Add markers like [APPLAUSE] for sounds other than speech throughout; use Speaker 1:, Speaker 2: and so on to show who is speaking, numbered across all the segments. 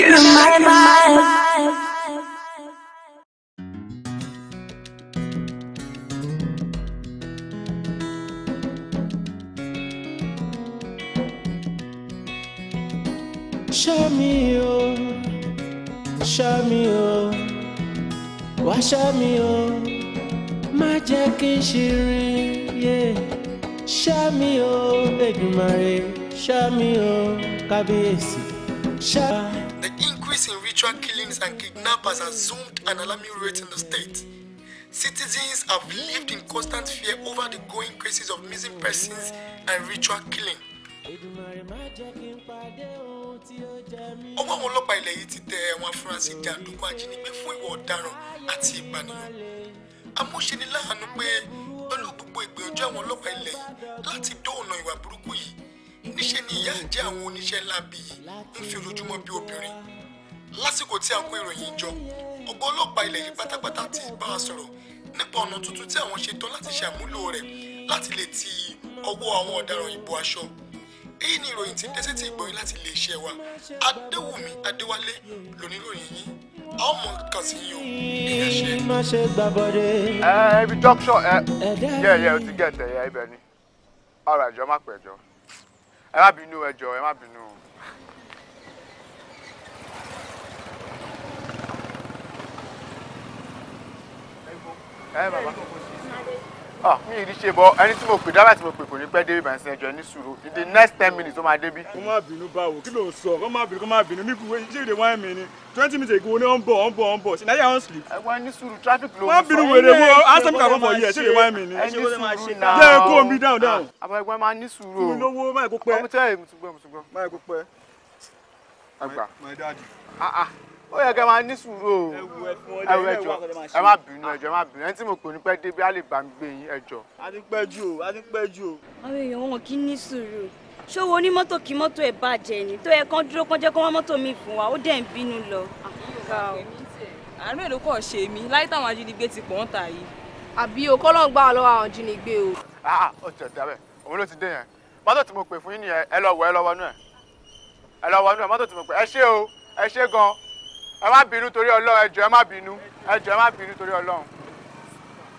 Speaker 1: you my mind.
Speaker 2: Show me oh, show me oh, wá show me oh, má jẹ́ kí n ṣeré, yeah. Show me oh, Èdùmàrè,
Speaker 3: ritual killings and kidnappers have zoomed an alarming rate in the state. Citizens have lived in constant fear over
Speaker 4: the growing cases of missing persons and ritual killing. ọwọ́ àwọn ọlọ́pàá ilẹ̀ yìí ti tẹ àwọn afurasí jàǹdùkú ajínigbé fún ìwà ọ̀daràn àti ìpànìyàn amóṣeni pé pẹ̀lú gbogbo ìgbìyànjú àwọn ọlọ́pàá ilẹ̀ yìí láti dóònà ìwà burúkú yìí níṣẹ́ ni ìyà jẹ àwọn oníṣẹ́ láabi yìí ń fi ojoojúmọ́ bí obìnrin lásìkò tí a kó ìròyìn jọ ọgbọ́n ọlọ́pàá ilẹ̀ yìí pátápátá ti bá a sọ̀rọ̀ nípa ọ̀nà tuntun tí àwọn ṣetán láti ṣàmúlò rẹ̀ láti lè ti ọwọ́ àwọn ọ̀daràn ìbò aṣọ èyí ni ìròyìn tí ń dé sétí láti lè ṣe wa adéwùmí adéwálé lóníròyìn yín a ó mọ kàn sí yín o ní ẹṣẹ. ẹ ẹ ibi dọ́kṣọ̀ ẹ yẹ yẹ o ti gẹ̀ tẹ̀ yẹ ibẹ̀ ni ọ̀rọ̀ ẹ̀jọ̀ má pẹ̀jọ́ ẹ má bínú ẹjọ́ ẹ má bínú o. ẹ bàbá ọ ah, mi ì rí ṣe bọ ẹni tí mo pè dábàá tí mo pè kò ní pẹ́ débi bàǹsẹ̀ ẹjọ́ ní sùúrù in the next ten minutes ó máa débi. kó má bínú báwo kí ló ń sọ kó má bínú kó má bínú mi kúwe ṣé èdè wáìn mi ni twenty minutes ago ni ó ń bọ̀ ó ń bọ̀ ó ń bọ̀ ṣìnáyà ó ń sleep. ẹ̀wọ̀n ní sùúrù traffic ló ń sọ. wọ́n bínú wèrè wo answer mi kà fún ọ̀yẹ́ ṣé èdè wáìn mi ni. ẹni sùúrù náà jẹ́ kó mi dáhùn ah, dáhùn. àbọ̀ ẹ̀gbọ́n máa ní sùúrù o. mi lówó má ó yẹ kẹ́ máa ní sùúrù o ẹwù ẹjọ ẹ má bínú ẹjọ ẹ má bínú ẹni tí mo pè ní pẹ́ débi á lè bá mi gbé yín ẹjọ. a ti
Speaker 5: pẹ́ jù o a ti pẹ́ jù o. àwọn èèyàn wọn kì í ní sùúrù ṣòwò onímọ́tò kí mọ́tò ẹ̀ bàjẹ́ ni tó yẹ kán dúró kán jẹ́ kán wá mọ́tò mi fún wa ó dẹ̀ ń bínú lọ.
Speaker 6: àánú èlò kò ṣe mí láyé táwọn ajínigbé ti pọ̀ ń ta yìí.
Speaker 4: àbí o kọ́lọ́ gbà wá lọ́wọ́ àwọn ajínigbé o. Ah, ah, ó ti ọ̀dà bẹ́ẹ̀ òun ló ti dé yẹn mọ́tò tí mo pè fún yín nìyẹn ẹ lọ wọ ẹ lọ wọnú ẹ ẹ lọ wọnú ẹ mọ́tò tí mo pè ẹ ṣé o ẹ ṣé gan-an ẹ má bínú torí Ọlọ́run ẹ jọ̀ọ́ ẹ má bínú ẹ jọ̀ọ́ ẹ má bínú torí Ọlọ́run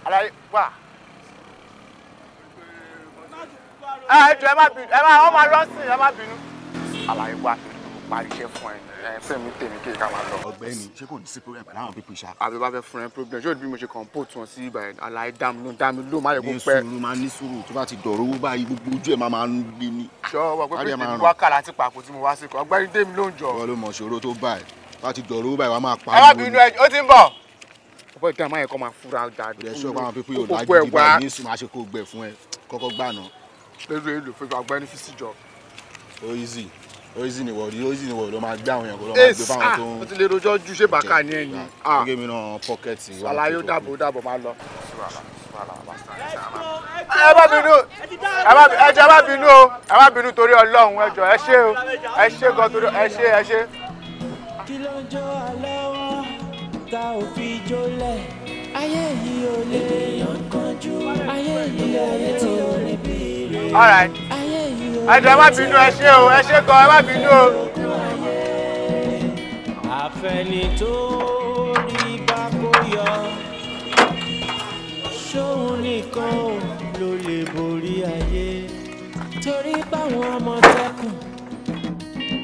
Speaker 4: aláyé wà. ẹ jọ̀ọ́ ẹ má bínú ẹ má ọ máa lọ́sìn ẹ má bínú. aláyé wà parí iṣẹ́ fún ẹ fẹ́mi tèmi kí ká máa lọ. ọ̀gbẹ́ni ṣé kò ní sí program pẹ̀lú àwọn pípé ṣá. àbí bá fẹ́ fún ẹ program ṣé o bí mo ṣe kàn pò tún ọ sí ibà yẹn aláì dá mi ló dá mi ló má yẹ kó pẹ́. ní sùúrù máa ní sùúrù tó bá ti dọ̀rọ̀ owó báyìí gbogbo ojú ẹ̀ máa máa ń gbé ni. sọ wà pé pété wákàlà ti pàkó tí mo wá sí kan ọ̀gbẹ́ni dé mi ló ń jọ. wọ́n ló mọ̀ ṣòro tó báyìí wá ti jọ̀rọ̀ owó báyìí wá máa pa. ẹ wá bínú ẹ ó ti ń bọ̀. ọ̀pọ̀ ìgbà máa yẹ kó máa fura dáadé. ìrẹsì ọ̀pọ̀ àwọn pípé yóò lájú bí báyìí ní ìsìn máa ṣe kó gbẹ fún ẹ kọ́kọ́ gbà náà. lérò èlò fún ìgbàgbọ́ ẹni fi sí jọ. ó easy ó easy ni wọ̀ọ́dí ó easy ni wọ̀ọ́dí ó máa gbé àwọn èèyàn kó lọ́ máa gbé fáwọn tó ń. Ah, ó ti lè rojọ́ ju ṣé bàkà ní ẹ̀yìn. Ah. gẹ́gẹ́ mi náà pọ́kẹ́tì. àlàyé ó dàbò dàbò lọ. ẹ jẹ́ ẹ má bínú o ẹ má bínú torí Ọlọ́run ẹ jọ̀ọ́ ẹ ṣé o ẹ ṣé gan torí ẹ ṣé ẹ ṣé
Speaker 2: jó àlọ́wọ́ tá ò fi jólẹ̀ ayé yìí ò lè yankanjú ayé yìí ò lè tí ò rí bí rẹ̀ ayé yìí ò lè tí ò rí bí rẹ̀. ẹ má bínú ẹ ṣé o ẹ ṣé gan ẹ má bínú o. àfẹni tó rí bá kó yọ ṣóun nìkan ò ló lè borí ayé torí báwọn ọmọ tẹkùn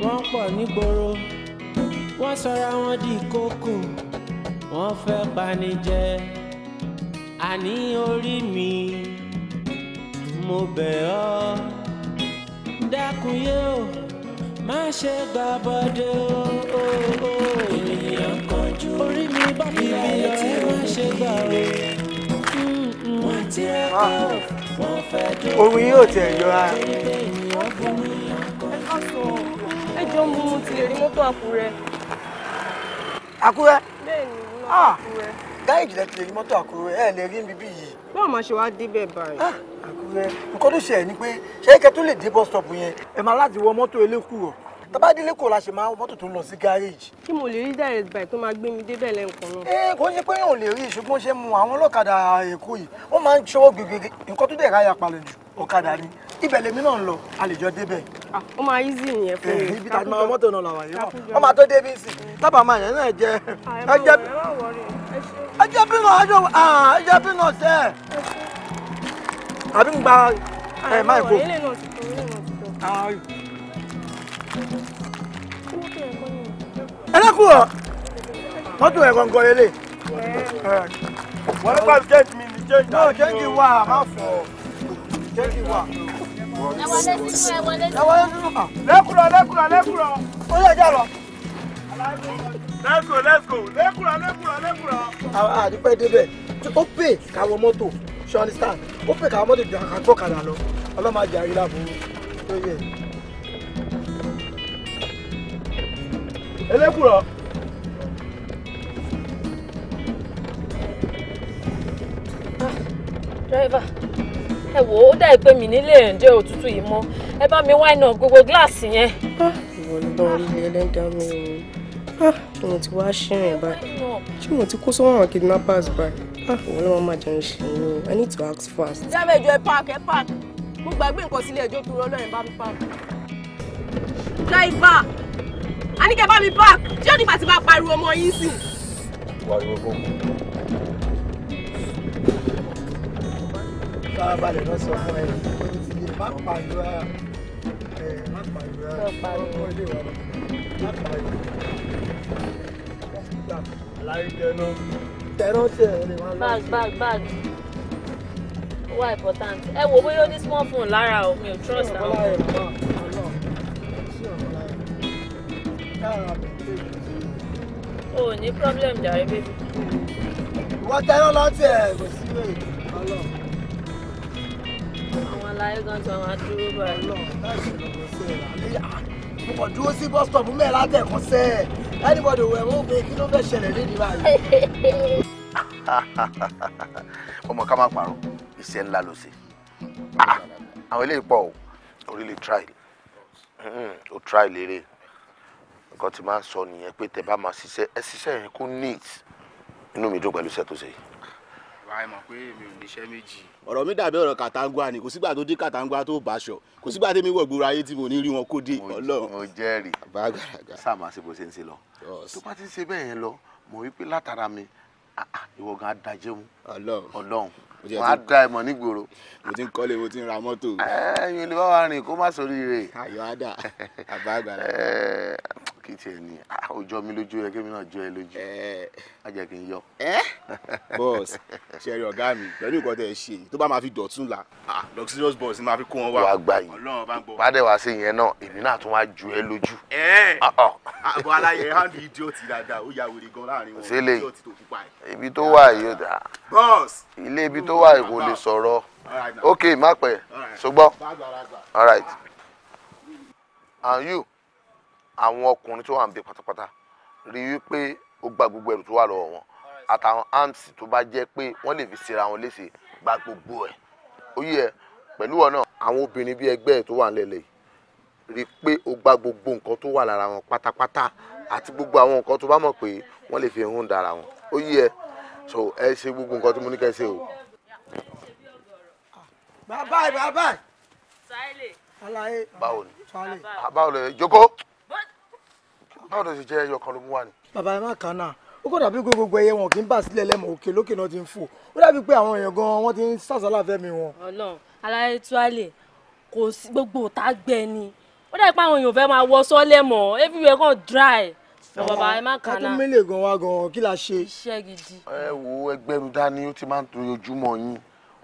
Speaker 2: wọn pọ̀ nígboro wọ́n sọra wọn di kókò wọ́n fẹ́ pani jẹ àní orí mi mo bẹ̀ ọ́ dákun yóò má ṣe gbà bọ́dé o. ènìyàn kanjú orí mi
Speaker 1: bá tí wọ́n ṣe gbà o. wọ́n ti rẹ́ kọ́ ah. wọ́n fẹ́ dùn. orin yóò tẹ̀ yọra. ènìyàn
Speaker 3: ẹ jọ mú un ti lè rí mọ́tò Àkúrẹ́ àkúrẹ́. bẹ́ẹ̀ni mo lọ ah, àkúrẹ́. gáréèjì lẹ ti lè rí mọ́tò àkúrẹ́ ẹ lè rí níbí yìí. báwo máa ṣe wá débẹ̀ báyìí. Ah, àkúrẹ́ nǹkan tó ṣe ẹ̀ ni pé ṣé kẹ́ tó lè dé bus stop yẹn ẹ máa láti wọ mọ́tò elékùrọ̀
Speaker 4: tọ́ba délé kò la ṣe máa mọ́tò tó ń lọ sí gáréèjì. kí mo lè rí direct bike tó máa gbé mi débẹ̀ lẹ́ǹkan náà. ee eh, kò ń ṣe pé yóò lè rí ṣùgbọ́n ṣe mu àwọn ọlọ́kadà èkó yìí wọ́n máa ń ṣọwọ́ gbègbè nǹkan tó dẹ̀ ráyà palẹ̀ jù ọ̀kadà ni ibẹ̀ lèmi náà ń lọ àlejò débẹ̀. Ah, ó máa yí sí ìyẹn fún mi. Eh, ibi tàbí máa mọ́tò náà làwọn yìí wà wọ́n máa tó débi sí tábà máa yẹn náà jẹ ẹjẹ ẹjẹ bínú ọjọ ẹjẹ bínú ọsẹ àbí ń gba ẹ máa ah, eh, ah. kó. ẹlẹ́kùn ọ̀ mọ́tò ẹ̀ gangan lélẹ̀. Eh. wọ́n ní pàṣẹ mi ní jẹ́ǹdà. náà jẹ́ǹdì wà á máa fọ̀ ọ́
Speaker 1: jẹ́ kí n wà. ẹ wọlé sínú ẹ wọlé sínú. ẹ wọlé sínú mà. lẹ́kùrọ̀ lẹ́kùrọ̀ lẹ́kùrọ̀.
Speaker 4: ó yẹ jẹ́ lọ. let's go let's go lẹ́kùrọ̀ lẹ́kùrọ̀ lẹ́kùrọ̀. àwọn àdúpẹ́ débẹ̀ ó pè káwọ mọ́tò ṣe understand ó pè káwọ mọ́tò ju àkàgbọ́kàdà lọ ọlọ́mọ àjẹ́ àrílà fún un. elékùrọ.
Speaker 7: dírẹ́fà ẹ wò ó dá ìpè mí nílé ẹ̀ǹdẹ́ òtútù yìí mọ́ ẹ bá mi wá iná gbogbo gíláàsì yẹn. Ah,
Speaker 8: ìwọ ló ń lé ẹlẹ́dàá mi o kí ah, mo ti wá ṣìrìn báyìí ṣé mo ti kó sọ́wọ́n kidnappers báyìí ah, ìwọ ló máa máa jẹun ṣe ni I need to act fast.
Speaker 6: jábẹ́ ìjọ ẹ páàkì ẹ páàkì mo gbàgbé nǹkan sílé ẹjọ́ tó rọ́lọ́rin bá mi páàkì. driver a ní kẹ́ bá mi páàkì ṣé ó nígbà tí máa pariwo ọmọ yín sí.
Speaker 4: wàá yọ fóònù farabalẹ̀ lọ bag
Speaker 7: bag bag
Speaker 6: wá important ẹ wo bóyá ó ní small phone
Speaker 7: trust àwọn. ọlọ́run ọlọ́run problem jàre bébí.
Speaker 4: wọ́n tẹ́lọ́ lọ́tì ẹ̀ kò sí lè àwọn aláyé gan tí wọn á dúró báyìí. mo kàn dúró sí bus stop mẹ́ẹ̀ látẹ̀kùn sẹ́ anybody wẹ̀ wọ́n gbé kí ló fẹ́ ṣẹlẹ̀ nídìí
Speaker 1: báyìí.
Speaker 4: ọmọ ká má parọ́ iṣẹ́ ńlá ló ṣe àwọn eléyìí pọ̀ o orílẹ̀ try o try lérè nǹkan tí máa ń sọ nìyẹn pé tẹ bá máa ṣiṣẹ́ ẹ ṣiṣẹ́ yẹn kó neat inú mi dùn pẹ̀lú iṣẹ́ tó ṣe yìí àìmọ̀ pé mi ò níṣẹ́ méjì. ọ̀rọ̀ mi dàbí ọ̀rọ̀ kàtàǹgbà ni kò sígbà tó dé kàtàǹgbà tó báṣọ kò sígbà tẹ́mi wọ̀ gbòòrò ayé tí mo ní rí wọn kó dé ọlọ́run. mo jẹ́rìí sáàmù àṣebò ṣe ń ṣe lọ tó bá ti ń ṣe bẹ́ẹ̀ yẹn lọ mo rí pé látara mi ìwọ gan adajẹ́ mu ọlọ́run màá da ẹ̀mọ́ nígboro. mo ti ń kọ́lé mo ti ń ra mọ́tò. ẹ̀yin olè bá wa rìn kó má sóríire. ayọ̀ ada àbá àgbàlá kí tiẹ̀ ní ọjọ́ mi lójú ẹ kémi náà jọ ẹ lójú á jẹ́ kí n yọ. boss ṣẹ́rí ọ̀gá mi pẹ̀lú nǹkan tẹ̀ ẹ ṣe tó bá máa fi dọ̀tún la ah, luxurious boss ni máa fi kó wọn wá wàá gbà yìí ọlọ́run bá ń gbọ́. pàdé wá sí yẹn náà èmi náà tún wá ju ẹ lójú. àbọ̀ ah, ah. aláyẹ hàndù idiot dáadáa ó ya wèrè gan láàrin wọn idiot tó pupa ẹ̀. ibi tó wà yóò dà ilé ibi tó wà kò lè sọ̀rọ̀ ok má pẹ́ ṣùgbọ́n all right and you àwọn ọkùnrin tó wà ń bẹ pátápátá rí i pé ó gba gbogbo ẹrù tó wà lọ́wọ́ wọn àtàwọn arms tó bá jẹ́ pé wọ́n lè fi ṣera wọn léṣe gba gbogbo ẹ̀ ó yẹ pẹ̀lú wọn náà àwọn obìnrin bíi ẹgbẹ́ ẹ̀ tó wà nílẹ̀ yìí rí i pé ó gba gbogbo nǹkan tó wà lára wọn pátápátá àti gbogbo àwọn nǹkan tó bá mọ̀ pé wọ́n lè fi hun dára wọn ó yẹ so ẹ ṣe gbogbo nǹkan tí mo ní kẹ́ ṣe o. Ah, bàbá bàbá. sáyẹlẹ. alaye. báwo ni báwo ni jókòó báwo ló ṣe jẹ́ ẹyọ kan ló mú wá ni. bàbá ẹ má kàn náà ó kò dàbí gbogbo ẹyẹ wọn kì í bà sílẹ̀ lẹ́mọ̀ òkè lókè náà ti ń fò ó dàbí pé àwọn èèyàn gan wọn ti ń sàṣálà fẹ́mi wọn. Ọlọ́run
Speaker 7: aláyé tuwálè kò sí gbogbo òtá gbẹ ni ó dàbí pé àwọn èèyàn fẹ́ máa wọ sọ́lẹ̀ mọ́ everywhere kan dry bàbá ẹ má kàn náà. ká tó
Speaker 4: mélèé gan wa gan kí la ṣe. iṣẹ́ gidi. ẹ wo ẹgbẹ́rún dání ó ti máa ń torí ojúmọ́ yín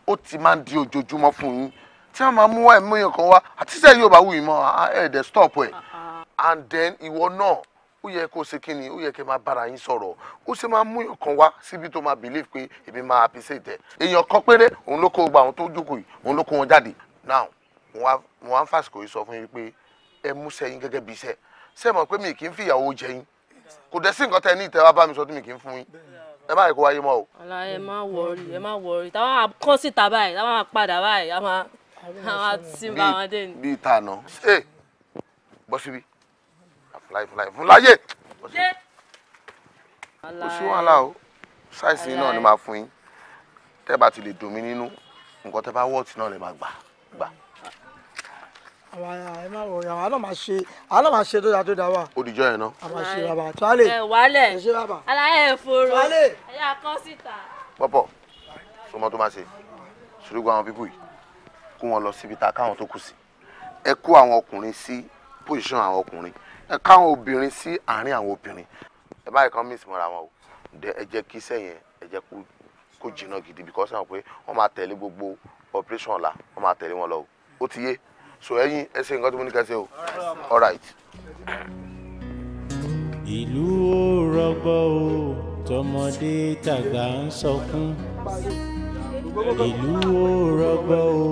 Speaker 4: ó ti máa ń di ojoojúmọ́ fún yín tí wọ́n máa mú wá ẹ̀mú yẹn kan wá àti yóò bá wù yín mọ́ ẹ̀ stop ẹ̀ ah, ah. and then ìwọ náà ó yẹ kó ṣe kíni ó yẹ kí n máa bára yín sọ̀rọ̀ ó ṣe máa mú èèyàn wá síbi tó máa believe pé èmi máa appreciate ẹ̀ èèyàn kan péré òun ló kó gba àwọn tó jókòó yìí òun ló kó wọn jáde now mo wá ń fàsìkò yìí sọ fún yín pé ẹ mú sẹ́yìn gẹ́gẹ́ bí iṣẹ́ ṣé mọ̀ pé mi kì í fi ìyàwó jẹ yín kò dẹ̀ sí nǹkan tẹ ní ìtẹ́wá bá mi sọ tí mi kì í fún yín ẹ má yẹ kó wáyé mọ́ o.
Speaker 7: ọ̀la ẹ má wọrí ẹ má wọrí táwọn á kọ́ síta
Speaker 4: báyìí láì fún láì fún láyé.
Speaker 1: oṣù wàhálà o
Speaker 4: ṣáìsì náà ni màá fún yín tẹ́ bá ti lè dùn mí nínú nǹkan tẹ́ bá wọ́ọ̀tì náà lè máa gbà
Speaker 3: gbà. àwọn ẹ má wọ àwọn àlọ́ máa ṣe àlọ́ máa
Speaker 4: ṣe tó dáa tó dáa wà. olùjọ yẹn náà. a máa ṣe bàbà tuwálè. ẹ wálẹ̀ ẹ ṣe bàbà. aláyẹ̀ fòrò ẹ
Speaker 7: yà kọ́ síta.
Speaker 4: pọ́pọ̀ sọmọ tó máa ṣe ṣùgbọ́n àwọn pípù yìí kó wọn lọ síbi ta káwọn tó kù sí ẹ kó àwọn ọkùnrin sí pòṣíṣàn àwọn ọkùnrin ẹ káwọn obìnrin sí àárín àwọn obìnrin ẹ báyìí kan mí ìsìnmọ́ra wọn o ẹ jẹ́ kí iṣẹ́ ẹ jẹ́ kó jìnnà gidi because ẹ pé wọ́n máa tẹ̀lé gbogbo operation ọ̀la wọ́n máa tẹ̀lé wọn lọ o ó ti yé so ẹ̀yin ẹ ṣe nǹkan tó mú ní kẹsẹ̀ o all right.
Speaker 2: ìlú ò rọgbọ o tọmọdé tàgbà ń sọkún ìlú ò rọgbọ o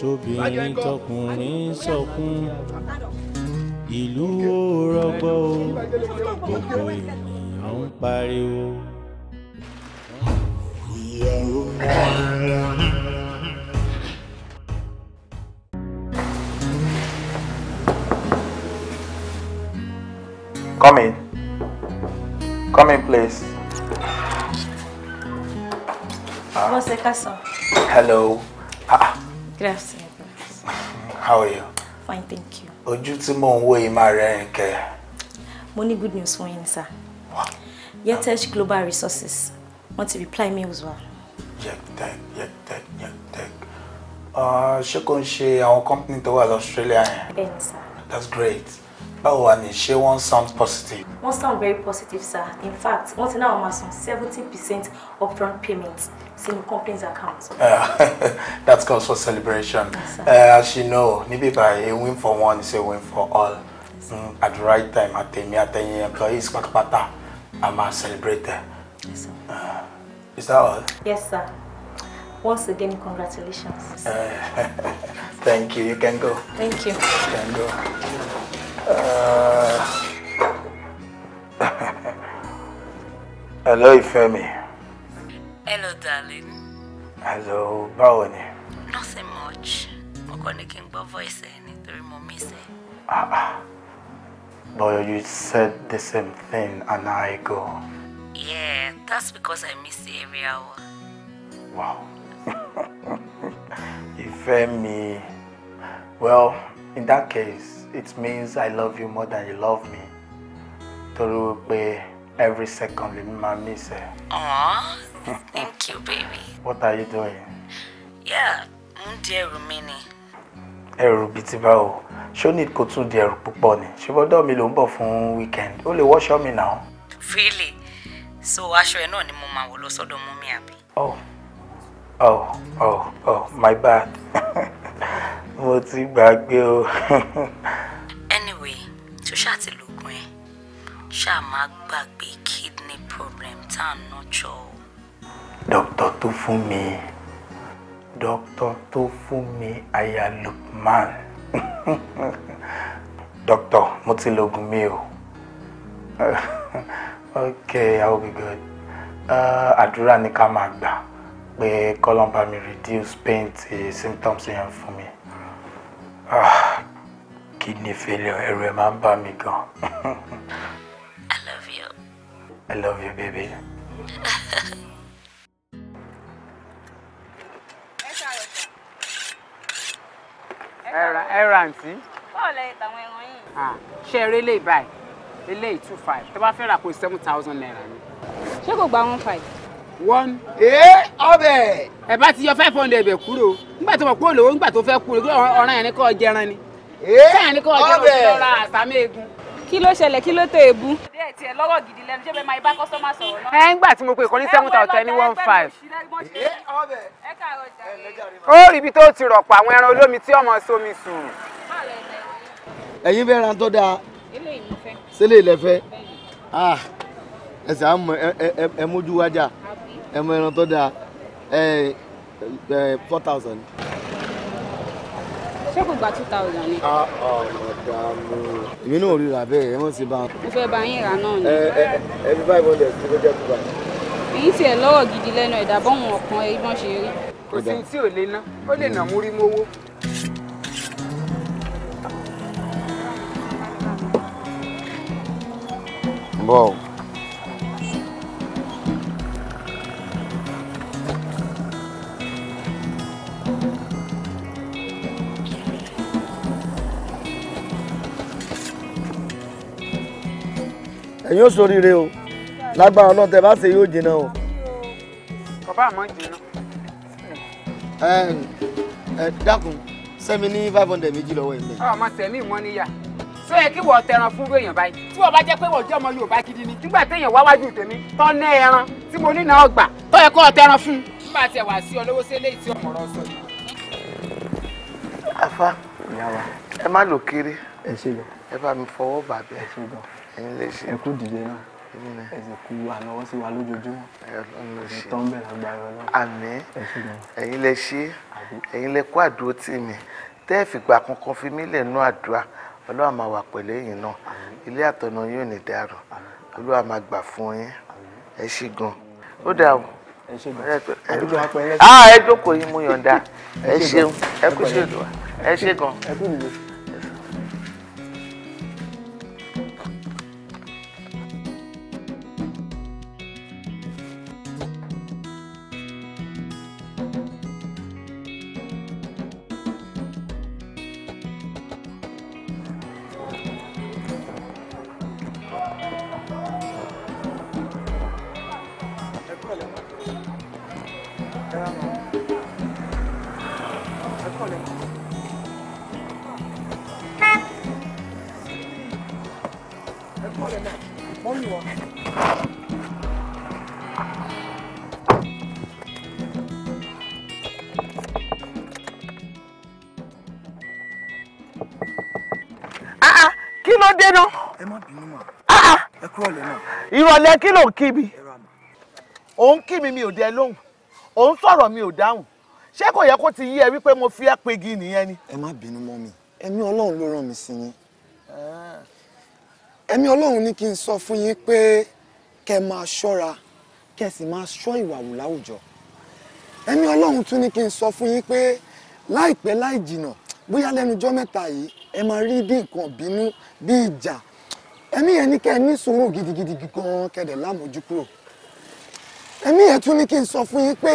Speaker 2: tóbìnrin tọkùnrin sọkún. ìlú o gbogbo ènìyàn ń pariwo.
Speaker 4: Come in. Come in, please. Ah. Hello. Ah. How are you? Fine, thank you. ojú tí mò ń wò yìí máa rẹ́rìn kẹ.
Speaker 9: mo ní good news fún yín sir yetech global resources Want to reply mails wa.
Speaker 4: yetech yetech yetech ṣé kò ń ṣe àwọn company tó wà lọ́sítrẹ́lẹ̀ yẹn. bẹ́ẹ̀ ni sir. that's great báwo wà ní ṣé wọ́n sound positive.
Speaker 9: wọ́n sound very positive sir in fact wọ́n ti náà máa san seventy percent upfront payment sínú company's account. Uh,
Speaker 4: [LAUGHS] that calls for celebration. Yes, uh, as you know níbí báyìí a win for one is a win for all yes, mm, at the right time àtẹ̀mí àtẹ̀yìn employees pátápátá a máa celebrate. Yes, sir. Uh, is that all?
Speaker 9: yes sir. Once again, congratulations.
Speaker 4: Uh, [LAUGHS] thank you. You can go. Thank you. You can go. Uh, [LAUGHS] Hello, Ifemi. Hello, darling. Hello, báwo ni? Nothing much.
Speaker 5: I'm kàn ní voice ẹ nítorí mo miss ẹ.
Speaker 3: Ah ah. But you said the same thing an hour ago.
Speaker 5: Yeah, that's because I miss you every hour. Wow.
Speaker 4: [LAUGHS] Ifemi, Well, in that case, it means I love you more than you love me. Torí wípé every second lèmi máa miss ẹ.
Speaker 5: [LAUGHS] thank you baby.
Speaker 4: What are you doing?
Speaker 5: Yeah, mo ń di
Speaker 4: ẹrù mi ni. Ẹrù bíi ti báwo? Ṣó ní kò tún di ẹrù púpọ̀ ni? Ṣé bọ́dọ̀ mi ló ń bọ̀ fún weekend? Ó lè wọ́ṣọ́ mi náà.
Speaker 5: Really? So aṣọ ẹ náà ni mo máa wọ̀ lọ sọ́dọ̀
Speaker 4: mú mi àbí? Oh, oh, oh, oh, my bad. [LAUGHS] mo ti gbàgbé o.
Speaker 5: anyway tó ṣáà ti lògùn ẹ ṣáà má gbàgbé kidney problem tá à ń nọjọ o.
Speaker 3: dókítà tó fún mi dókítà tó fún mi aya Lukman [LAUGHS]
Speaker 4: dókítà mo ti lògùn mi o. [LAUGHS] okay i will be good. Uh, àdúrà ni ká máa gbà pé kọ́lọ́n bá mi reduce pain ti symptoms yẹn fún mi. Ah, kidney failure I remember me gone. I love you. I love you baby. ẹ̀rà ẹ̀rà àǹtí.
Speaker 9: báwo lẹ ìtàwọn ẹran yìí. Ah, ṣé eré
Speaker 4: lè báyìí eléyìí two five tó bá fẹ́ rà kó seven thousand naira ni. ṣé kò one five one. ee eh, ọbẹ̀. ẹ bá ti yọ five hundred ẹbẹ̀ kúrò nígbà tó mọ̀ kúrò lówó nígbà tó fẹ́ kúrò kí ọ̀ràn yẹn ní kò jẹran ni. ee eh, ọbẹ̀
Speaker 7: kí ló ṣẹlẹ̀ kí ló tó èébú.
Speaker 5: ẹ tiẹ̀ lọ́rọ̀ gidi lẹ́nu ṣé bẹ́ẹ̀ máa bá kọ́sọ́mà sọ̀rọ̀ náà. ẹ ń tí mo pe ìkànnì seven thousand ní one five. Eh,
Speaker 4: ó rí ibi tó ti rọ̀pọ̀ àwọn ẹran olómi tí ọmọ sómi sùn. ẹ̀yin fẹ́ ran tó dáa. sílé ilẹ̀ fẹ́ ah, ẹsẹ̀ àmọ́ ẹ mójú wájà ẹ mọ ẹran tó dáa ẹ ẹ four thousand.
Speaker 6: ṣé kò gba two thousand ni.
Speaker 4: ọ̀dàmù. èmi náà ríra bẹ́ẹ̀ ẹ mọ̀ sí bá. mo
Speaker 7: fẹ́ bá yín
Speaker 9: rà náà ni. ẹ
Speaker 4: ẹ ẹ bí báyìí wọlé ẹsẹ ló jẹ tó bá.
Speaker 9: èyí tiẹ̀ lọ́wọ́ gidi lẹ́nu ẹ̀dá bọ́ọ̀mù ọ̀kan ìbọn ṣe rí. kò sí tí ò lè ná ó lè nà múrí
Speaker 3: mówó.
Speaker 4: bọ́ọ̀. ẹ̀yin ó ṣoríire o lágbára ọlọ́run tẹ bá ṣe yóò jìnnà o. bàbá àmọ́ jìnnà. ẹ ẹ dákun sẹ́mi ní five hundred méjì lọ́wọ́ ẹ̀mí. ọmọ tẹ̀mí ìmọ̀ níyà sọ yẹ kí wọ́n tẹran fún èèyàn báyìí tí wọ́n bá jẹ́ pé wọ́n jẹ́ ọmọ Yorùbá gidi ni nígbà téèyàn wá wájú tèmi tọ́ ẹran tí mo nínà ọgbà tó yẹ kó o tẹran fún un. nígbà tí ẹ wà sí ọlọ́wọ́ sí eléyìí tí ọmọ rọ sọ yìí. afa ẹ má lò kéré ẹ bá mi fọwọ́
Speaker 3: bàbá ẹkú dìde náà ẹsẹ̀ kú àlọ́wọ́ sí wa lójoojúmọ́ ìtọ́ ń bẹ̀ lágbára ọlọ́run. àmín
Speaker 4: ẹ̀yin lẹ ṣe ẹ̀yin lẹ kó àdúró tì mí tẹ́ ẹ̀ fìgbà kankan fi mí lẹ̀ nú àdúrà ọlọ́run máa wà pẹ̀lú ẹ̀yin náà ilé àtọ̀nà yóò ní dàrú olúwa máa gbà fún yín ẹ ṣe gan ó dà o
Speaker 3: ẹ ah, jókòó yín mú yọ̀ǹda [LAUGHS] ẹ ṣeun
Speaker 4: ẹ kú ṣèlú ẹ ṣe gan. ìrọ̀lẹ́ kí ló ń kí mi òun kí mi mi ò dẹ lóhùn òun sọ̀rọ̀ mi ò dáhùn ṣé kò yẹ kó ti yí ẹ wípé mo fi ẹ́ pegi nìyẹn ni. ẹ má bínú mọ́ mi ẹ̀mí ọlọ́run ló rán mi sí yín ẹ̀mí ọlọ́run ní kí n sọ fún yín pé kẹ́ máa ṣọ́ra kẹ́ sì máa ṣọ́ ìwà láwùjọ ẹ̀mí ọlọ́run tún ní kí n sọ fún yín pé láìpẹ́ láì jìnà bóyá lẹ́nujọ́ mẹ́ta yìí ẹ máa rí bí nǹkan bínú bí ìjà ẹ̀mí yẹn ní kẹ́ ẹ ní sùúrù gidigidi gan kẹ́dẹ̀ lámójú kúrò ẹ̀mí yẹn tún ní kí n sọ fún yín pé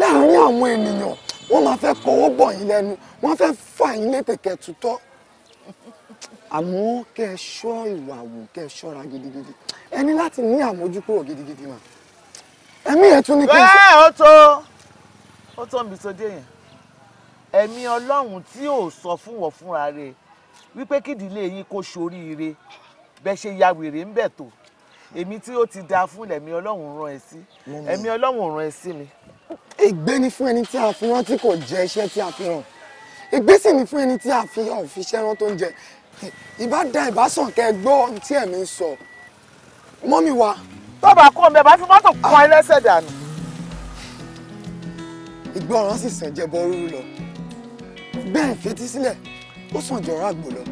Speaker 4: láàárín àwọn ènìyàn wọ́n máa fẹ́ kọ́wọ́ bọ̀ yín lẹ́nu wọ́n fẹ́ fà yín létè kẹ́tutọ́ àmọ́ kẹ́ ẹ ìwà wù kẹ́ ẹ gidigidi ẹ láti ní àmójúkúrò gidigidi mà
Speaker 1: ẹ̀mí yẹn tún ní kí n sọ. bẹ́ẹ̀
Speaker 4: ó tó ó tó ń bí sóde yẹn ẹ̀mí ọlọ́run tí ò sọ fún wọ̀ fúnra rẹ̀ wípé kídìílé yín kó ṣoríire bẹ́ẹ̀ ṣe ya wèrè ń bẹ̀ tó èmi tí ó ti dáa fún ẹ̀mí ọlọ́run rán ẹ sí ẹ̀mí ọlọ́run rán ẹ sí mi. ègbé ni fún ẹni tí a fi rán tí kò jẹ iṣẹ́ tí a fi hàn ègbé sì ni fún ẹni tí a fi hàn fi iṣẹ́ rán tó ń jẹ ìbá da ìbásàn kẹ gbọ́ ohun tí ẹ̀mí ń sọ mọ́mí wa. tọ́ba kọ́ mi ẹ̀ bá fi mọ́tò kan ẹlẹ́sẹ̀ dànù. ìgbọràn sì sàn jẹ bọ rúru lọ bẹ́ẹ̀ fetí sílẹ̀ ó sàn jọ̀rọ̀ àgbò lọ.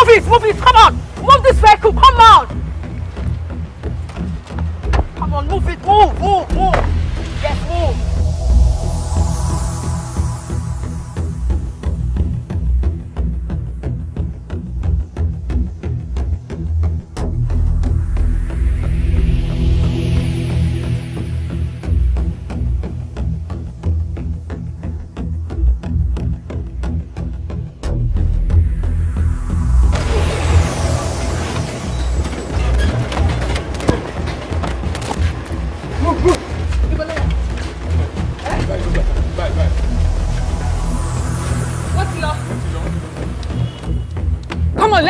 Speaker 6: Move it, move it, come on!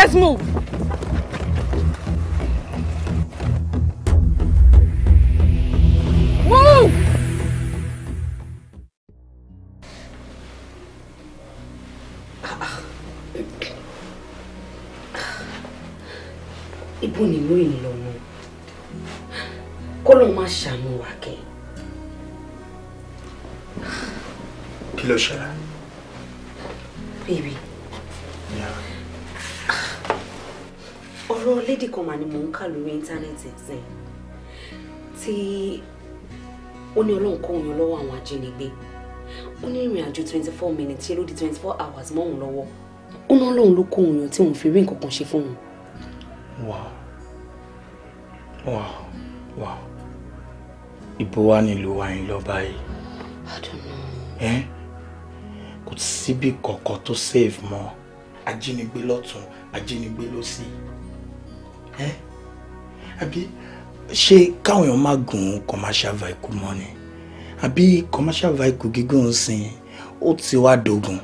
Speaker 6: Let's move.
Speaker 5: ní ọlọ́run kó òun lọ́wọ́ àwọn ajínigbé ó ní ìrìn àjò twenty four minutes ṣe di twenty four hours mọ́ òun lọ́wọ́ ó ná lóun ló kó òun tí òun fi rí nǹkan kan ṣe fún òun.
Speaker 3: wow wow wow ibo wa nílùú wa lọ báyìí. I don't know. Eh?
Speaker 4: kò síbi kọ̀ọ̀kan tó save mọ́ ajínigbé lọ́tún ajínigbé lọ́sì àbí ṣé káwọn èèyàn má gùn commercial vehicle mọ́ ni àbí commercial vehicle gígùn sìn ó ti wá dogun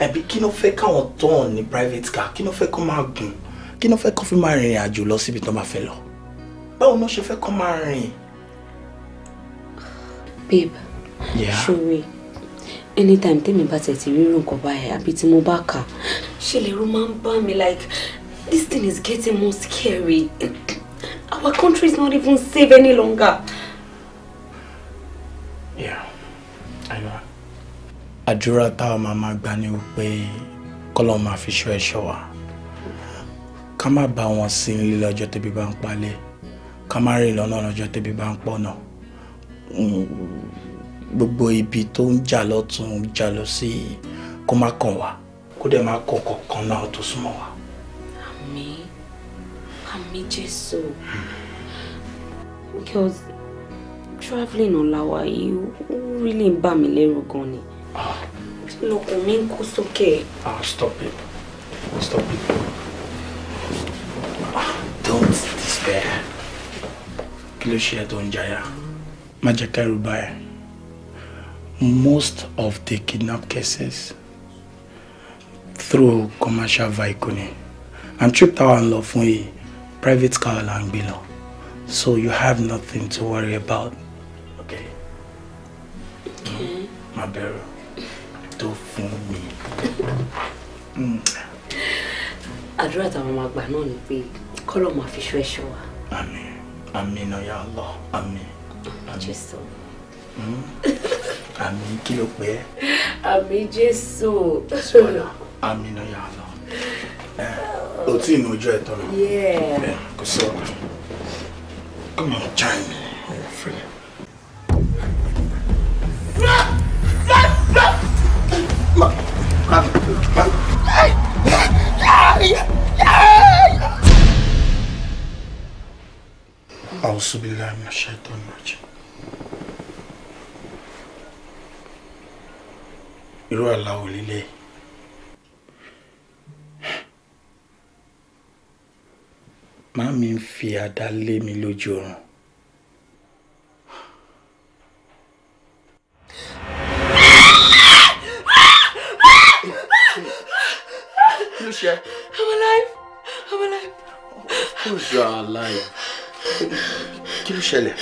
Speaker 4: àbí kí ló fẹ́ káwọn tán ní private car kí ló fẹ́ kó máa gùn kí ló fẹ́ kó fi máa rìnrìn àjò lọ síbi tó bá fẹ́ lọ báwo ló ṣe fẹ́ kó máa
Speaker 5: rìn. babe yeah. ṣòwe anytime tèmi bá tẹ̀ ti rírun nǹkan báyìí àbí tí mo bá kà ṣe lè ro máa ń bá mi like this thing is getting more scary our country is not even safe any longer.
Speaker 1: Yeah, I know.
Speaker 4: Àdúrà táwọn máa máa gbà ni wípé kọ́lọ́ máa fi ṣọ́ ẹ̀ṣọ́ wa. Ká má bá wọn sí ilé lọ́jọ́ tẹ́bí bá ń palẹ̀. Ká má rìn lọ́nà lọ́jọ́ tẹ́bí bá ń pọ̀nà. Gbogbo ibi tó ń jà lọ́tún jà lọ sí kó má kàn wá. Kó dẹ̀ má kàn kọ̀ọ̀kan náà tó súnmọ́ wa.
Speaker 5: Àmín. Àmín Jésù. Because traveling ọ̀la wa yìí ó really ń bà mí lẹ́rù gan ni ah. lọkàn mi ń kó sókè. ah stop it stop it
Speaker 4: ah, don't despair kí ló ṣe ẹ ń jayà má jẹ́ kẹ́rù báyà most of the kidnap cases through commercial vehicle ni and trip tower ń lọ fún yìí private car là ń gbé lọ so you have nothing to worry about
Speaker 3: má bẹ̀rù tó fún mi. Hmm.
Speaker 5: àdúrà táwọn máa gbà náà ni pé kọ́lọ̀ máa fi ṣọ́ ẹ̀ṣọ́ wa. àmín
Speaker 3: àmín náà ya Allah àmín. jésù. Hmm. àmín kí ló pé.
Speaker 5: àmín jésù. sọ́yà
Speaker 3: àmín náà ya Allah.
Speaker 4: Eh, o tí ì nu ojú ẹ̀ tán.
Speaker 5: Eh,
Speaker 4: kò sí ọ̀rọ̀ come on
Speaker 1: join أعوذ
Speaker 4: بالله من الشيطان الرجيم irú àlá ò lílé má mi ń fi àdá lé mi lójú oorun.
Speaker 1: kí I'm alive. I'm alive.
Speaker 4: Of course you are alive. Kí ló
Speaker 5: ṣẹlẹ̀?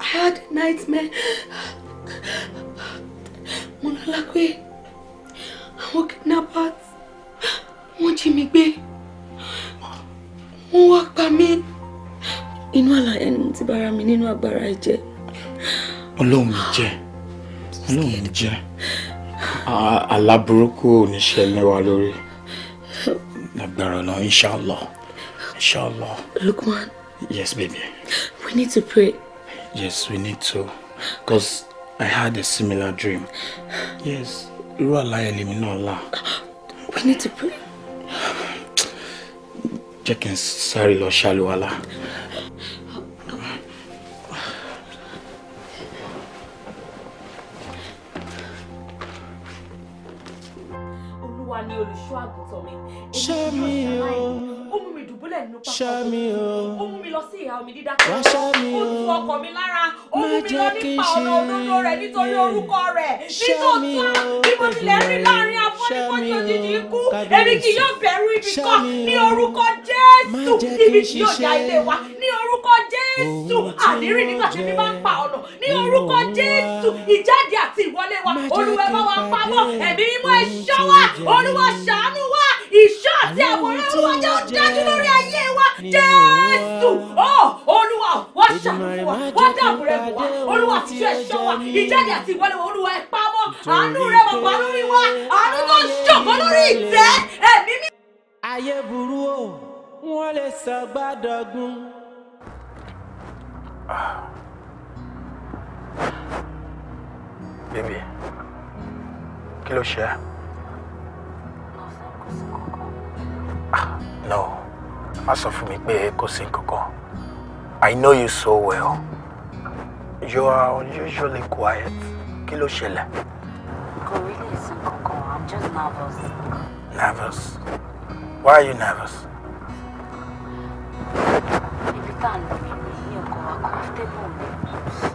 Speaker 5: I had a nightmare. Mo lọ́la pé àwọn kidnappers wọ́n jí mi gbé. Wọ́n wá pa mí. Inú àlá ẹni mo ti bára mi nínú agbára ẹ̀jẹ̀.
Speaker 4: Ọlọ́run jẹ́. Ọlọ́run jẹ́ aláburúkú ò ní ṣẹlẹ̀ wa lórí lágbára náà inshallah inshallah. Lukman. yes baby.
Speaker 5: we need to pray.
Speaker 4: yes we need to Cause I had a similar dream. yes irú àlá yẹn lèmi náà lá. we need to pray. jẹ́ kí n sáré lọ ṣàlùwalá.
Speaker 5: olúwa ni olùṣọ́ mi èyí ni yóò ṣàlàyé ó mú mi dùbúlẹ̀ nínú pápá
Speaker 6: ó mú
Speaker 5: mi lọ sí ìhà omi dídákẹ́ ó tu
Speaker 6: ọkọ̀ mi lára ó mú mi lọ nípa ọ̀nà olóró rẹ̀ nítorí orúkọ
Speaker 5: rẹ̀ nítòótọ́
Speaker 6: níbo tilẹ̀ rí láàrin afọ́nifọ́jì òjijì ikú èmi kì yóò bẹ̀rù ibi kan ní orúkọ Jésù
Speaker 5: níbi tí yóò ilé
Speaker 6: wa ní orúkọ Jésù ànírín nígbà tí mi máa ń pa ọ̀nà ní orúkọ Jésù ìjáde àti ìwọlé wa Olúwa bá wa pamọ́ ẹ̀mí mímọ́ ẹ̀ṣọ́ wa Olúwa ṣàánú wa ìṣọ́ àti àwòrán wa jẹ́ ó lórí ayé ayé wa jésù ọ oh, olúwa wá ṣàánú wa wá dààmú rẹ bò wá olúwa tíjú ẹ̀ṣọ́ wa ìjáde àti ìwọlé wa olúwa ẹ pamọ́ àánú rẹ bàbá lórí wa àánú tó ṣọ̀kan lórí ìtẹ́ ẹ̀mí mi. ayé burú o
Speaker 1: wọn
Speaker 2: lè sọ gbàdọgún.
Speaker 4: Bébí, kí ló ṣe é? Ah, no má sọ fún mi pé kò sí kankan I know you so well you are unusually quiet kí ló ṣẹlẹ̀. kò rí lè sí kankan
Speaker 5: I'm just nervous.
Speaker 4: nervous why are you nervous.
Speaker 5: ibi tá a lọ ní ní ọkọ wa comfortable ni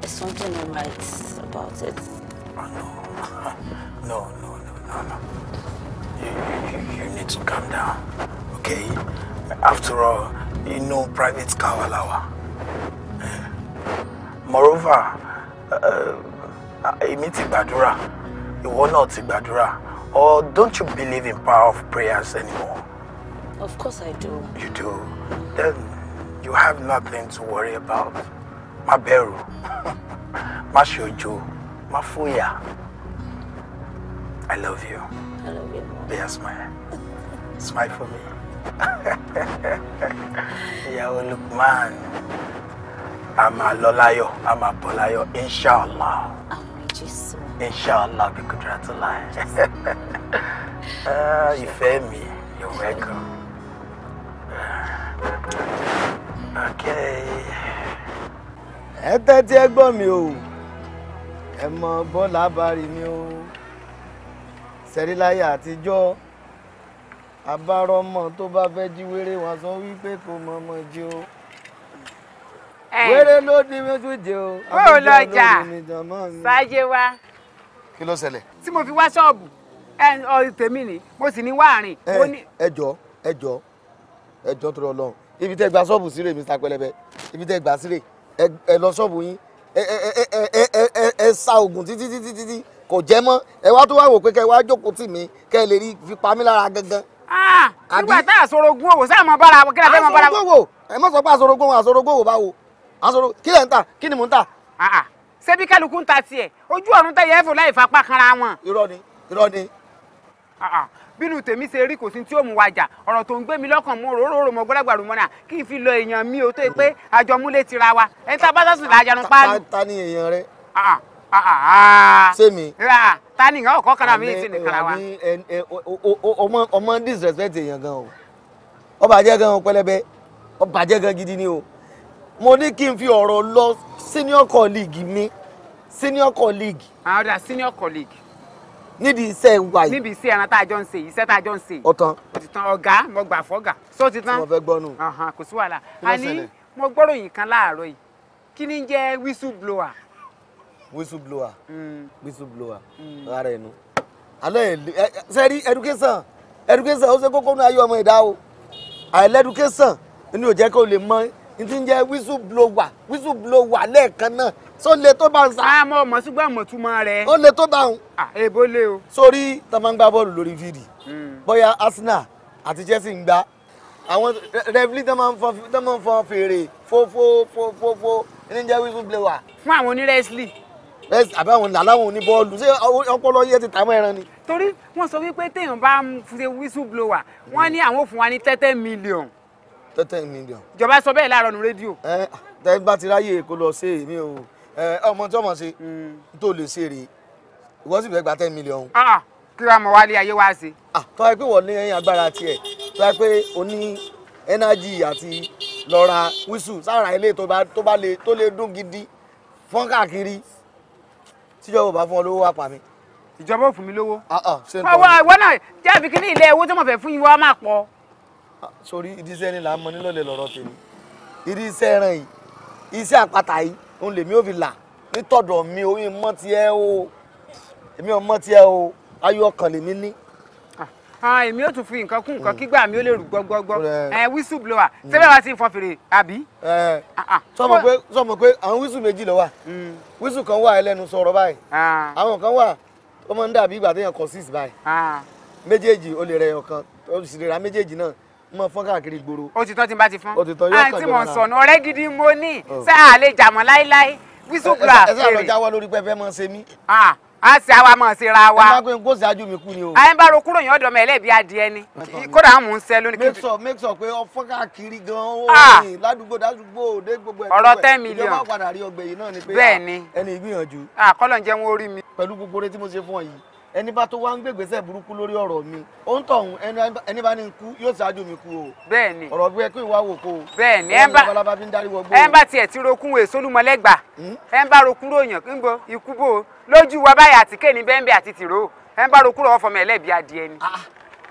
Speaker 5: there's something not right about it. Oh,
Speaker 3: [LAUGHS] no no no no no you, you, you need to calm down okay
Speaker 4: after all you know private Kawalawa. wa la wà moreover uh, uh, èmi ti gbàdúrà ìwọ náà ti gbàdúrà or don't you believe in power of prayers anymore.
Speaker 5: Of course I do.
Speaker 4: You do. Then you have nothing to worry about. Má bẹ̀rù, [LAUGHS] má ṣojo, má fòyà. I love you. I love you. Be a smile. Smile for me ìyàwó Lukman a máa lọ láyọ̀ a máa bọ̀ láyọ̀ inshàlá inshàlá bí kudratullah ìfẹ́ mi you're welcome. Okay. ẹ tẹ́tí ẹ gbọ́ mi o ẹ mọ bọ́ọ̀lù abárí mi o ṣẹ́rí àtijọ́ àbárọmọ tó bá fẹ́ jí wéré wọn sọ wípé kò mọ ọmọ jí o wéré ló di méjì jẹ o bóò lọ jà ṣáájé wa. kí ló ṣẹlẹ̀. tí mo fi wá ṣọ́ọ̀bù tèmi ni mo sì ní wáàrin. ẹ jọ ẹ jọ ẹ jọ tó lọ lọ ibi tẹ gba ṣọ́ọ̀bù sílẹ̀ Mr. Pẹlẹbẹ ibi tẹ gba sílẹ̀ ẹ lọ ṣọ́ọ̀bù yín ẹ sa oògùn títí títí títí kò jẹ́ mọ́ ẹ wá tó wá wò pé kẹ́ ẹ wá jókòó tì mí kẹ́ ẹ lè rí fi pa mí lára gangan Ah, nígbà tá àsorogún òwò sáà mọ bára wọn kí lè fẹ́ mọ bára wọn. ẹ mọ sọ pé àsorogún òwò àsorogún òwò báwo àsoro kí lè ń tà kí ni mò ń tà. Ah, ah, ṣé bí kálukú ń ta tiẹ̀ ojú ọ̀run tẹ̀ yẹ́fò láì fapá kanra wọn. irọ́ ni irọ́ ni. bínú tèmi ṣe rí kò sí tí ó mú wa jà ọ̀rọ̀ tó ń gbé mi lọ́kàn mú ròórò mọ́ gbọ́dọ̀gbàrú mọ́nà kí n fi lọ èèyàn mi ò tó yẹ pé àjọmúlé tira wa ẹni tá a bá sásùn lájàrún páálí. ta ni èèyàn rẹ. Ah, ah, ah. sẹ́mi. ra ta ni ìyá ọkọ kára mi ti ní kára wa. Omo disrespect èèyàn gan o ó bàjẹ́ gan o pẹlẹbẹ ó bàjẹ́ gan gidi ni o mo ni kí n fi oro lo senior colleague mi senior colleague. àwọn da senior colleague. níbi iṣẹ́ wa yìí. níbi iṣẹ́ ẹran tá a jọ ń ṣe iṣẹ́ tá a jọ ń ṣe. ọ̀tán. ó ti tán ọ̀gá mo gbà fọ́gà. sọ ti tán. mo fẹ́ gbọ́ nù. kò sí wàhálà. a ní mo gbọ́ròyìn kan láàárọ̀ yi, kini je jẹ́ whistle blower. whistleblower mm. whistleblower mm. rárá ẹnu alẹ́ ẹ̀ sẹ́rí education education ó ṣe kókó ní ayé ọmọ ẹ̀dá o àìlẹ́ education ni ò jẹ́ kó lè mọ n ti ń jẹ́ whistleblower whistleblower lẹ́ẹ̀kan náà so le tó bá ń sá. a mọ ọmọ ṣùgbọ́n àmọ̀ rẹ. ó le tó bá ń. èbó le o. sórí tó máa ń gbá bọ́ọ̀lù lórí fídì mm. bóyá Arsenal àti Chelsea ń gbá àwọn rẹ́fìlì tó máa ń fọ fèrè fófófófófó ní jẹ́ whistleblower. fún àwọn onírẹ́sílì bẹ́ẹ̀ àbí àwọn làláwọn oníbọ́ọ̀lù ṣé ọpọlọ yẹ ti tàmọ́ ẹran ni. torí wọ́n sọ wípé téèyàn bá ṣe whistle blower wọ́n ní àwọn òfin wa ní tẹ́tẹ́ mílíọ̀n. tẹ́tẹ́ mílíọ̀n. ìjọba sọ bẹ́ẹ̀ láàárọ̀ nu rédíò. ẹ tẹ bá ti ráyè kó lọ sí èmi o ọmọ tí ọmọ ṣe hmm. tó lè ṣe rèé ìwọ sì fẹ́ gba ten mílíọ̀n. kí wàá mọ wálé ayé wá ṣe. tó wáá pé wọ́n ní ẹyin agbára tiẹ̀ tó wáá pé o ní ẹnájì àti lọ́ra wíṣù sára ilé tó bá lè dún gidi fọ́n káàkiri tíjọba ò bá fún ọ lówó wá pa mi. ìjọba ò fún mi lówó. ọwọ́ ah, ah, ìwọ
Speaker 10: náà jẹ́bi kí ní ilé owó tó mọ̀ fẹ́ fún yín wá máa pọ̀.
Speaker 4: Ah, sori ìdíṣẹ́ ni là ń mọ nílọ́lẹ̀ lọ́rọ̀ tèmi ìdíṣẹ́ ẹran yìí iṣẹ́ àpáta yìí òun lèmi ò fi là nítọ̀dọ̀ mi oyin mọ́ tiẹ́ o èmi ò mọ́ tiẹ́ o ayọ̀ ọkàn lèmi ní èmi ò tún fi nǹkan kún nǹkan kígbà mi ò lè rù gbọgbọgbọ wíṣù blower sẹ́fẹ̀ wá sí ìfọ̀n fèrè àbí. sọmọ pé sọmọ pé àwọn wíṣù méjì ló wà wíṣù kan wà ẹlẹ́nu sọ̀rọ̀ báyìí àwọn kan wà ó máa ń dàbí ìgbà téèyàn kọ sí ìsìbáyìí méjèèjì ó lè rẹ ọ̀kan ó sì lè ra méjèèjì náà mo fọ́n káàkiri gbòòrò. ó ti tán tí n bá ti fọ́n. ó ti tán yóò kàn jọ mọ́ra. àǹtí mò ń sọnù ọ̀rẹ́ gidi mo ní sáà lè jà mọ́ láéláé wíṣùpùlà fèrè. ẹ sáà lọ jáwọ́ lórí pẹ́ẹ́fẹ́ mọ́ ṣe mí a ṣe àwa mọ̀ sí ra wa. ẹ má pé n kó mi kú ni o. àyìn bá ro kúrò yàn ọ̀dọ̀ mẹ́ ẹlẹ́bi adìẹ ni kódà àwọn mò ń ṣe lónìí. make sure make sure pé ọfọ́ káàkiri gan-an ó ah! rìn ládùúgbò ládùúgbò dé gbogbo ẹ̀. ọ̀rọ̀ ten million ìjọba padà rí ọgbẹ́ yìí náà ni pé ah, ẹni ìgbìyànjú. àkọlọ̀ ah, ń jẹ́ wọn orí mi. pẹ̀lú gbogbo rẹ tí mo ṣe fún ọ ẹni bá tó wá ń gbègbèsè burúkú lórí ọ̀rọ̀ mi ó ń tọ̀hún ẹni bá ní n kú yóò ṣáájú mi kú o. bẹ́ẹ̀ni ọ̀rọ̀ bí ẹ kí wò kó o. bẹ́ẹ̀ni ẹ ti rokun èso lúmọlẹ́gbà hmm? ẹ bá rokun ròyàn kí n bọ ikú bò ó lójú wa báyà àti kéènì bẹ́ẹ̀nbẹ́ àti tìró ẹ bá rokun rọ̀ fọmọ ẹlẹ́bi adìẹ ni. Ah,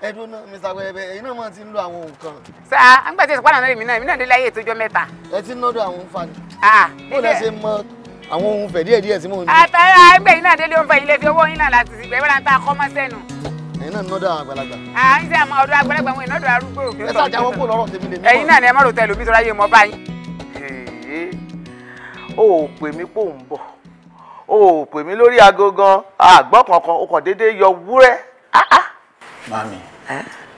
Speaker 4: ẹdun náà mr wẹẹbẹ èyí náà máa ti ń lo àwọn nǹkan. sa àgbàtí ìsopọ̀ náà èmi náà èmi náà ah bó àwọn ohun fẹ̀ díẹ̀ díẹ̀ tí mò ń ní.
Speaker 5: àtàrà ẹgbẹ́ yìí náà délé oúnjẹ yìí lè fi owó yín náà láti sì gbẹ́ wọ́n ta kọ́mọ́ sẹ́nu.
Speaker 4: ẹ̀yin náà nọ́dọ̀ àgbàlagbà.
Speaker 5: à ń sẹ́ àmọ́ ọ̀dọ̀ àgbàlagbà wọn ìnọ́dọ̀ arúgbó. ẹ sá jáwọ́ kó lọ́rọ̀ tèmi lè
Speaker 4: ẹ̀yin náà ni ẹ má rò tẹ lómi sọra yé mọ báyìí. o ò pè mí pò ń bọ̀ o ò pè mí lórí aago gan àgbọ̀ kankan o kàn déédéé yọ wúrẹ́. Ah, ah. mami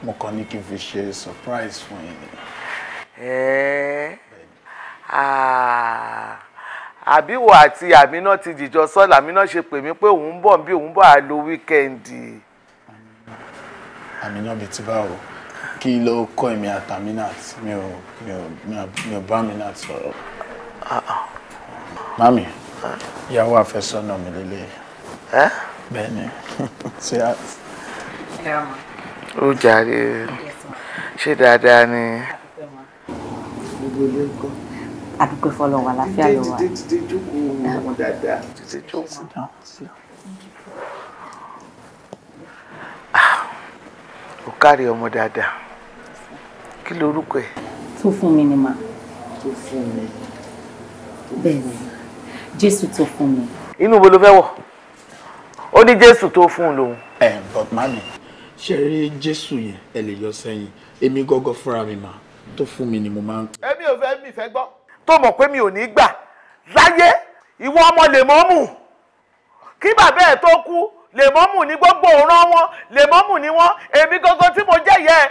Speaker 4: mo kàn ní kí n fi ṣe surprise fún yín. ẹ̀ẹ́ ah àbí wò àti àmínà ti dìjọ sọ́ọ̀lù àmínà ṣe pè mí pé òun ń bọ̀ bí òun bọ̀ á lo wíkẹ́ǹdì. àmínà bíi ti báwo kí ló kọ́ èmi àtàmínàt mi ò mi ò mi ò bá àmínàt sọ̀rọ̀. mami ìyàwó àfẹ́sọ́nà mi lélẹ̀. bẹ́ẹ̀ ni ṣe á. ó jàre ṣé dáadáa ni àdúgbò
Speaker 5: fọlọ́wọ́ àlàáfíà ló wà. tètè
Speaker 4: jókòó wọn dáadáa tètè jókòó. ò kárí ọmọ dáadáa
Speaker 5: kí lorúkọ ẹ. tó fún mi ni mà. tó fún mi. bẹ́ẹ̀ ni
Speaker 4: jésù tó fún mi. inú wo ló fẹ́ wọ̀ ó ní jésù tó fún un lòun. ẹ but mami ṣe rí jésù yẹn ẹ lè yọ sẹ́yìn èmi gọ́gọ́ fúnra mi mà tó fún mi ni mo máa ń. èmi ò fẹ́ mi fẹ́ gbọ́ tó mọ̀ pé mi ò ní gbà láyé ìwọ ọmọ lèmọ́mù kí bàbá ẹ̀ tó kú lèmọ́mù ní gbogbo òran wọn lèmọ́mù ní wọn èmi gangan tí mo jẹ́ ìyá ẹ̀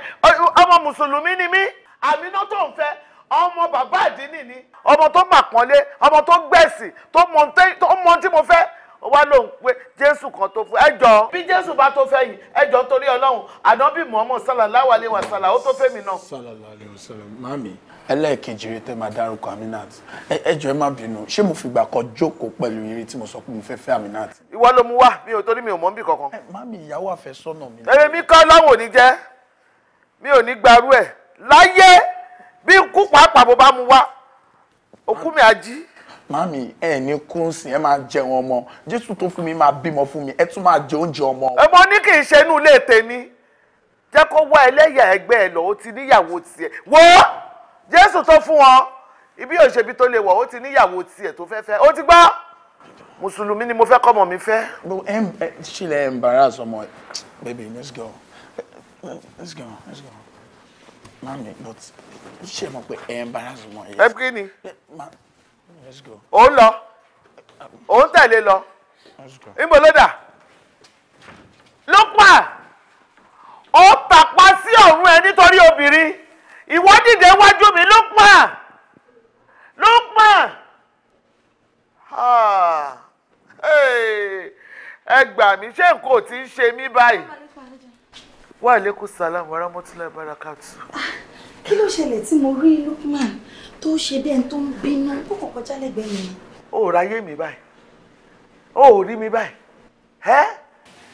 Speaker 4: ọmọ mùsùlùmí ni mí àmínà tó ń fẹ́ ọmọ bàbá àdínì ni ọmọ tó màpọ́nlé ọmọ tó gbẹ̀sì tó mọ tí mo fẹ́ ó wá lóun pé jésù kan tó fẹ́ ẹjọ́ bí jésù bá tó fẹ́ yìí ẹjọ́ torí ọlọ́run ànábì muhammed sallallahu alayhi wa sallam ó tó fẹ́ mi náà. sallallahu alayhi wa sallam mami ẹlẹ́ẹ̀kejì rẹ tẹ́ máa dárúkọ aminat ẹjọ́ ẹ má bínú ṣé mo fìgbà kan jókòó pẹ̀lú irin tí mo sọ pé mo fẹ́ fẹ́ aminat. ìwọ ló mú wá mi ò torí mi ò mọ̀ níbì kankan. mami ìyàwó àfẹ́sọ́nà mi. èmi kọ́ láwọn ò jẹ́ mi ò ní gbarú ẹ̀ láyé bí ikú pàápàá mo bá mu wá òkú mi á Mami, ẹ ní kúnsìn ẹ máa jẹun ọmọ jésù tó fún mi máa bímọ fún mi ẹ tún máa jẹ oúnjẹ ọmọ. ẹ mọ ní kì í ṣe inú ilé tèmi jẹ́ kó wá ẹlẹ́yà ẹgbẹ́ ẹ lọ ó ti níyàwó tiẹ̀ wò jésù tó fún wọn ibi òṣèbí tó lè wọ̀ ó ti níyàwó tiẹ̀ tó fẹ́ fẹ́ ó ti gbọ́ mùsùlùmí ni mo fẹ́ kọ́mọ mi fẹ́. ṣílẹ̀ embarrass ọmọ baby let's go let's go let's go mami but ṣé mo pe embarrass ọmọ yẹn. ẹ kí ni ó ń lọ ó ń tẹ̀lé lọ níbo ló dà ló pa ó tàpá sí ọ̀run ẹ nítorí obìnrin ìwọ dìde wájú mi ló pa ló pa ẹ gbà mí ṣé nǹkan ò ti ń ṣe mí báyìí. wa alaikum salam wa rahmatullahi wa barakatuh. Ah, kí ló ṣẹlẹ̀ tí mo rí Lukman tó ṣe bí ẹni tó ń bínú ó kò kọjá lẹ́gbẹ̀ẹ́ yẹn. o ò ráyé mi báyìí o ò rí mi báyìí.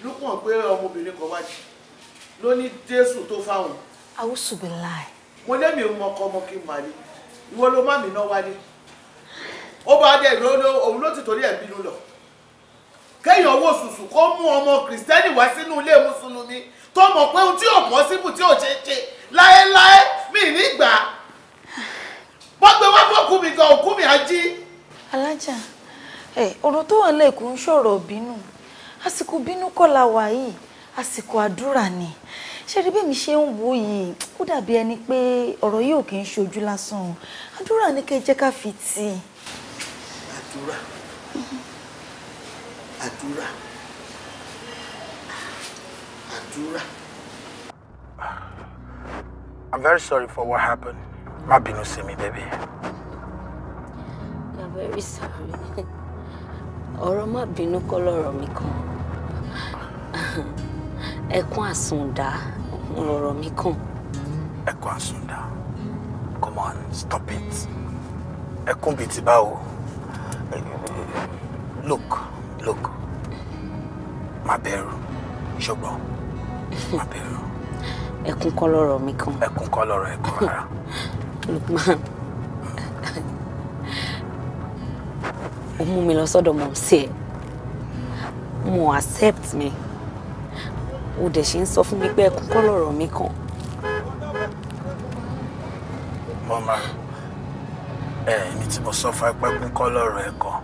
Speaker 4: lúkùn pé ọmọbìnrin kan wájú ló ní jésù tó fáwọn. àwùsù bí láì. mo lẹ́mi ò mọ ọkọ ọmọ kí n máa rí ìwọ ló má mi náà wálé ó bá dé ìrọ́lọ́ òun ló ti torí ẹ̀ bínú lọ kéèyàn wò sùsù kó mú ọmọ kìrìsìtẹ́nì wá sínú ilé mùsùlùmí tó mọ̀ pé ohun tí ò pọ́sibù tí ò ṣe ṣe láéláé mi nígbà wọ́n gbé wá fọ́ọ̀kú mi gan òkú mi á
Speaker 7: alájà ọ̀rọ̀ tó wà lẹ́ẹ̀kọ́ ń sọ̀rọ̀ bínú àsìkò bínú kọ́ la wà yìí àsìkò àdúrà ni ṣe rí bẹ́ẹ̀ mi ṣe ń wò yìí ó dàbí ẹni pé ọ̀rọ̀ yìí ò kì í ṣojú lásán àdúrà ni kẹ́ ẹ jẹ́ ká fi tì í. àdúrà
Speaker 4: àdúrà àdúrà. I'm very sorry for what happened. Ma binu sí mi, baby.
Speaker 5: I'm very sorry. Ọ̀rọ̀ má bínú kọ́ lọ́rọ̀ mi kan. Ẹkún àsundà lọ́rọ̀ mi kan. Ẹkún àsundà.
Speaker 4: Come on, stop it. Ẹkún bíi ti báwo? Look, look. Ma bẹ̀rù, ṣùgbọ́n
Speaker 5: Ma bẹ̀rù. Ẹkún kọ́ lọ́rọ̀ mi kan. Ẹkún kọ́ lọ́rọ̀ ẹ̀kọ́ rárá. [LAUGHS] Lukman ó mú mi lọ sọ́dọ̀ mọ̀ sí ẹ̀ mo accept me. ó dẹ̀ ṣe ń sọ fún mi pé ẹkún kọ́ lọ̀rọ̀ mi kàn.
Speaker 4: mọ́mà ẹ ní tí mo sọ fún ẹpẹ́kún kọ́ lọ̀rọ̀ ẹ kan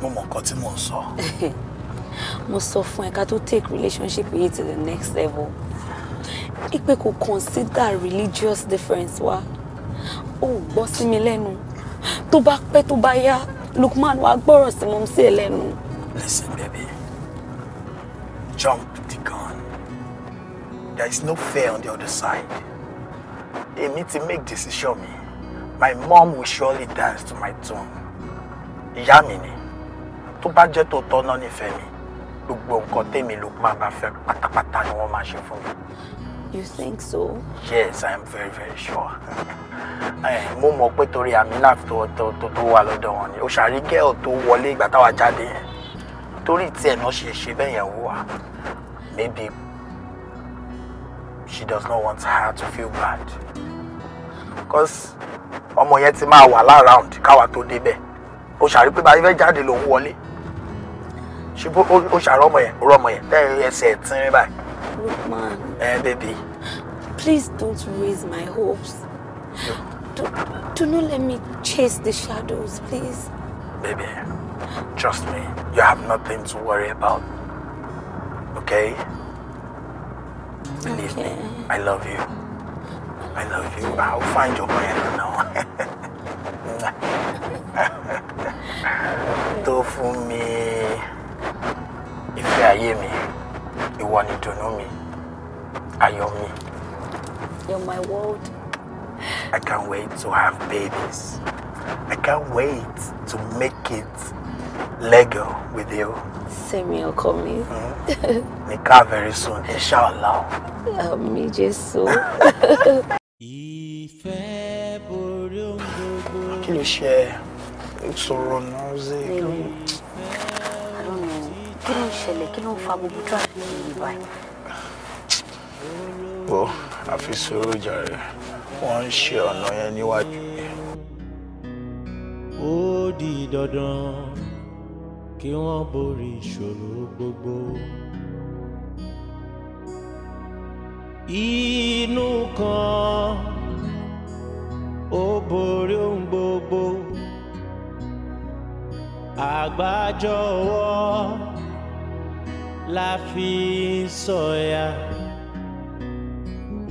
Speaker 4: mo mọ̀ nǹkan tí mò ń sọ.
Speaker 5: [LAUGHS] mo sọ fún ẹ ká tó take relationship yìí to the next level ipe kò consider religious difference wa. Wow ò gbọ́ sí mi lẹ́nu tó bá pẹ́ tó bá yá Lukman wàá gbọ́rọ̀ sí mọ́ sí ẹ lẹ́nu.
Speaker 4: Listen baby jump the gun there is no fear on the other side èmi ti make decision mi my mom will surely dance to my tune ìyá mi ni tó bá jẹ́ tó tọ́ náà nífẹ̀ẹ́ mi gbogbo nǹkan tèmi Lukman bá fẹ́ pátápátá ni wọ́n máa ṣe fún mi. You think so? Yes, I am very very sure. Mo mọ̀ pé torí Aminat tó tó tó tó wà lọ́dọ̀ wọn ni, ó ṣàrí gẹ́ọ̀ tó wọlé ìgbà táwa jáde yẹn. Torí tiẹ̀ náà ṣe ṣe bẹ́ẹ̀ yẹn wò wá. Maybe she does not want her to feel bad. Because ọmọ yẹn ti máa wà láround káwa tó débẹ̀. Ó ṣàrí pé báyìí fẹ́ jáde lòun wọlé. Ṣé ó ṣàrọ̀ ọmọ yẹn, ó rọ̀ ọmọ yẹn, tẹ́ ẹsẹ̀ ẹ̀ tínrín báyìí. Eh, baby.
Speaker 5: Please don't raise my hopes. No. Do, do not let me chase the shadows, please.
Speaker 4: Baby, trust me. You have nothing to worry about. Okay?
Speaker 1: Believe okay. me.
Speaker 3: I love you. I love you. I'll find your man now.
Speaker 4: me, [LAUGHS] if mi, ìfẹ́ me, mi, want to know me. Ayomi.
Speaker 5: You're my world.
Speaker 4: I can't wait to have babies. I can't wait to make it legal with you.
Speaker 5: Samuel here, come here.
Speaker 4: Mm-hmm. very soon, inshallah.
Speaker 5: Àmín Jésù. Ìfẹ́ borí ohun gbogbo. Kí ló ṣe ìṣòro náà I don't know, Can you share? Can you ló ń fa gbogbo traffic
Speaker 4: bó àfi sùúrù jàre wọ́n ń ṣe ọ̀nà yẹn níwájú mi.
Speaker 2: ó di dandan kí wọ́n borí ìṣòro gbogbo. inú kan ó borí ohun gbogbo àgbájọwọ́ la fi ń sọ̀yà. So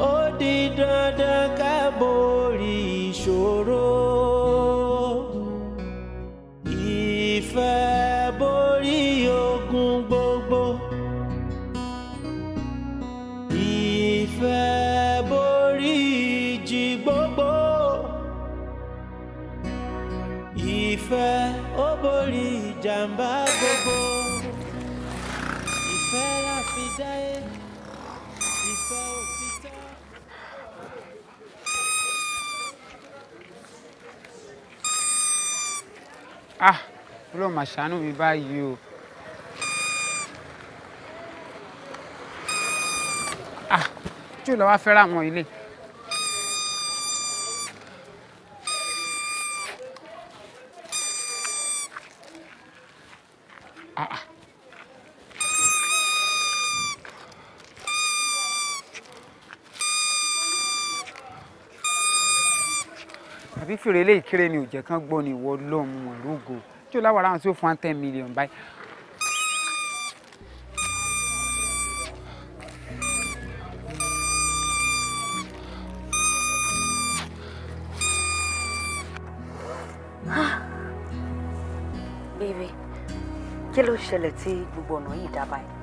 Speaker 2: ó di dandan ká borí ìṣòro. Ìfẹ́ borí ogun gbogbo. Ìfẹ́ borí ìjì gbogbo. Ìfẹ́ ó borí ìjàmbá gbogbo.
Speaker 1: Ìfẹ́ la fi dáyé. E.
Speaker 4: ọlọ́run mà ṣàánú mi báyìí o. jù ah, lọ wá fẹ́ràn àwọn ilé. Ah, ah. àbí fèrè eléyìí kéré ni ò jẹ́ kán gbọ́ ni ìwọ lọ́mú ọ̀rùngò tí o láwàrà àwọn tí ó fún wa ten million báyìí.
Speaker 5: Baby, kí ló ṣẹlẹ̀ tí gbogbo ọ̀nà yìí dábàá yìí?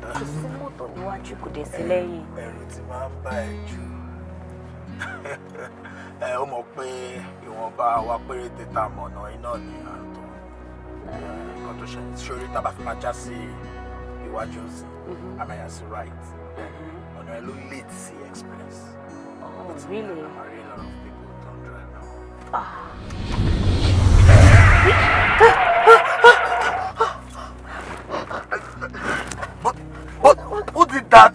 Speaker 4: Kò sí mọ́tò níwájú kò dé sí lẹ́yìn. Ẹ̀rù ti máa ń bá ẹ jù. [LAUGHS] Ẹ ó mọ̀ pé ìwọ̀nba wa péréte ta mọ̀nà iná ni à nǹkan tó ṣẹlẹ̀ sórí tábà fi máa já sí iwájú sí amaya sí right mm-hmm. ọ̀nà ẹ̀ ló lead sí express. Oh, really? I'm a lot of people who don't drive now. Ah. What, what, did that?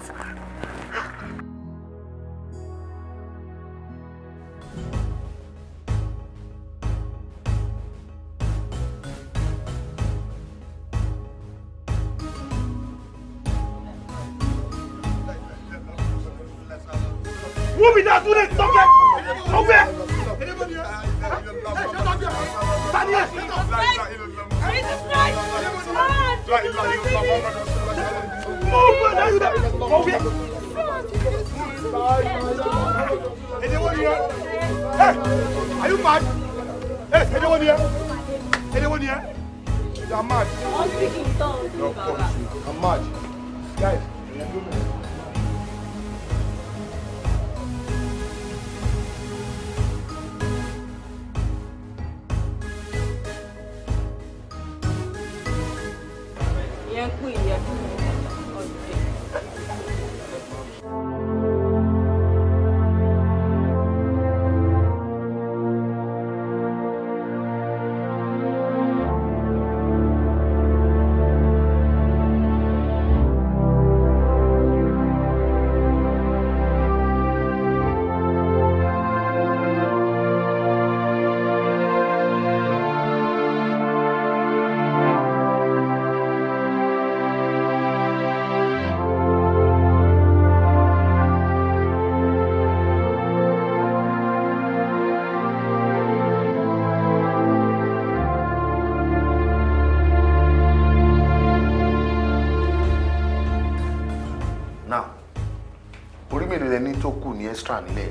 Speaker 4: extra nílẹ̀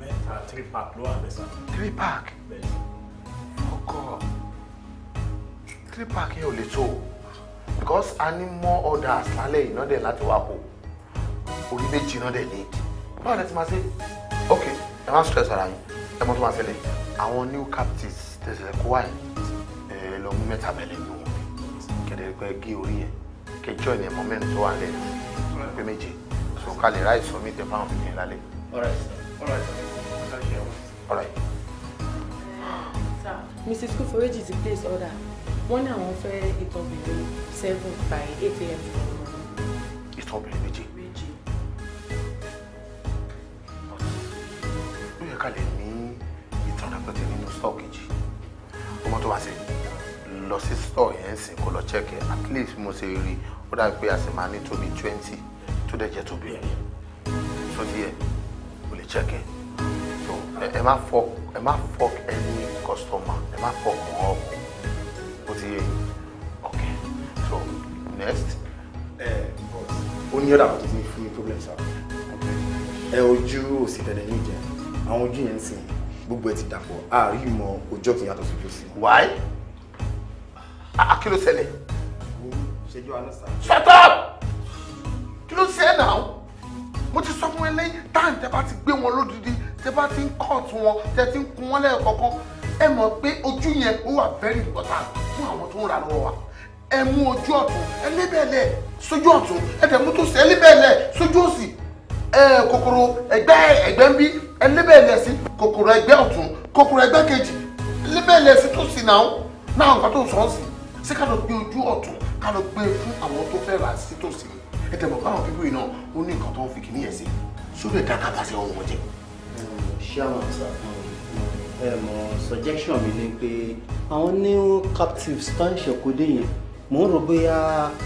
Speaker 4: mẹ́ta three pack ló wà bẹ́sẹ̀. three pack ọkọ three pack yẹn ò lè tó o because a ní more orders lálẹ́ yìí láti wá kó orí méjì náà dẹ̀ ní báwo lẹ ti máa ṣe ráì sọ mí tẹ Sir, obìnrin lálẹ́.
Speaker 10: Mrs. is the place order. Wọ́n ní àwọn fẹ́ ìtàn obìnrin seven by eight a.m.
Speaker 4: Ìtàn obìnrin méjì. Méjì. Ó yẹ ká lè ní ìtàn rẹpẹtẹ nínú stọ́ọ̀ kejì. Ọmọ tó wá sí lọ sí stọ́ọ̀ yẹn sìn kó lọ check at least mo ṣe rí i ó dàbí pé a sì máa ní tóbi twenty tó dẹ̀ jẹ́ tóbi ẹ̀yìn. So díẹ̀ o lè check in so ẹ má fọk ẹ má fọk any customer ẹ má fọk wọn up o ti yẹ ok so next. ẹ boss ó ní ọ̀dà àkótó tí mi fún mi problem sá ẹ ojú òsì tẹ̀lẹ̀ ní ìjẹ àwọn ojú yẹn ń sìn gbogbo ẹ ti dàpọ̀ àárí mọ ojú ọ̀tún yàtọ̀ sí ojú why? akíló ah, ṣẹlẹ̀. ṣẹjọ́ anú shut up. wọn lódìdí tẹ bá ti ń cut wọn tẹ ti ń kun wọn lẹ́ẹ̀kọ̀ọ̀kan ẹ mọ̀ pé ojú yẹn ó wà very important fún àwọn tó ń ra lọ́wọ́ wa ẹ mú ojú ọ̀tún ẹ lébẹ̀lẹ̀ sójú ọ̀tún ẹ tẹ̀ mú tó sí ẹ lébẹ̀lẹ̀ sójú òsì ẹ kòkòrò ẹgbẹ́ ẹgbẹ́ ń bí ẹ lébẹ̀lẹ̀ sí kòkòrò ẹgbẹ́ ọ̀tún kòkòrò ẹgbẹ́ kejì lébẹ̀lẹ̀ sí tó sì náà náà nǹkan tó sọ ọ́ sí sí ká lọ gbé ojú ọ̀tún ká lọ gbé e fún àwọn tó fẹ́ rà sí tòsí ẹ tẹ̀ mọ̀ báwọn fífi náà ó ní nǹkan tó fi kìíní sórí ẹ̀ka kàkà sí ọwọ́ jẹ. ṣéwọ̀n sá
Speaker 2: ẹ̀mọ̀ suggestion mi ni pé àwọn new captives tá ń ṣèkóde yẹn mò ń rò bóyá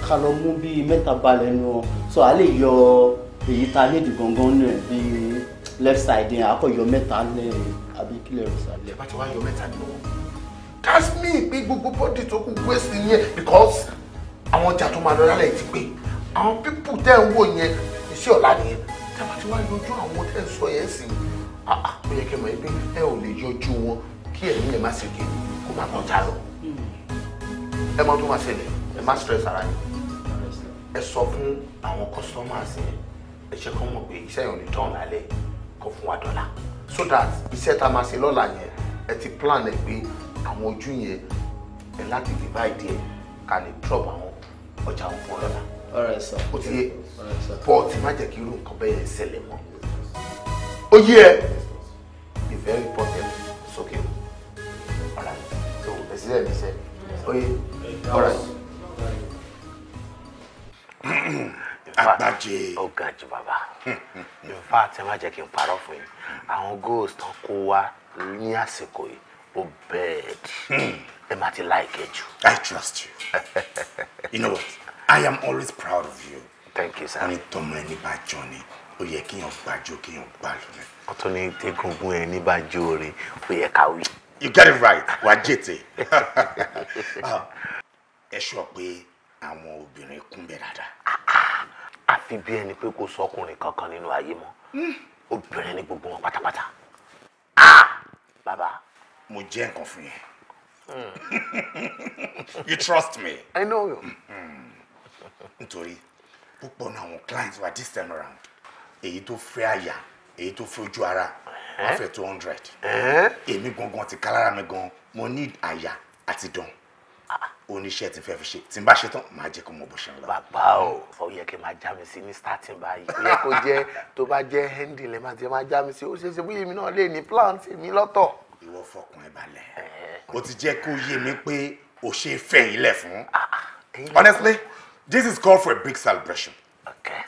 Speaker 4: ká lọ mú bíi mẹ́ta balẹ̀ nu ọ so a lè yọ èyí ta nídìí gangan nù ẹ̀ bíi left side yẹn akọ yọ mẹ́ta lẹ àbí kílẹ̀ rẹ̀ sàlẹ̀. ẹ bá ti wá yọ mẹ́ta lọ cast me pé gbogbo body tó kún waste yẹn because àwọn ọjà tó máa lọ lálẹ́ ti pé àwọn pípù tẹ́ ń wò yẹn iṣẹ́ ọ̀la nìyẹn tá a bá yọjú àwọn tẹ́ ń sọ yẹn sí ó yẹ kẹ́ mọ̀ pé ẹ ò lè yọjú wọn kí ẹ̀mí ẹ̀ má sì kó má kọjá lọ ẹ mọ tó máa ṣẹlẹ̀ ẹ má stress ara yín ẹ sọ fún àwọn customers yẹn ẹ ṣe kọ́ mọ̀ pé iṣẹ́ yẹn ò lè tán lálẹ́ kó fún wa dọ́là so that iṣẹ́ tá a máa ṣe lọ́la yẹn ẹ ti plan ẹ pé àwọn ojú yẹn ẹ láti divide ẹ ká lè drop àwọn ọjà wọn fún ọ̀rẹ́ sọ ó ti yé but má jẹ́ kí irú nǹkan bẹ́ẹ̀ ṣẹlẹ̀ mọ́ ó yí be very important sókè o Alright. so president mi sẹ́ ó yé Alright. àgbàjẹ ó ga jù bàbá in fact ẹ má jẹ́ kí n parọ́ fún yín àwọn goals tán kó wá ní àsìkò yìí ó bẹ́ẹ̀ ẹ má ti láìkẹ́ jù. I trust you you know what I am always proud of you thank you sir. ní tọmọ ẹni bá jọ ni ó yẹ kéèyàn gbàjọ kéèyàn gbàlù ni. wọ́n tún ní tẹ́gùngún ẹni bá jó orin ó yẹ ká wí. you get it right wà á jètè. [LAUGHS] Ah, ẹ sọ pé àwọn obìnrin kún bẹ dáadáa. àfi bí ẹni pé kò sọkùnrin kankan nínú ayé mọ́ hmm. obìnrin ni gbogbo wọn pátápátá. Ah! bàbá. mo jẹ́ nǹkan fún yẹn. Hmm.
Speaker 1: [LAUGHS] you trust me.
Speaker 4: i know you. Hmm. nítorí púpọ̀ náà àwọn clients wa this time around èyí tó fẹ́ àyà èyí tó fẹ́ ojú ara wọ́n fẹ́ two hundred èmi gangan ti kálára mi gan mo need àyà àti dán ah. oníṣẹ́ tí n fẹ́ fi ṣe tí n bá ṣe tán màá jẹ́ kó mọ bó ṣe ń lọ. bàbá o ó yẹ kí n máa já mi sí ní starting báyìí ó yẹ kó jẹ́ tó bá jẹ́ hendy lè máa jẹ́ máa já mi sí ó ṣeé ṣe bóyá èmi náà lè ní plan tèmi lọ́tọ̀. ìwọ fọkàn ẹ balẹ̀ o ti jẹ́ kó yé mi pé o ṣe fẹ̀yìn lẹ̀ ah, ah,
Speaker 1: fún honestly
Speaker 4: This is called for a big celebration. Okay.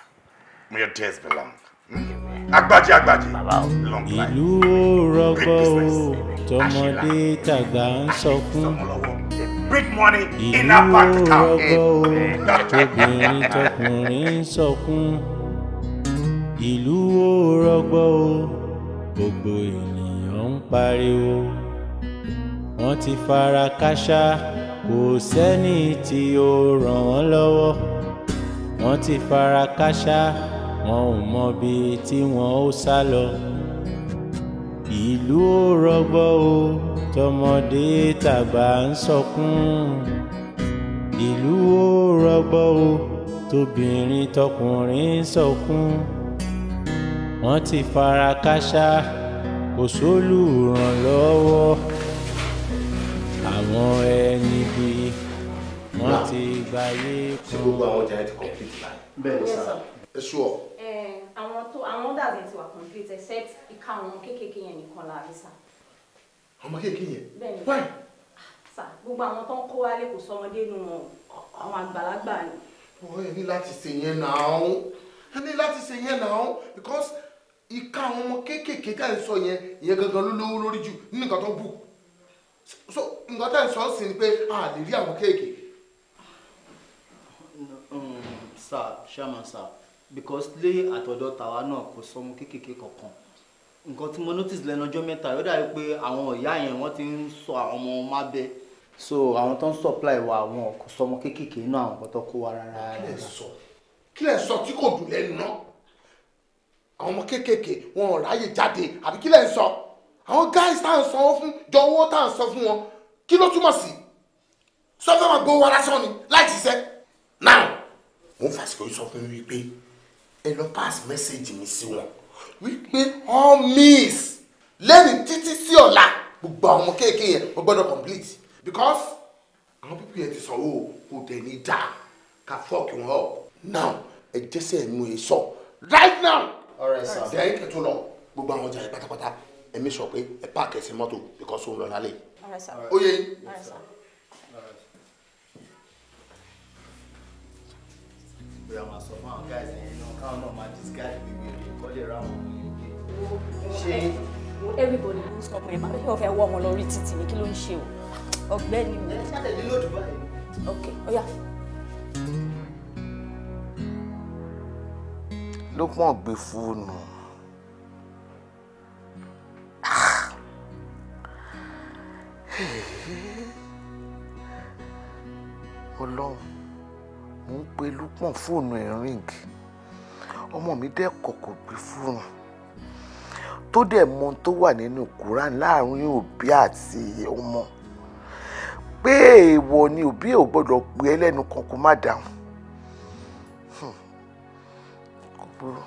Speaker 4: May your days be long. Hmm? Agbaji, Agbaji.
Speaker 2: Long life. Ìlú rọgbọ tọmọdé tàgbà ń sọkún.
Speaker 1: Big money in that part
Speaker 2: Ilu town. o. rọgbọ tobìnrin tọkùnrin ń sọkún. Ìlú rọgbọ gbogbo ènìyàn ń pariwo. Wọ́n ti fara káṣá kò sẹ́ni tí ó ràn wọ́n lọ́wọ́ wọ́n ti fara kááṣá wọn ò mọbi tí wọ́n ó sá lọ. ìlú ò rọgbọ o tọmọdé tàgbà ń sọkún ìlú ò rọgbọ o tóbìnrin tọkùnrin ń sọkún wọ́n ti fara kááṣá kò sólùrànlọ́wọ́ àwọn ẹni bí wọ́n ti gba ayé kú.
Speaker 4: ṣé gbogbo àwọn ọjà yẹn ti complete báyìí. bẹ́ẹ̀ ni sá ẹ sọ.
Speaker 6: Eh, àwọn tó àwọn ọ̀dà yẹn ti wà complete except ìka àwọn kéékèèké yẹn nìkan la rí sá. ọmọ kéékèèké yẹn. bẹ́ẹ̀ ni wáyé. Ah, sá gbogbo àwọn tó ń kó wálé kò sọmọdé nù wọn àwọn àgbàlagbà ni.
Speaker 4: ọ̀rọ̀ ẹ ní láti ṣe yẹn náà ẹ ní láti ṣe yẹn náà because ìka àwọn ọmọ kéékèèké tá à ń sọ yẹn ìyẹn gangan ló lówó lórí jù nínú nǹkan tó bù so nǹkan tẹ́ ń sọ sí ni pé a lè rí àwọn kéèkì.
Speaker 3: Um, sir chairman sir because lé àtọ̀dọ̀ tàwa náà kò sọmọ
Speaker 1: kéékèèké kankan
Speaker 3: nǹkan tí mo notice lẹ́nu ọjọ́ mẹ́ta yóò dàbí pé àwọn ìyá yẹn wọ́n ti ń
Speaker 4: sọ àwọn ọmọ mábẹ́ so àwọn tó ń supply wa àwọn kò sọmọ kéékèèké inú àwọn nǹkan tó kó wa rárá. kílẹ̀ sọ kílẹ̀ sọ tí kò dùn lẹ́nu náà àwọn ọmọ kéékèèké wọn ò ráyè jáde àbí kílẹ̀ sọ. So àwọn guys tá à ń sanwó fún jọ owó tá à ń san fún wọn kí ló túmọ̀ sí sọfẹ́ máa gbowó lásán ni láì ṣiṣẹ́ now mo ń fàṣìkò yìí sọ fún mi wípé ẹ lọ pass message mi sí wọn wípé all miss lẹ́nu títí sí ọ̀la gbogbo àwọn ọmọ kéèké yẹn wọ́n gbọ́dọ̀ complete because àwọn pípì yẹn ti sanwó kò dẹ̀ ní dá ká fọ́ọ̀kì wọn up now ẹ jẹ́sẹ̀ ẹ̀nu ẹ̀ sọ right now all right sir dẹ̀ ẹ̀ kẹ́tọ́ lọ gbogbo àwọn ọjà yẹn pátápátá ẹ mi sọ pé ẹ páàkì ẹsẹ mọ́tò because ó ń lè ra everybody ló ń sọ
Speaker 6: pé màá yóò fẹ́ wọ́ ọmọ lórí títì ní kí ló ń ṣe o ọ̀gbẹ́ni mi. ẹ ṣáà ní lòdù báyìí. ok ó
Speaker 4: ló pọ̀ gbé fóònù. ọlọ́run mo ń pe lúpọ̀n fóònù ẹ̀ ríǹgì ọmọ mi dẹ́ kọ̀kọ̀ gbé fóònù tó dẹ̀ mọ tó wà nínú Quran láàrin òbí àti ọmọ pé èèwọ̀ ni òbí ò gbọ́dọ̀ pè é lẹ́nu kan kó má dáhùn hmm, kò burú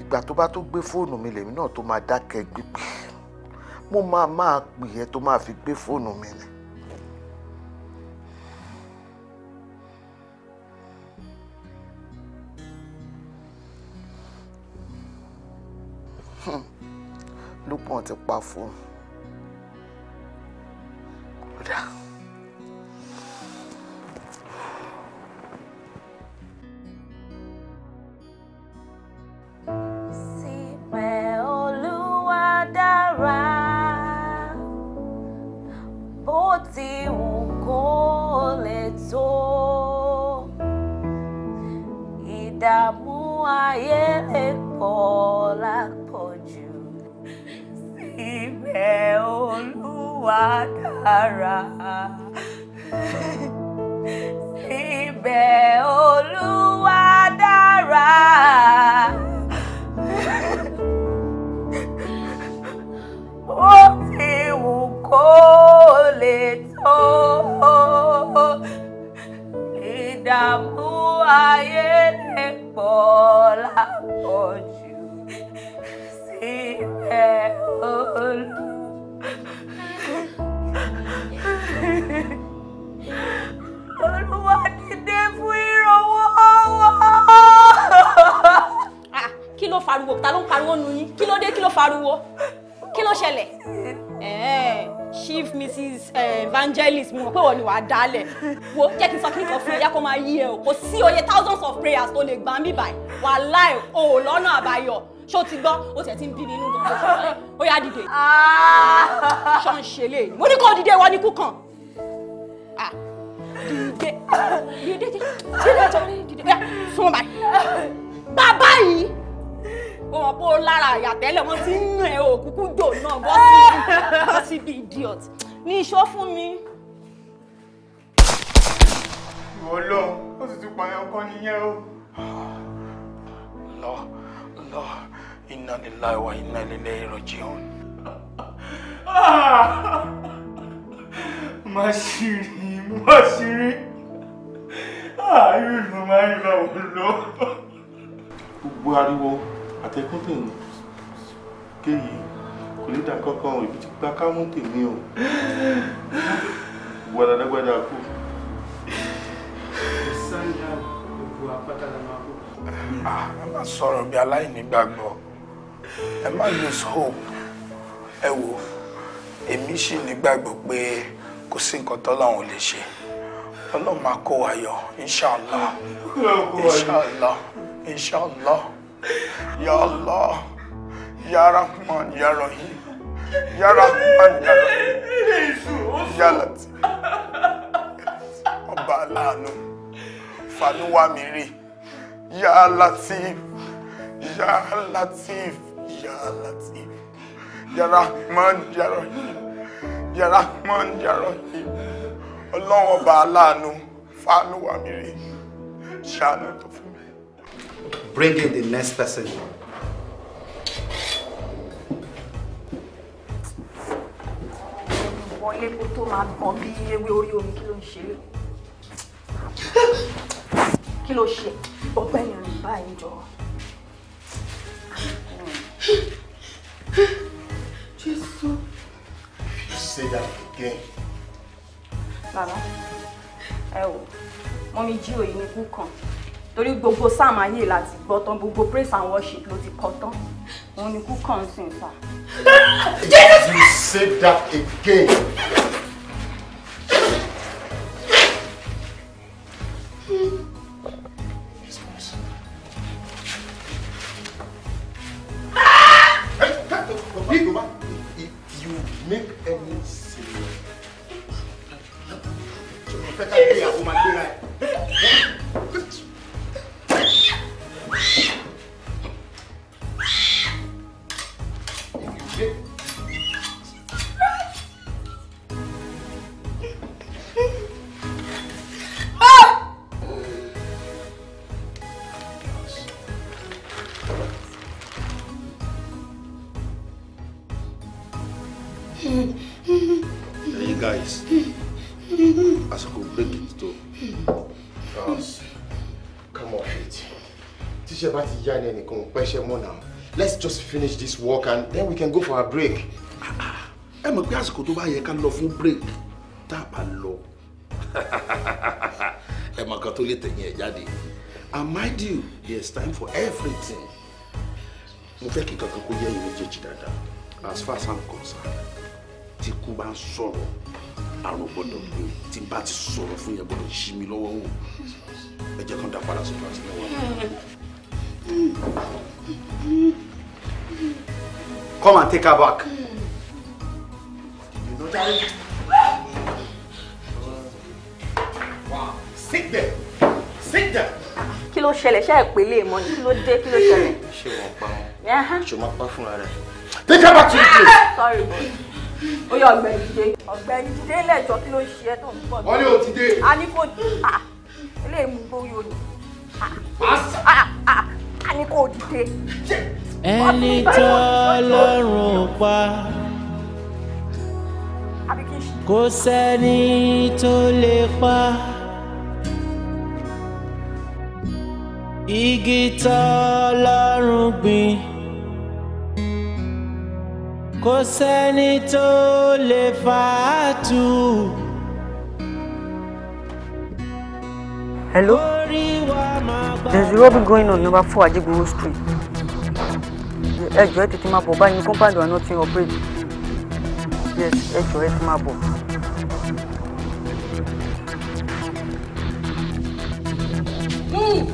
Speaker 4: ìgbà tó bá tó gbé fóònù mi lèmi náà tó máa dákẹ́ gbígbé mo máa máa pè ẹ́ tó máa fi gbé fóònù mi ni. Hmm. lópin ọ̀n ti pa fóònù.
Speaker 6: wàláì o lọ́nà àbáyọ ṣó ti gbọ́ ó tiẹ̀ ti ń bí mi inú gan-an ó yá dìde ah! ṣọ́ ń ṣe lè mo ní kó dìde wọ́n ní kú ah, dìde dìde dìde dìde sún báyìí bàbá yìí ó mọ̀ pé ó lára àyà tẹ́lẹ̀ wọ́n ti ń nà ẹ́ òkúkú jò náà bọ́ síbi idiot ní iṣó fún mi
Speaker 1: ìwọ lọ
Speaker 4: ó sì tún pààyàn kan nìyẹn o lọ lọ inna lillahi wa inna ilaihi raji'un.
Speaker 1: Ah! má ṣì rí má ṣì rí
Speaker 2: ààyè ló máa ń ra òun lọ.
Speaker 4: gbogbo ariwo àtẹkùn tèmi kéyìí kò ní dà kankan ìbí ti gba káwọn tèmi o sanja gbogbo apátá la máa Ah, ẹ má sọ̀rọ̀ bí aláìnígbàgbọ́ ẹ má lose hope ẹ wò èmi sì pé kò sí nǹkan lè ṣe ọlọ́run máa kó wa yọ inṣàlá
Speaker 1: inṣàlá
Speaker 4: inṣàlá ya Allah ya Rahman ya Rahim ya Rahman ya Rahim ya ọba aláàánú fanúwámi rí. Ya Latif, Ya Latif, Ya Latif, Ya Rahman, Ya Rahim, Ya Rahman, Ya Rahim. Ọlọ́run ọba aláàánú fàánú wà mí rí ṣàánú tó fún mi. Bring in the next person.
Speaker 6: Wọlé tó máa gbọ̀n bí ewé orí omi kí ló ń ṣe é kí ló ṣe ọ̀gbẹ́ni rìn báyìí jọ. jésù. you
Speaker 1: say
Speaker 4: that again.
Speaker 6: bàbá ẹ wò mọ́mí jí òye ní kúkan torí gbogbo sáàmù ayé láti gbọ́ tán gbogbo praise and worship ló ti kọ́ tán òun ni kúkan ń sìn sá.
Speaker 4: you say that again. jáde nìkan ò pẹ́ṣẹ́ mọ́ let's just finish this work and then we can go for a break. I'm mọ̀ pé àsìkò tó bá yẹ ká lọ fún break tá a bá lọ ẹ mọ̀ kan tó lè tẹ̀yìn ẹ̀ jáde and mind you there time for everything mo fẹ́ kí kankan kó yẹ ìwé jẹ́jì as far as i'm concerned tí kú bá ń sọ̀rọ̀ àrùn gbọ́dọ̀ pé tí n bá ti sọ̀rọ̀ fún yẹn gbọ́dọ̀ yí mi lọ́wọ́ wò ẹ jẹ́ kán dá padà sọ̀rọ̀ àti
Speaker 1: lọ́wọ́. Come
Speaker 4: and take her back. You know that? Wow. Sit there.
Speaker 6: Sit there. Kí ló ṣẹlẹ̀ ṣe ìpele ìmọ̀ ni kí ló dé kí ló ṣẹlẹ̀? Ṣé Take her back to the place. Sorry boy. Oh, yọ ọ̀gbẹ́ni dé. Ọ̀gbẹ́ni dé Let your kilo ṣe don't tó ń pọ̀. Wọ́n ní o ti dé. A ní kò dé. Ah, ah, ní kò dìde.
Speaker 2: ẹni tó lọ́rùn pa kò sẹ́ni tó lè pa. igi tó lọ́rùn gbìn kò sẹ́ni tó lè fà á tu. Hello. There's a robbery going on number four Ajigbowo Street.
Speaker 7: Ẹ jọ̀ọ́ ẹ the máa bọ̀ báyìí ní compound wa náà ti ń operate. Yes, edge jọ̀ọ́ ẹ tètè
Speaker 1: máa Move!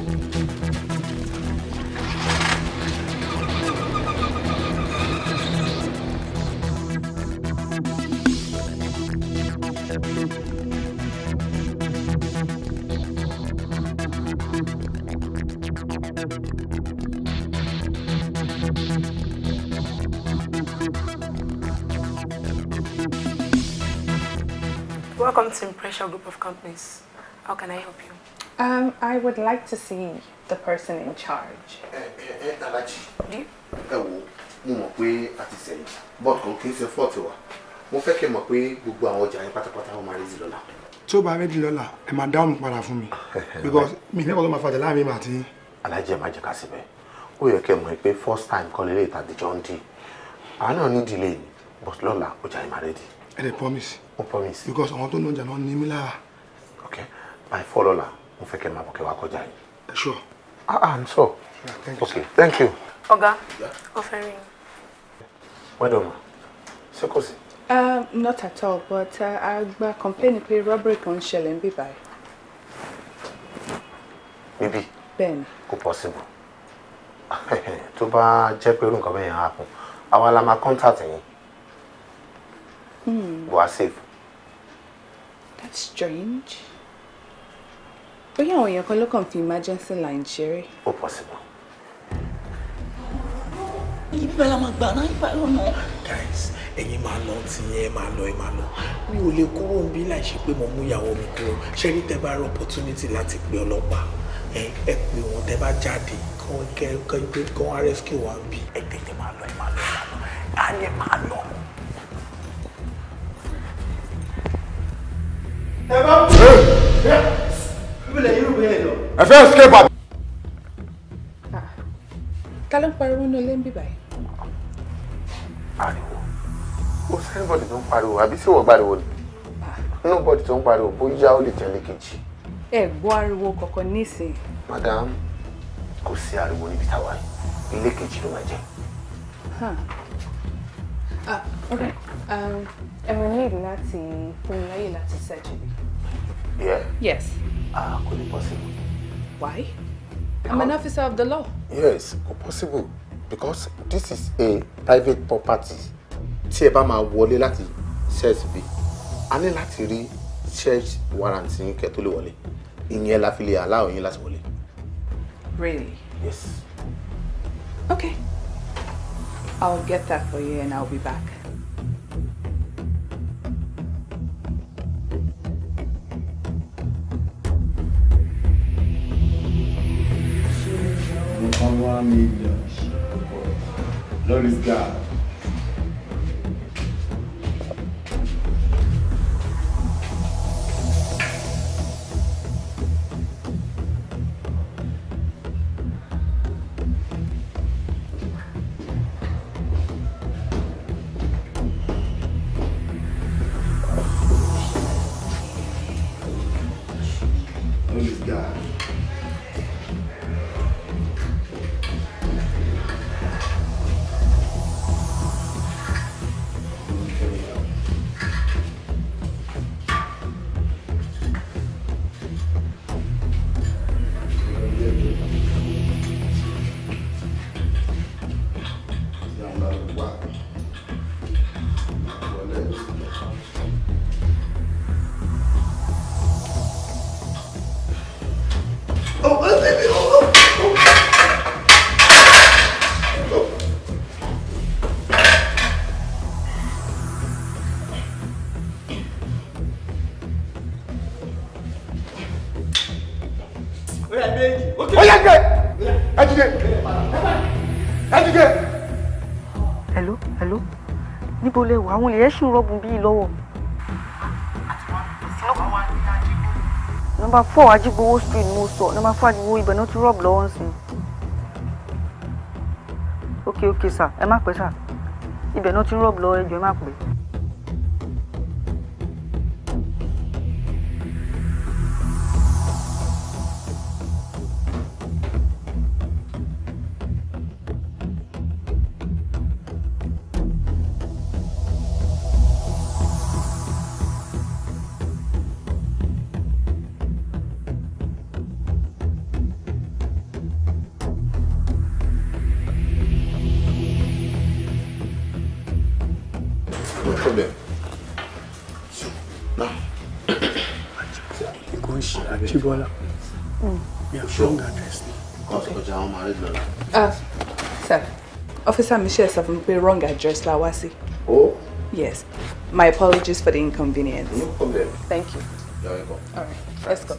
Speaker 5: special group of companies. How can I help
Speaker 10: you?
Speaker 8: Um, I would like to see the person in charge.
Speaker 5: Eh, eh, eh, Do
Speaker 4: you? I mo mọ̀ pé a ti sẹ̀yìn bọ́ọ̀dù kan kì í ṣe fọ́ọ̀tì wa mo fẹ́ kí ẹ mọ̀ pé gbogbo àwọn ọjà yẹn pátápátá wọn máa rí lọ́la. tó o bá rí lọ́la ẹ máa dáhùn padà fún mi [LAUGHS] because mi lẹ́kọ̀ọ́ tó máa fàjà láàrin mi àti. alájẹ máa jẹ ká síbẹ̀ ó yẹ kẹ́ first time kọ́ lélẹ́yìí tàbí jọ ń di àwa náà ní delay but lọ́la ọjà yẹn ẹ dẹ promise. I promise. because I tó ń lóúnjẹ náà ní mí lára. my follow I'm mo fẹ́ kẹ́ máa bọ̀ kẹ́ wá kọjá yìí. ẹ sure. ah ah Okay. sọ. thank you. Oga, ó fẹ́ rí mi. wẹ́n dọ̀mọ̀ ṣé
Speaker 8: Uh, not at all, but uh, a gba complain pé robbery kan ṣẹlẹ̀ níbí báyìí. Maybe. Ben.
Speaker 4: Kò possible. [LAUGHS] Tó bá jẹ́ pé irú nǹkan bẹ́ẹ̀ yẹn á kún, àwa la máa contact yín. Mm. Wà safe. That's strange.
Speaker 8: Bóyá àwọn èèyàn kan ló kàn fi emergency line Sherry. Ó possible.
Speaker 4: Guys, any máa lọ tí yẹn máa lọ ẹ máa lọ. Mi ò lè kúrò níbí láì ṣe pé mo mú ìyàwó mi kúrò. Ṣé ní tẹ́ bá rí opportunity láti pe ọlọ́pàá? Ẹ ẹ pé wọn tẹ́ bá jáde kán kẹ́ kán gbé rescue wa ń Any Ẹ tètè máa lọ ẹ máa ẹ fẹ́ escape àbí.
Speaker 8: ta ló ń pariwo náà lé ń bì báyìí.
Speaker 4: ariwo ó sẹ́ni bọ́dì tó ń pariwo àbí sí ìwọ pariwo ni inú bọ́dì tó ń pariwo bóyá ó lè tẹ̀lé kejì.
Speaker 8: ẹ gbọ́ ariwo kankan nísìnyí.
Speaker 4: madam kò sí ariwo níbi táwa yìí ilé kejì ló máa jẹ.
Speaker 8: Ah, um, ẹ̀rọ ní ìlú láti fún mi láyè láti ṣẹ́jú
Speaker 4: Yeah? Yes. Ah, kò be possible. Why?
Speaker 8: Because I'm an officer of the law.
Speaker 4: Yes, possible because this is a private property. Tí ẹ bá máa wọlé láti search bí, church ní láti rí search warrant yín kẹ́ tó la fi allow yín láti wọlé. Really? Yes.
Speaker 8: Okay. I'll get that for you and I'll be back.
Speaker 3: one million.
Speaker 4: Lord is God.
Speaker 7: àwọn èèyàn ṣì ń rọ́gùn bíi lọ́wọ́ mi. nọmba four ajigbowó street mo sọ nọmba four ajigbowó ibẹ̀ náà ti rọ́ọ̀bù lọ́wọ́ ń ok ok sir ẹ má pẹ́ sir ibẹ̀ náà ti rọ́ọ̀bù lọ́wọ́ ẹ jọ̀ọ́ ẹ má pẹ́.
Speaker 8: letter mi have sọ wrong address la wá oh. yes my apologies for the inconvenience. no problem. thank you. all right let's go.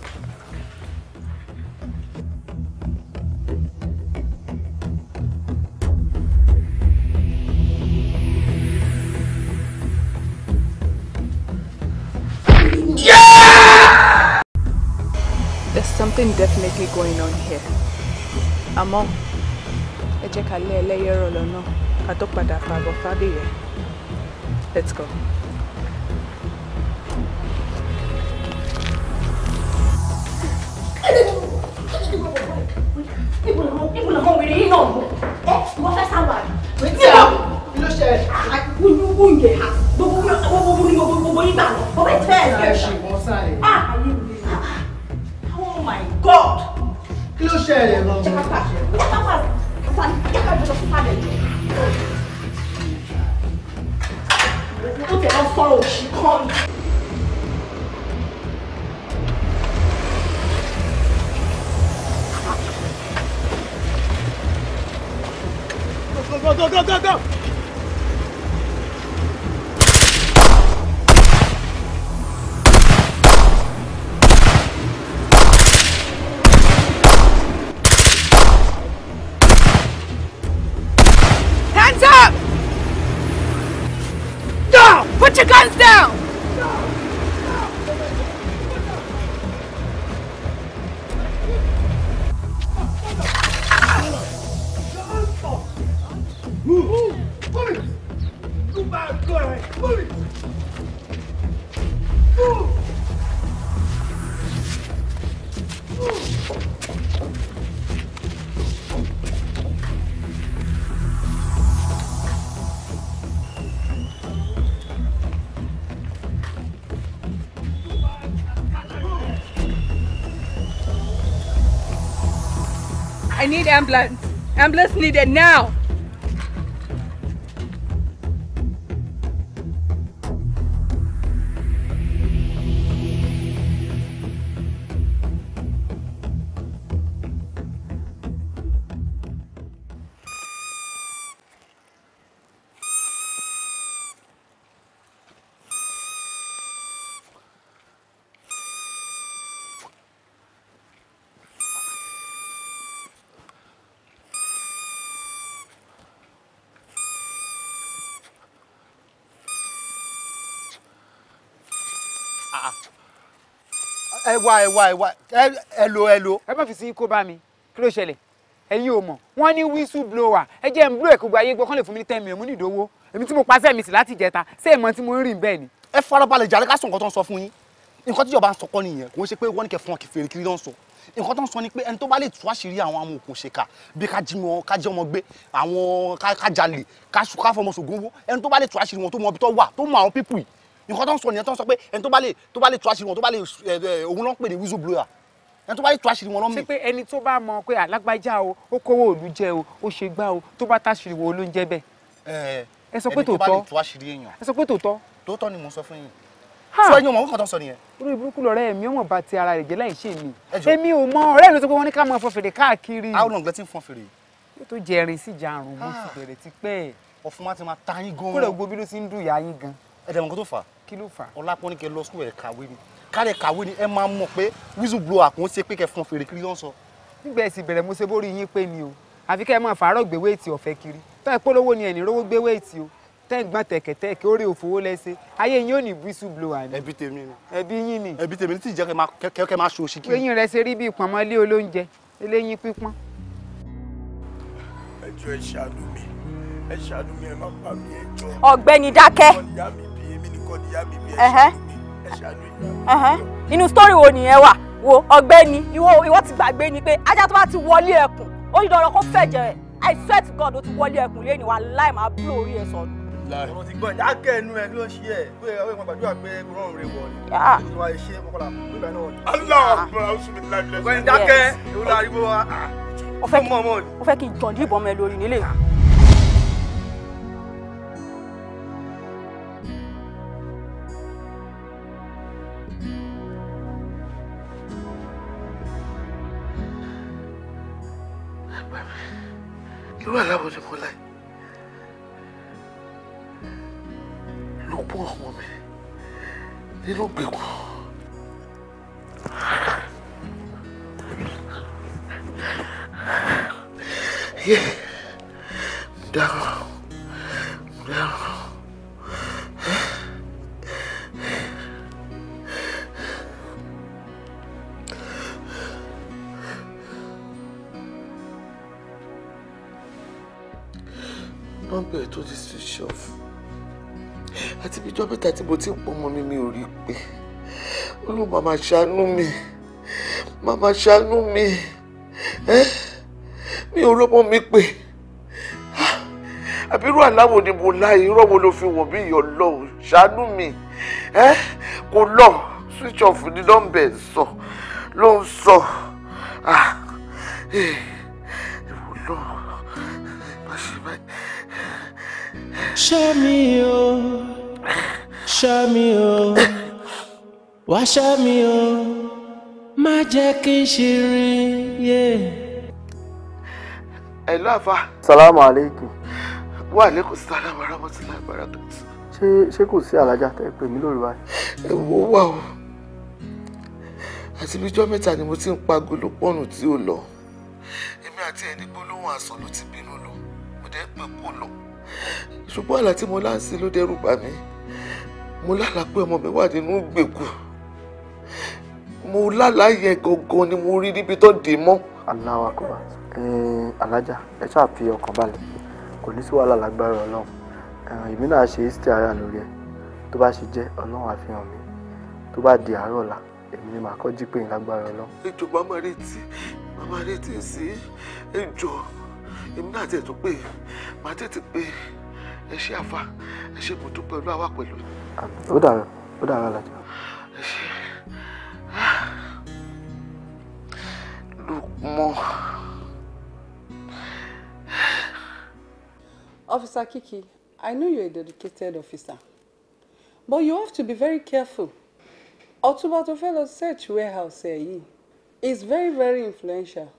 Speaker 8: Yeah! There's something definitely going on here. Among kalẹ̀ ẹlẹ́yẹ̀rọ lọ́nà ká tó padà fàbọ̀ fábìyẹ let's go. need ambulance. Ambulance needed now.
Speaker 4: ẹ wá ẹ wá ẹ wá ẹ lo ẹ lo. ẹ má fi sí kó bá mi kí ló ṣẹlẹ̀ ẹ̀yin ò mọ̀ wọ́n ní whistle blower ẹ jẹ́ ń blow ẹ̀kúgbọ́ ayé gbọ́ kán lè fún mi ní ten million mú ní ìdówó èmi tí mo pa sẹ́mi sí láti jẹta ṣé èèmọ̀ tí mo ń rìn bẹ́ẹ̀ ni. ẹ farabalẹ̀ jàre ká sọ nǹkan tó ń sọ fún yín nǹkan tíjọba ń sọkọ nìyẹn kò ń ṣe pé wọ́n ní kẹ́ fún ọ fèrè kiri ló ń sọ nǹkan tó ń sọ ni pé ẹni tó bá lè tú àṣírí àwọn àwọn òkò ṣèkà bí ká jí wọn ká jẹ ọmọ gbé àwọn ká jalè ká fọmọ ṣògùn owó ẹni tó bá lè tú àṣírí wọn tó mọ ibi tó wà tó mọ àwọn pípù yìí nǹkan tó ń sọ nìyẹn tó ń sọ pé ẹni tó bá lè tó bá lè tú àṣírí tó bá lè eh, eh, òun ló pè ní whistleblower ẹni tó bá lè tú àṣírí wọn mi. ṣé pé ẹni tó bá mọ pé alágbájá o ó kówó òlu jẹ o ó ṣe gbá o tó bá táṣìírí wo ló ń jẹ bẹ́ẹ̀. Eh, ẹ sọ pé tòótọ́ ẹni tó bá lè tú àṣírí èèyàn. ẹ sọ pé tòótọ́. tòótọ́ ni mò sọ fún yín sọ ẹyin ọmọ nǹkan tó sọ nìyẹn. orí burúkú lọ̀rẹ́ mi ọmọ bá ti ara rẹ̀ jẹ́ láì ṣe mi. èmi ò mọ ọ̀rẹ́ mi tó pé wọ́n ní ká máa fọn káàkiri. àwọn ọ̀nà tí ń fọn yóò tó jẹrin sí ìjà àrùn mo ti bẹ̀rẹ̀ tipẹ́. ọ̀fun wa ti máa ta yín gan-an. kúrò gbogbo ló ti ń dùn yà yín gan-an ẹ̀dẹ̀ mọ̀kó tó fà á. kí ló fà á. ọlápọ̀ ní kẹ́ lọ sùkúl ẹ̀ kàwé ni kárẹ̀ kàwé ni ẹ máa mọ̀ pé whistleblower kò ń ṣe pé kẹ́ fọn fèrè kiri ló ń sọ. nígbà ẹ̀sìn bẹ̀rẹ̀ mo ṣe bórí yín pé mi o àfi kẹ́ ẹ máa fàárọ̀ gbé wéètì ọ̀fẹ́ kiri tẹ́ ẹ polówó ni ẹ̀ní rówó gbé wéètì o tẹ́ ẹ gbọ́n tẹ̀kẹ̀tẹ̀kẹ̀ ó rí òfowó lẹ́sẹ̀ ayé yín ò ní whistleblower ni. ẹbí tèmi ni ẹbí yín ni. ẹbí tèmi ni tí ìjẹ́ kẹ́ máa ṣòṣì kiri. eyín rẹ ṣe rí bí ìpamọ́lé olóúnjẹ eléyín pípọ́n. ẹjọ́
Speaker 3: ẹ ṣàánú mi
Speaker 6: inú story wo nìyẹn wà wo ọ̀gbẹ́ni ìwọ ti gbàgbé ni pé ajá tó bá ti wọlé ẹkùn ó yí dandan kó fẹ̀jẹ̀ rẹ̀ i swear to god ó ti wọlé ẹkùn lẹ́yìn wa láì
Speaker 3: máa blow orí ẹ̀ sọnù. ọ̀rọ̀ ti gbọ́n dákẹ́ ẹnu ẹ ló ṣe ẹ̀ pé ọ̀rẹ́ ìpàdé àgbàdo àgbẹ̀ rọrùn rẹ̀ wọ̀ ni kí ah. wọ́n ṣe
Speaker 1: kọ́kọ́lá pípa náà. aláàbọ̀ ọ̀sùn mi láì lẹ́sẹ̀. ọ̀gbẹ́ni dákẹ́ ìwúlò ariwo
Speaker 6: wa. ó fẹ́ kí n ìbọn mẹ́ lórí nílé.
Speaker 4: irú aláwọ̀ tí mo láì ló pọ̀ ọmọ mi nínú gbèkùn.
Speaker 1: Yeah. Down. Down.
Speaker 4: bá ń bẹ̀rẹ̀ tó ti switch off àti bíjọ́ mẹ́ta tí mo ti ń pọ̀ ọmọ mi mi ò rí pé olú màmá ṣàánú mi màmá ṣàánú mi mi ò rọ́mọ mi pé ah, àbírú aláwo ni mo láyé irọ́ wo ló fi wọ̀ mí ìyọ̀ lọ́hùn ṣàánú mi kò lọ switch off ní nọ́mbẹ̀ sọ ló ń sọ ah, eh, ìwọ lọ́hùn
Speaker 2: ṣá mi o ṣá mi o wá ṣá mi o má jẹ́ kí n ṣìrìn
Speaker 3: yé. ẹ̀lú àfa. salamu aleykum.
Speaker 4: wa aleykum salaam wa rahmatulahi wa barakatuh.
Speaker 3: ṣé ṣé kò sí alájà tẹ́ ẹ pè mí lórí wa.
Speaker 4: ẹ wò ó o àti bíjọ́ mẹ́ta ni mo ti ń pa agolo pọ́nù tí ò lọ èmi àti ẹni gbólóhùn àsọ̀ ló ti bínú lọ mo dẹ́ pé kò lọ ṣùgbọ́n àlá tí mo láǹsí ló dẹ́rù bà mí mo lálàá pé ọmọ mi wà nínú ìgbèkùn mo lálàá yẹn gangan ni mo rí níbi tó dì
Speaker 3: mọ́. aláwa kò bá alájà ẹ ṣáà fi ọkàn balẹ̀ kò ní sí wàhálà lágbára ọlọ́run èmi náà ṣe ìsítí ara lórí ẹ tó bá ṣe jẹ́ ọlọ́run àfihàn mi tó bá di àárọ̀ ọ̀la èmi ni màá kọ́ jí pé ìlágbára ọlọ́run.
Speaker 4: ìjọba máa retí máa retí sí ìjọ èmi náà tiẹ̀ tún pé màá tètè pé ẹ ṣé àfa ẹ ṣé mo dúpẹ́ àwa pẹ̀lú.
Speaker 3: ó dára ó dára lájà. ẹ ṣé
Speaker 1: Lukman.
Speaker 8: Officer Kiki, I know you're a dedicated officer, but you have to be very careful. Ọ̀túnba tó fẹ́ lọ search warehouse ẹ̀ is very very influential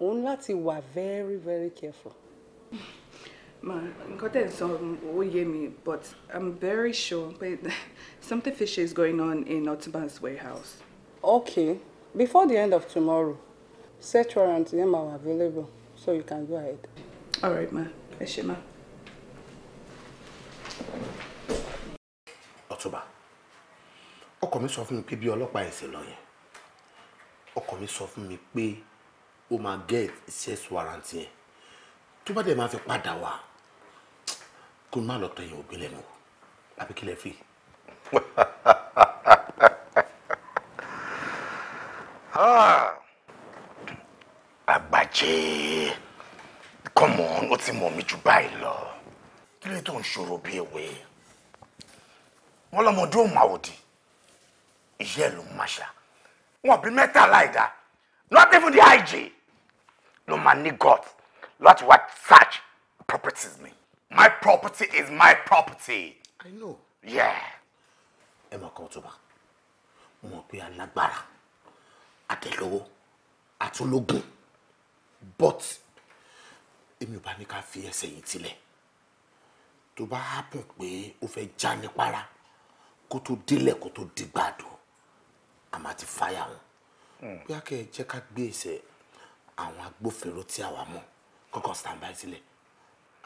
Speaker 8: òun láti wà very very careful. ma nǹkan tẹ̀ ń sọ ó yé mi but i'm very sure pé [LAUGHS] something fishy is going on in Otuban's warehouse. okay before the end of tomorrow search warrant yẹn ma wà available so you can go ahead. all right ma ẹ ṣé ma.
Speaker 4: Ọ̀túnba ọkọ mi sọ fún mi pé bí ọlọ́pàá ẹ̀sìn lọ yẹn ọkọ mi sọ fún mi pé. Pe ó máa get excess warranty yẹn tó bá dẹ̀ máa fi padà wá kó má lọ tọyìn òbí lẹ́nu àbí kílẹ̀ fi. àgbàjẹ́ come on ó ti mọ̀ mí jù báyìí lọ kí ló tó ń ṣòro bí ewé wọn lọmọdé ò máa òdì ìyá ẹ ló ń máṣá wọn bí mẹ́ta láì not even the hygiene ló máa ní gut láti wá search properties mi my property is my property. I know. Yeah. ẹ mọ̀ kan tó bá mọ̀ pé alágbára àtẹlówó àtúnlógún but èmi ò bá ní ká fi ẹsẹ̀ yìí tilẹ̀ tó bá hápùn pé ó fẹ́ já nípara kó tó délẹ̀ kó tó dìgbàdo àmọ́ àti fáyà wọn hmm. bí a kẹ́ ẹ jẹ́ ká gbé ẹsẹ̀ àwọn agbófinró tí àwa mọ̀ kọ́kọ́ stand by sílẹ̀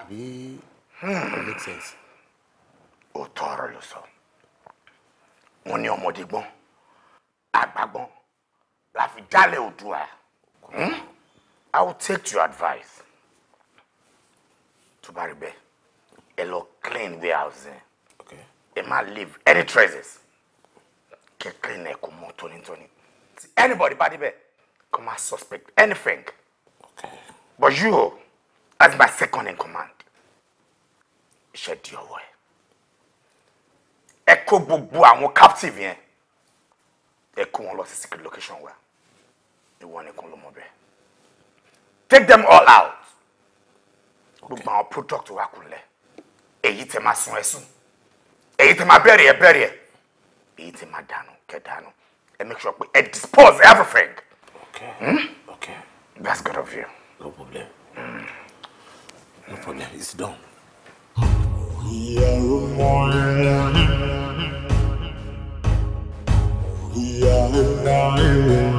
Speaker 4: àbí kò make sense. òótọ́ ọ̀rọ̀ ló sọ wọ́n ní ọmọdé gbọ́n àgbà gbọ́n la fi dálẹ̀ hmm? I will take your advice tó bá rí bẹ́ẹ̀ ẹ lọ clean warehouse yẹn ẹ má leave any traces kẹ clean ẹ kó mọ́ tónítóní anybody bá débẹ̀ come and suspect anything. Okay. But you, as my second in command, shed your way. Echo Bubu, kó gbogbo captive here, echo on lost secret location Where? Ìwọ nìkan ló mọ bẹ́ẹ̀. Take them all out. Gbogbo àwọn product wa kúnlẹ̀. Èyí tẹ máa sun ẹ̀sùn. Èyí tẹ máa bẹ̀rẹ̀ ẹ̀ bẹ̀rẹ̀ ẹ̀. Èyí tẹ dano dànù dano. And make sure pé dispose everything. Okay. Hmm? Okay. That's good of you. No problem. Mm.
Speaker 1: No problem. It's done. Ìyàwó mọ̀lẹ́ ìyàwó náà ìwọ̀n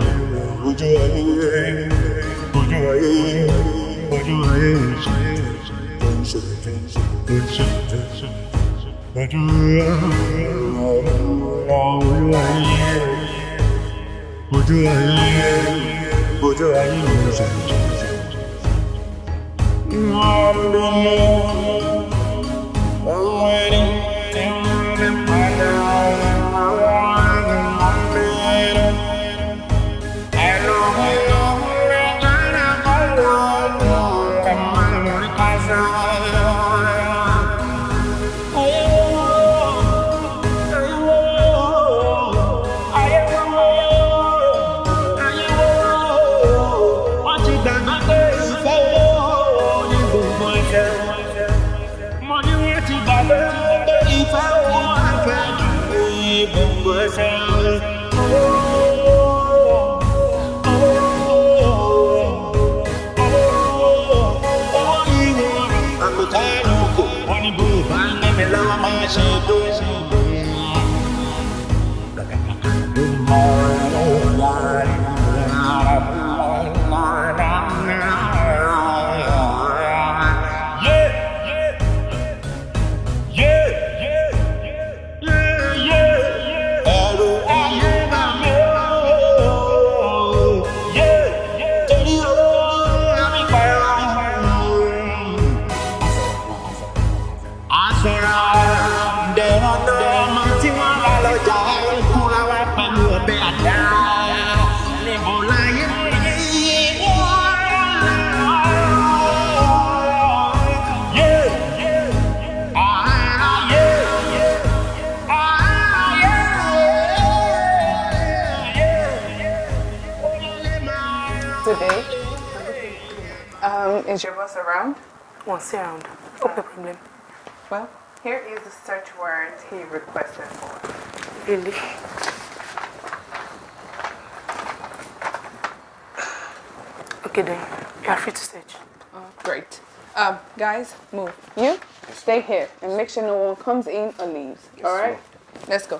Speaker 1: ojú güzel güzel. Güzel güzel.
Speaker 8: One second. around. What's the problem? Well, here is the search word he requested for. Really?
Speaker 10: Okay then, you are free to search. Oh, great.
Speaker 8: Um, guys, move. You stay here and make sure no one comes in or leaves. Yes, All right? Sir. Let's go.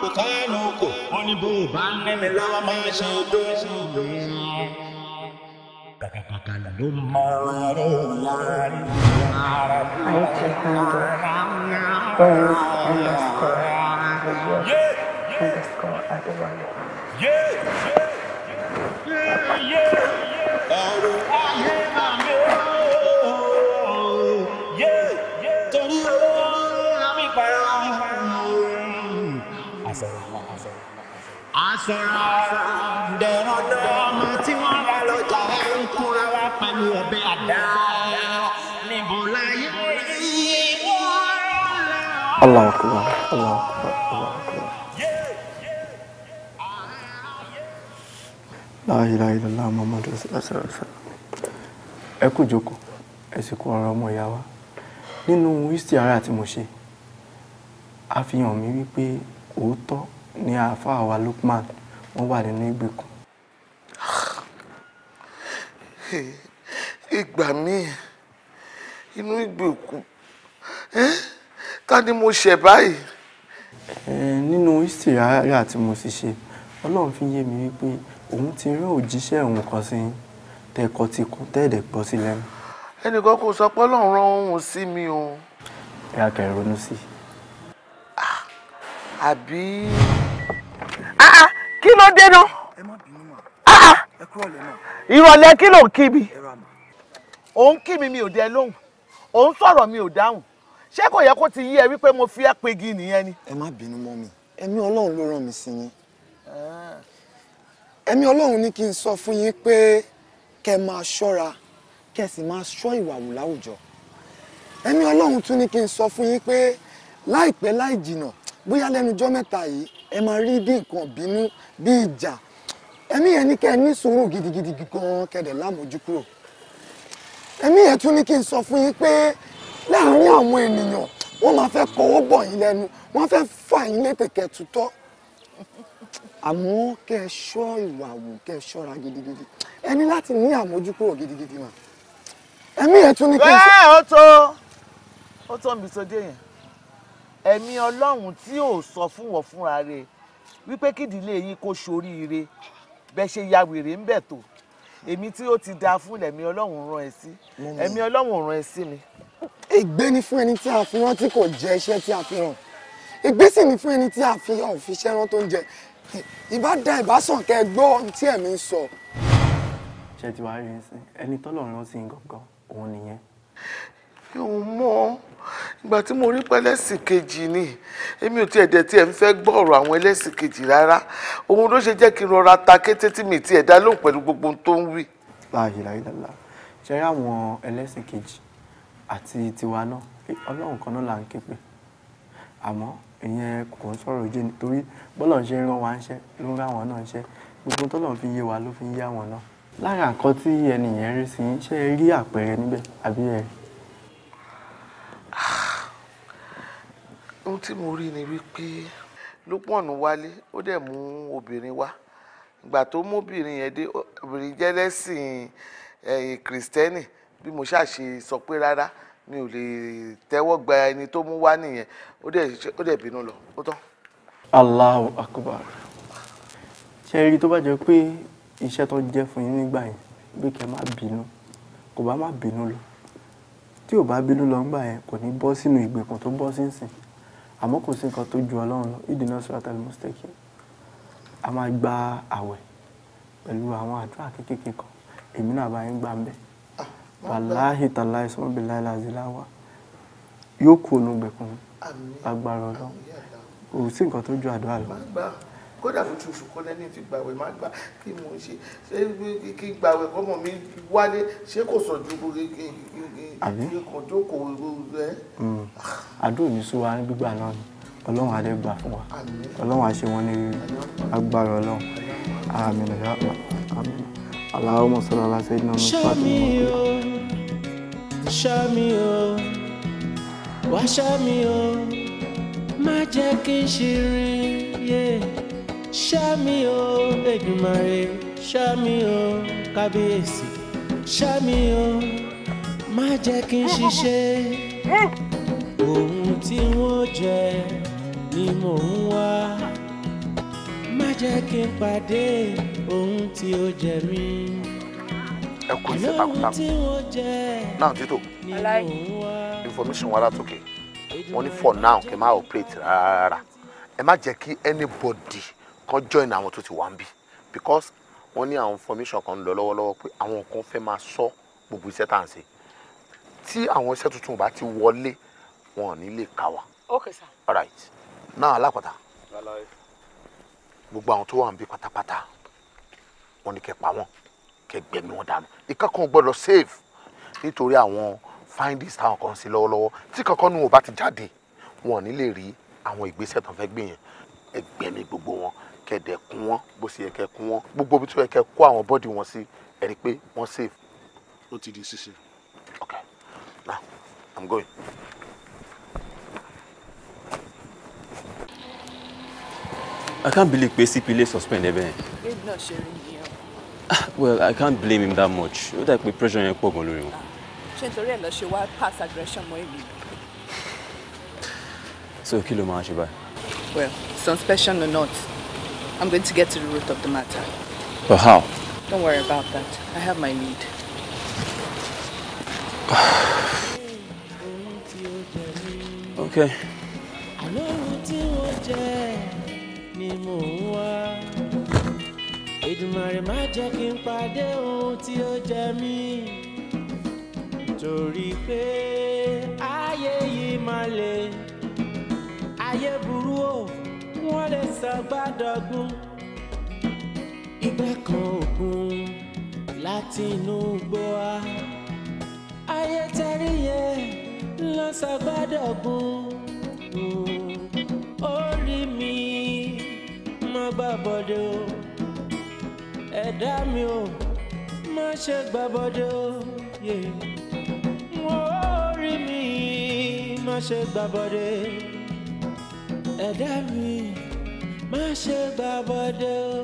Speaker 1: kò ká lóko wọn ní bó
Speaker 2: bá ń rẹ́mi lọ́wọ́ máa ṣe odó
Speaker 1: kàkàkàkà ló máa rọ láàrin ara rẹ. Yeah, yeah.
Speaker 3: ilaha illallah muhammadu rasulullah ẹ kú jókòó ẹ sì kú ọ̀rọ̀ ọmọ ìyá wa nínú istiara tí mo ṣe àfihàn mi wípé òótọ́ ni àáfàá wa Lukman wọ́n wà nínú ìgbèkùn.
Speaker 4: [SIGHS] ìgbà míì inú ìgbèkùn ta ni mo ṣẹ̀ báyìí.
Speaker 3: nínú istiara tí mo sì ṣe ọlọ́run fi yé mi wípé òun ti rí òjíṣẹ́ òun kan sí tẹ́ẹ̀kọ́ ti kún tẹ́ẹ̀dẹ̀ gbọ́ sí lẹ́nu.
Speaker 4: ẹnìkan kò sọ pé ọlọ́run rán òun sí mi o.
Speaker 3: ẹ á kẹ́ ronú sí i.
Speaker 4: Ah, àbí. Ah, ah, kí ló dé náà. ẹ má bínú mà. ẹ kúrò lẹ́nu. ìrọ̀lẹ́ kí ló ń kí mi. òun kí mi mi ò dẹ lóhùn òun sọ̀rọ̀ mi ò dáhùn ṣé kò yẹ kó ti yí ẹ wípé mo fi ẹ pegi nìyẹn ni. ẹ má bínú mọ́ mi ẹ̀mí ọlọ́run ló rán mi sí yín ẹ̀mí ọlọ́run ní kí n sọ fún yín pé kẹ́ máa ṣọ́ra kẹ́ sì máa ṣọ́ ìwà wù láwùjọ ẹ̀mí ọlọ́run tún ní kí n sọ fún yín pé láìpẹ́ láì jìnà bóyá lẹ́nu ọjọ́ mẹ́ta yìí ẹ máa rí bí nǹkan bínú bí ìjà ẹ̀mí yẹn ní kẹ́ ẹ ní sùúrù gidigidi gan kẹ́dẹ̀ lámójú kúrò ẹ̀mí yẹn tún ní kí n sọ fún yín pé láàárín àwọn ènìyàn wọ́n máa fẹ́ kọwọ́ bọ̀ yín lẹ́nu wọ́n fẹ́ fà yín létè kẹ́tutọ́ àmọ́ kẹ́ ẹ ṣọ́ ìwà wò kẹ́ ẹ ṣọ́ra gidigidi ẹ ní láti ní àmójúkúrò gidigidi mà
Speaker 3: ẹ̀mí ẹ̀ tún ní kí n sọ. bẹ́ẹ̀ ó tó ó
Speaker 4: tó ń bisodé yẹn ẹ̀mí ọlọ́run tí ò sọ fún wọ́n fúnra rẹ̀ wípé kídìílé yín kó ṣoríire bẹ́ẹ̀ ṣe ya wèrè ń bẹ̀ tó èmi tí ó ti da fún ẹ̀mí ọlọ́run rán ẹ sí ẹ̀mí ọlọ́run rán ẹ sí mi.
Speaker 3: ègbé ni fún ẹni tí a fi rán tí kò
Speaker 4: jẹ iṣẹ́ tí a fi rán ègbé sì ni fún ẹni tí a fi hàn fi iṣẹ́ rán tó ń jẹ ìbá da ìbásàn kẹ gbọ́ tí ẹ̀mí ń sọ.
Speaker 3: ṣé ti wàá rí i sí ẹni tọ́lọ́run ló sì ń gangan òun nìyẹn.
Speaker 4: yóò mọ ìgbà tí mo rí pé ẹlẹ́sìn kejì ni èmi ò tiẹ̀ dẹ̀ tiẹ̀ ń fẹ́ gbọ́ ọ̀rọ̀ àwọn ẹlẹ́sìn kejì rárá òun ló ṣe jẹ́ kí n rọra ta kété tí mi tiẹ̀ dá lóhùn pẹ̀lú
Speaker 3: gbogbo ohun tó ń wí. láàyè láyé lọ́la ṣe rí àwọn ẹlẹ́sìn kejì àti tiwa náà ọlọ́run kan náà là ń ké pè àmọ́ ìyẹn kò ń sọ̀rọ̀ ìjẹ́ nítorí bọ́lọ̀ ń ṣe rán wa ń ṣe ló ń rá wọn náà ń ṣe gbogbo tọ́lọ̀ fi yé wa ló fi ń yá wọn náà. lára nǹkan tí ẹnìyẹn rí sí ṣé ẹ rí àpẹẹrẹ níbẹ̀ àbí ẹ.
Speaker 4: ohun tí mo rí ni wípé lúpọ̀nù wálé ó dẹ̀ mú obìnrin wá ìgbà tó mú obìnrin yẹn dé obìnrin jẹ́lẹ́sìn ẹ̀yìn eh, kìrìsìtẹ́nì bí mo ṣàṣe sọ pé rárá mi ò lè tẹ́wọ́ gba ẹni tó mú wá nìyẹn ó dẹ̀ bínú lọ ó tán.
Speaker 3: Allahu Akbar ṣe rí tó bá jẹ́ pé iṣẹ́ tó jẹ́ fún yín nígbà yẹn bí kẹ́ má bínú kò bá má bínú lọ tí ò bá bínú lọ ńgbà yẹn kò ní bọ́ sínú ìgbèkùn tó bọ́ sínsìn àmọ́ kò sí nǹkan tó ju Ọlọ́run lọ ìdènà suratal mustaqim a máa gba àwẹ̀ pẹ̀lú àwọn àdúrà kéékèèké kan èmi náà bá yín gbà ń bẹ́ẹ̀ wàláhì tàlá ìsọ́n bí láìla àzìláwà yóò kú ònú gbẹ̀kún agbára ọlọ́run kò sí nǹkan tó ju àdúrà lọ.
Speaker 4: kódà fún ti oṣù kọ́lẹ́ ní ti gbàwẹ̀ má gbà kí mo ṣe ṣé kí gbàwẹ̀ kọ́mọ mi wálé ṣé kò sọ ju nǹkan tó kò rẹ.
Speaker 3: Hmm. àdúrà ní sùn wa gbígbà náà ni ọlọ́run adé gbà fún wa ọlọ́run àṣẹ wọn ní agbára ọlọ́run àmín lọ́yà Allahumma salli ala sayyidina Muhammad.
Speaker 2: ṣàmì o wá ṣàmì o má jẹ́ kí n má jẹ́ kí n ṣiṣẹ́ ohun tí wọ́n jẹ ni mò ń wá má jẹ́ kí
Speaker 4: n pàdé ohun tí ó jẹ mí. ẹ kú ìṣe takuntakun náà títò information wa látòkè wọn ní for now kí n má operate rárá ẹ má jẹ́ kí anybody kan join àwọn tó ti wà ń bí because wọ́n ní àwọn information kan lọ lọ́wọ́lọ́wọ́ pé àwọn kan fẹ́ máa sọ gbogbo iṣẹ́ tá à ń ṣe tí àwọn iṣẹ́ tuntun bá ti wọlé wọn ò ní lè kà wá. ok sir. all right náà alápàtà gbogbo àwọn tó wà níbí pátápátá wọn ni kẹ pa wọn kẹ gbẹ̀mí wọn dànù ìkankan gbọ́dọ̀ save nítorí àwọn findings táwọn kan sí lọ́wọ́lọ́wọ́ tí kankan nù wọn bá ti jáde wọn ò ní lè rí àwọn ìgbésẹ̀ tó fẹ́ gbé yẹn ẹ gbẹ̀mí gbogbo wọn kẹ dẹ̀ kún wọn bó ṣe yẹ kẹ kún wọn gbogbo ibi tó yẹ kẹ kó àwọn bọ́dì wọn sí ẹ rí i pé wọ́n save. ó ti di ṣíṣe. okay now i'm going.
Speaker 3: I can't believe pé CP lè suspend ẹ bẹ́ẹ̀. babe náà ṣe ah, well I can't blame him that much You dà pé pressure yẹn pọ̀ gan lórí wọn. Ah,
Speaker 8: ṣé nítorí ẹ̀ lọ ṣe wá pass aggression mọ́ èmi.
Speaker 3: so kí ló máa ṣe báyìí.
Speaker 8: well suspension or not I'm going to get to the root of the matter. but how. don't worry about that I have my lead.
Speaker 2: [SIGHS] okay ni mò ń wá. Èdùmàrè má jẹ́ kí n pàdé ohun tí ó jẹ mí. Torí pé ayé yìí máa le, ayé burú o, wọ́n lè sọ gbádọ́gún. Ìgbà kan òkun láti inú gbó wa. Ayé tẹ́rí yẹn ló sọ gbádọ́gún gbàbọ̀dé o ẹ̀dá mi o má ṣe gbàbọ̀dé o wọ́n rí mi má ṣe gbàbọ̀dé ẹ̀dá mi má ṣe gbàbọ̀dé o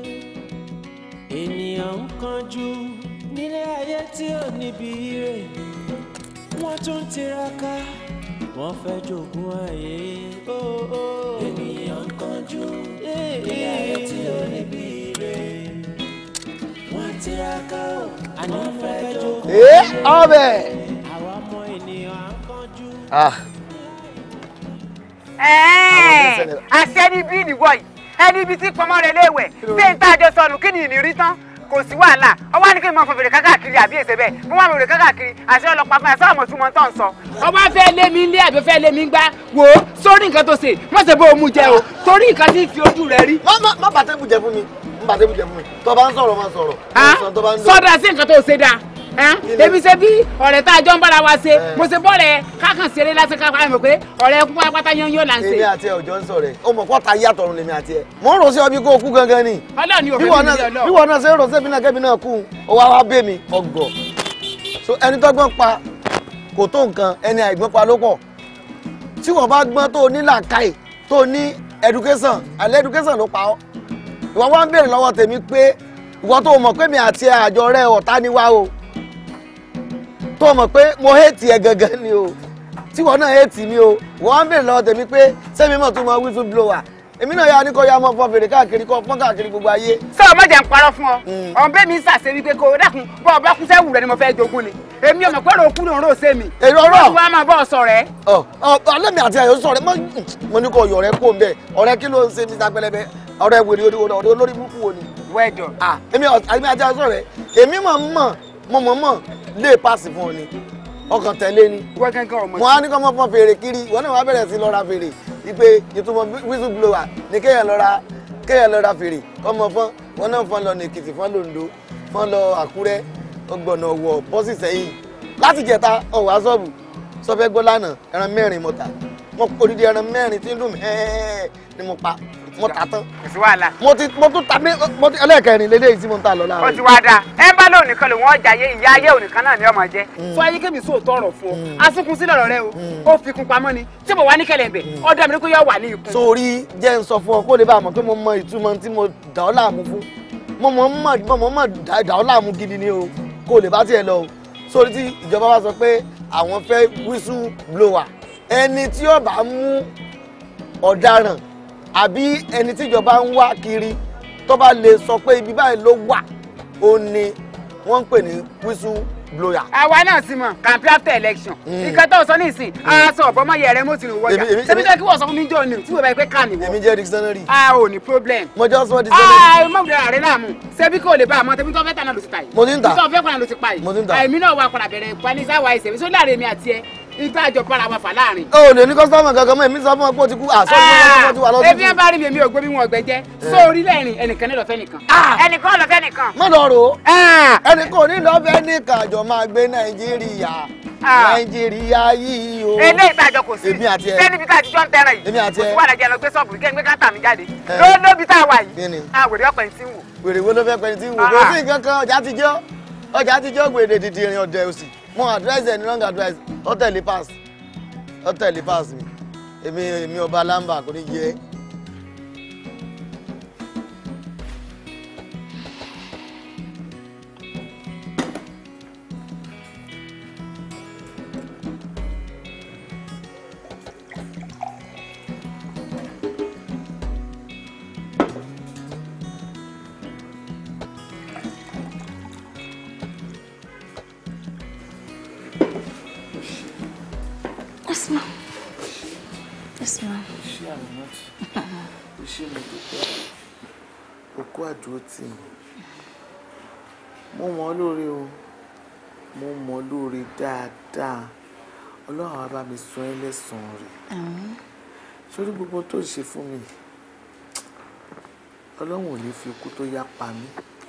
Speaker 2: ènìyàn ń kánjú nílé ayé tí ò níbi ire wọ́n tún tiraka wọ́n fẹ́ jogún ayé. Oh, oh. ènìyàn ń gbìyànjú ilé ayé tí ó níbi ire wọ́n tiraka o wọ́n fẹ́ jókòó ṣe ọbẹ̀ àwọn ọmọ ènìyàn
Speaker 4: á
Speaker 6: kánjú. àṣẹ ni bí nìwọ yìí ẹni ibi tí pọnmọ rẹ léèwẹ ṣé
Speaker 1: n
Speaker 4: tá a jọ sọnù kí ni ìnírí tán kò sí wàhálà ọwọ́ àníkè mọ fún kákàkiri àbí èsè bẹ́ẹ̀ mo wà mọ kákàkiri àti ọlọ́pàá fún àṣà ọmọ túmọ̀ tó ń sọ. ọba fẹ́ lé mi nílé àbí fẹ́ lé mi gbá wò sórí nǹkan tó ṣe má ṣe bó o mú jẹ o torí nǹkan tí fi ojú rẹ rí. má bàtẹ́ bù jẹ fún mi má bàtẹ́ bù jẹ fún mi tó bá ń sọ̀rọ̀ má sọ̀rọ̀. sọdá sí nǹkan tó ṣe dáa èmi ṣe bí ọ̀rẹ́ tá a jọ ń bára wa ṣe eh. mo ṣe bọ́ọ̀rẹ́ kákan ṣeré láti ká pàmò pé ọ̀rẹ́ kú pátá yan yóò là ń ṣe. èmi àti ọjọ́ ń sọ̀rẹ́ ó mọ̀ pọ́ta yàtọ̀ ọ̀run lèmi àti ẹ̀ mọ̀ ń rò sí ọbí kó o kú gangan ni. ọlọ́ọ̀ni ò fẹ́ mi ní ọlọ́ọ̀. bí wọn náà ṣe ń rò sí ẹbí náà kẹ́bi náà kú ó wá wá bẹ́ mi ọgọ̀ so ẹni tọ́gbọ́n pa kò tó nǹkan ẹni àìgbọ́n pa ló pọ̀ tí wọ́n bá gbọ́n tó ní làákàyè tó ní education àlẹ́ education ló pa ọ́ ìwọ wá ń béèrè lọ́wọ́ tèmi pé ìwọ tó mọ̀ pé mi àti àjọ rẹ ọ̀tá ni wá o tó mọ̀ pé mo hẹ́ẹ̀tì ẹ̀ gangan ni o tí wọn náà hẹ́ẹ̀tì mi o wọ́n á bèrè lọ́wọ́ tèmi pé sẹ́mi mọ̀ tó mọ wíṣú blower èmi náà yà ni kò yà ọmọ fọ fèrè káàkiri kọ fọ́n káàkiri gbogbo ayé. sọ ọmọ jẹ ń parọ́ fún ọ hmm. ọ̀n bẹ́ẹ̀ mi ń sàṣe wípé kò dákun bọ́ ọba kú sẹ́wù rẹ ni mo fẹ́ jogún ni èmi ọmọ pé òkú ló ń rò sẹ́mi. èrò ọ̀rọ̀ wọn wá máa bọ́ ọ sọ̀rẹ́. ọ alẹ́ mi àti àyọ̀ sọ̀rẹ́ mo ní kò yọ̀ ọ̀rẹ́ kó bẹ́ẹ̀ ọ̀rẹ́ kí ló ń ṣe níta pẹlẹbẹ ọ̀rẹ́ wèrè olórí mú kú wo ni. wẹ́ẹ̀dọ̀ mo mọ̀ mọ̀ pass fún ọ ni ọkàn tẹ̀lé ni mo á ní kọ́ mọ́ fọ́n fèrè kiri ìwọ náà wàá bẹ̀rẹ̀ sí lọ ra fèrè ipe ìtumọ̀ whistle blower ni kéèyàn lọ ra kéèyàn lọ ra fèrè kọ́ mọ́ fọ́n wọn náà fọ́n lọ nìkìtì fọ́n lòǹdó fọ́n lọ àkúrẹ́ ọgbọ̀nà ọ̀wọ̀ bọ́sì sẹ́yìn láti jẹta ọ̀wá sọ́ọ̀bù sọ́fẹ́ gbọ́ lánàá ẹran mẹ́rin mọ́ta mo mo ta tán. kò sí wàhálà. mo ti mo tún ta ní mo ti ẹlẹ́ẹ̀kẹrin lélẹ́yìí tí mo ń ta lọ láàárọ̀. ó ti wá dáa ẹ bá lóun nìkan lòun ọjà yé ìyá ayé òun nìkan náà ni ọmọ jẹ. sọ mm. ayé kébì sóòótọ́ ọ̀rọ̀ fún ọ mm. asúnkun sílẹ̀ ọ̀rọ̀ rẹ o mm. ó fi kun pamọ́ ni tí mo wá ní kẹlẹ̀bẹ̀ ọ̀dọ̀ mi ni kò yọ wà ní ikùn. sórí jẹ́ ń sọ fún ọ kó lè bá a mọ̀ pé mo mọ ìtumọ̀ tí mo dà ọ́ láàmú fún mo mọ̀ mọ̀ dà ọ́ láàmú gidi ni o kó lè bá tiẹ̀ lọ o sórí tí ìjọba wa sọ pé àwọn fẹ́ whistle blower ẹni tí ó bá mú ọ̀daràn àbí ẹni tíjọba ń wá kiri tó bá lè sọ pé ibi báyìí ló wà ó ní wọ́n ń pè ní whistle blower. àwa náà sì mọ campaign after election. ìkan hmm. tó sọ nísìn hmm. aṣọ ọ̀fọ́mọyẹ rẹ mo ti rìn wọjà ṣebí tó kí wọ́n sọ fún mi jọ ni tí wọ́n bá pẹ́ kà mí wọ. èmi jẹ́ dictionary. a ò ní problem. mo jọ sọ dictionary. a mọ̀ bẹ̀rẹ̀ àrẹ náà mu ṣebí kò lè bá a mọ tẹ́bí tó fẹ́ tà náà ló ti ta yìí. mo ti ń ta mo ti ń ta àìmí náà wà padà bẹ̀rẹ̀ panisá wa ẹsẹ̀ mi sórí àrẹ mi àti ẹ ìta àjọ para wa fà láàrin. o ò lè ní kọ́sítọ́mù kankan mọ́ èmi sọ fún ọ pé ó ti kú àṣọ fún ọ ti wà lọ́dún. Ah, ebi ẹ bá rí mi èmi ò gbé bí wọn ọgbẹ jẹ eh. so orílẹ̀ rìn ẹnìkan ní lọ́fẹ́ nìkan. Ah! ẹnìkan lọ́fẹ́ nìkan. mọ̀ lọ rò ó ah! ẹnìkan ò ní lọ́fẹ́ nìkan àjọ máa gbé nàìjíríà nàìjíríà yìí o. ilé ìtajà kò sí èmi àti ẹ lẹ́ni bí tá a ti jọ ń tẹ́ra yìí èmi àti ẹ kò sí wà lẹ́jẹ̀ lọ gbé sọ́ọ̀bù kí ẹ gbé káńtà mi jáde eh. lọ́ọ́lọ́bí tá a wà yìí àwèrè ọ̀pẹ̀ ti ń wò. wèrè wo ló fẹ́ pẹ́ni tí ń wò kò sí nǹkan kan ọjà ti jọ́ ọjà ti jọ́ gbèrè dìdì ìrìn ọ̀dẹ̀ òsì mo advice ẹ̀ ní long advice ó tẹ̀lé pass ó tẹ̀lé pass mi èmi èmi ọba lamba kò ní yẹ. gbogbo tó ṣe fún mi ọlọ́run ò ní fi ikú tó yá pa mí.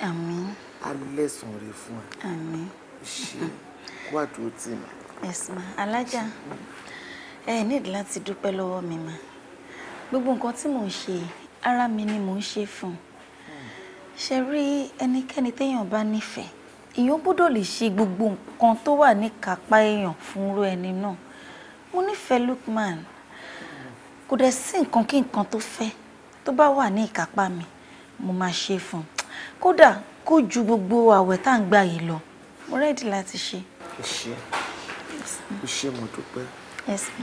Speaker 4: àmín. alẹ́sùn rẹ fún ẹ. àmín. ṣe wà tó tì mí.
Speaker 7: ẹ̀sìn alájà ẹ nídìí láti dúpẹ́ lọ́wọ́ mi mà gbogbo nǹkan tí mò ń ṣe ara mi ni mò ń ṣe fún ṣe rí ẹnikẹ́ni téèyàn bá nífẹ̀ẹ́ èèyàn gbọ́dọ̀ lè ṣe gbogbo nǹkan tó wà níkápá èèyàn fúnrú ẹni náà mo nífẹ̀ẹ́ Lukman kò dẹ̀ sí nǹkan kí nǹkan tó fẹ́ tó bá wà ní ìkápá mi mo máa ṣe fún un kódà kó ju gbogbo àwẹ̀ tá à ń gbà yìí lọ mo rẹ́dì láti ṣe.
Speaker 4: ẹ ṣe ẹ ṣe mo dúpẹ́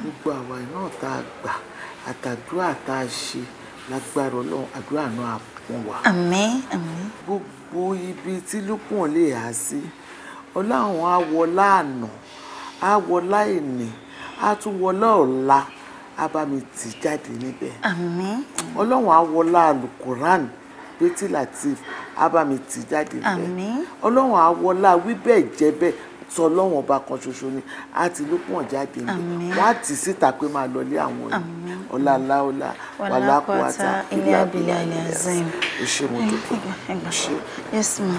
Speaker 4: gbogbo àwa náà tá a gbà àtàdúrà tá a ṣe lágbára ọlọ́run àdúrà náà á pọ̀ wá. àmín àmín. gbogbo ibi tí lókùn lè há sí ọlọ́run á wọlá àná á wọlá ìní á tún wọlá ọ̀la á bá mi tì jáde níbẹ̀. àmín. ọlọ́run á wọlá alukoran betty latif á bá mi tì jáde níbẹ̀. àmín. ọlọ́run á wọlá wíbẹ̀ jẹ́bẹ̀ sọ lọ́wọ́n ọba kan ṣoṣo ni a ti ló pọ̀ jáde ní wọ́n á tì síta pé máa lọ lé àwọn yìí ọ̀la ńlá ọ̀la wàlá kọ́ta ilé abilà ilé azim
Speaker 1: o ṣe mo dúpọ̀
Speaker 7: o ṣe. yes ma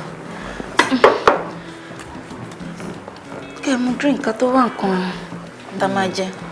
Speaker 7: kẹ́ ẹ mú drink ká tó wá nǹkan tá a máa jẹ. Mm -hmm.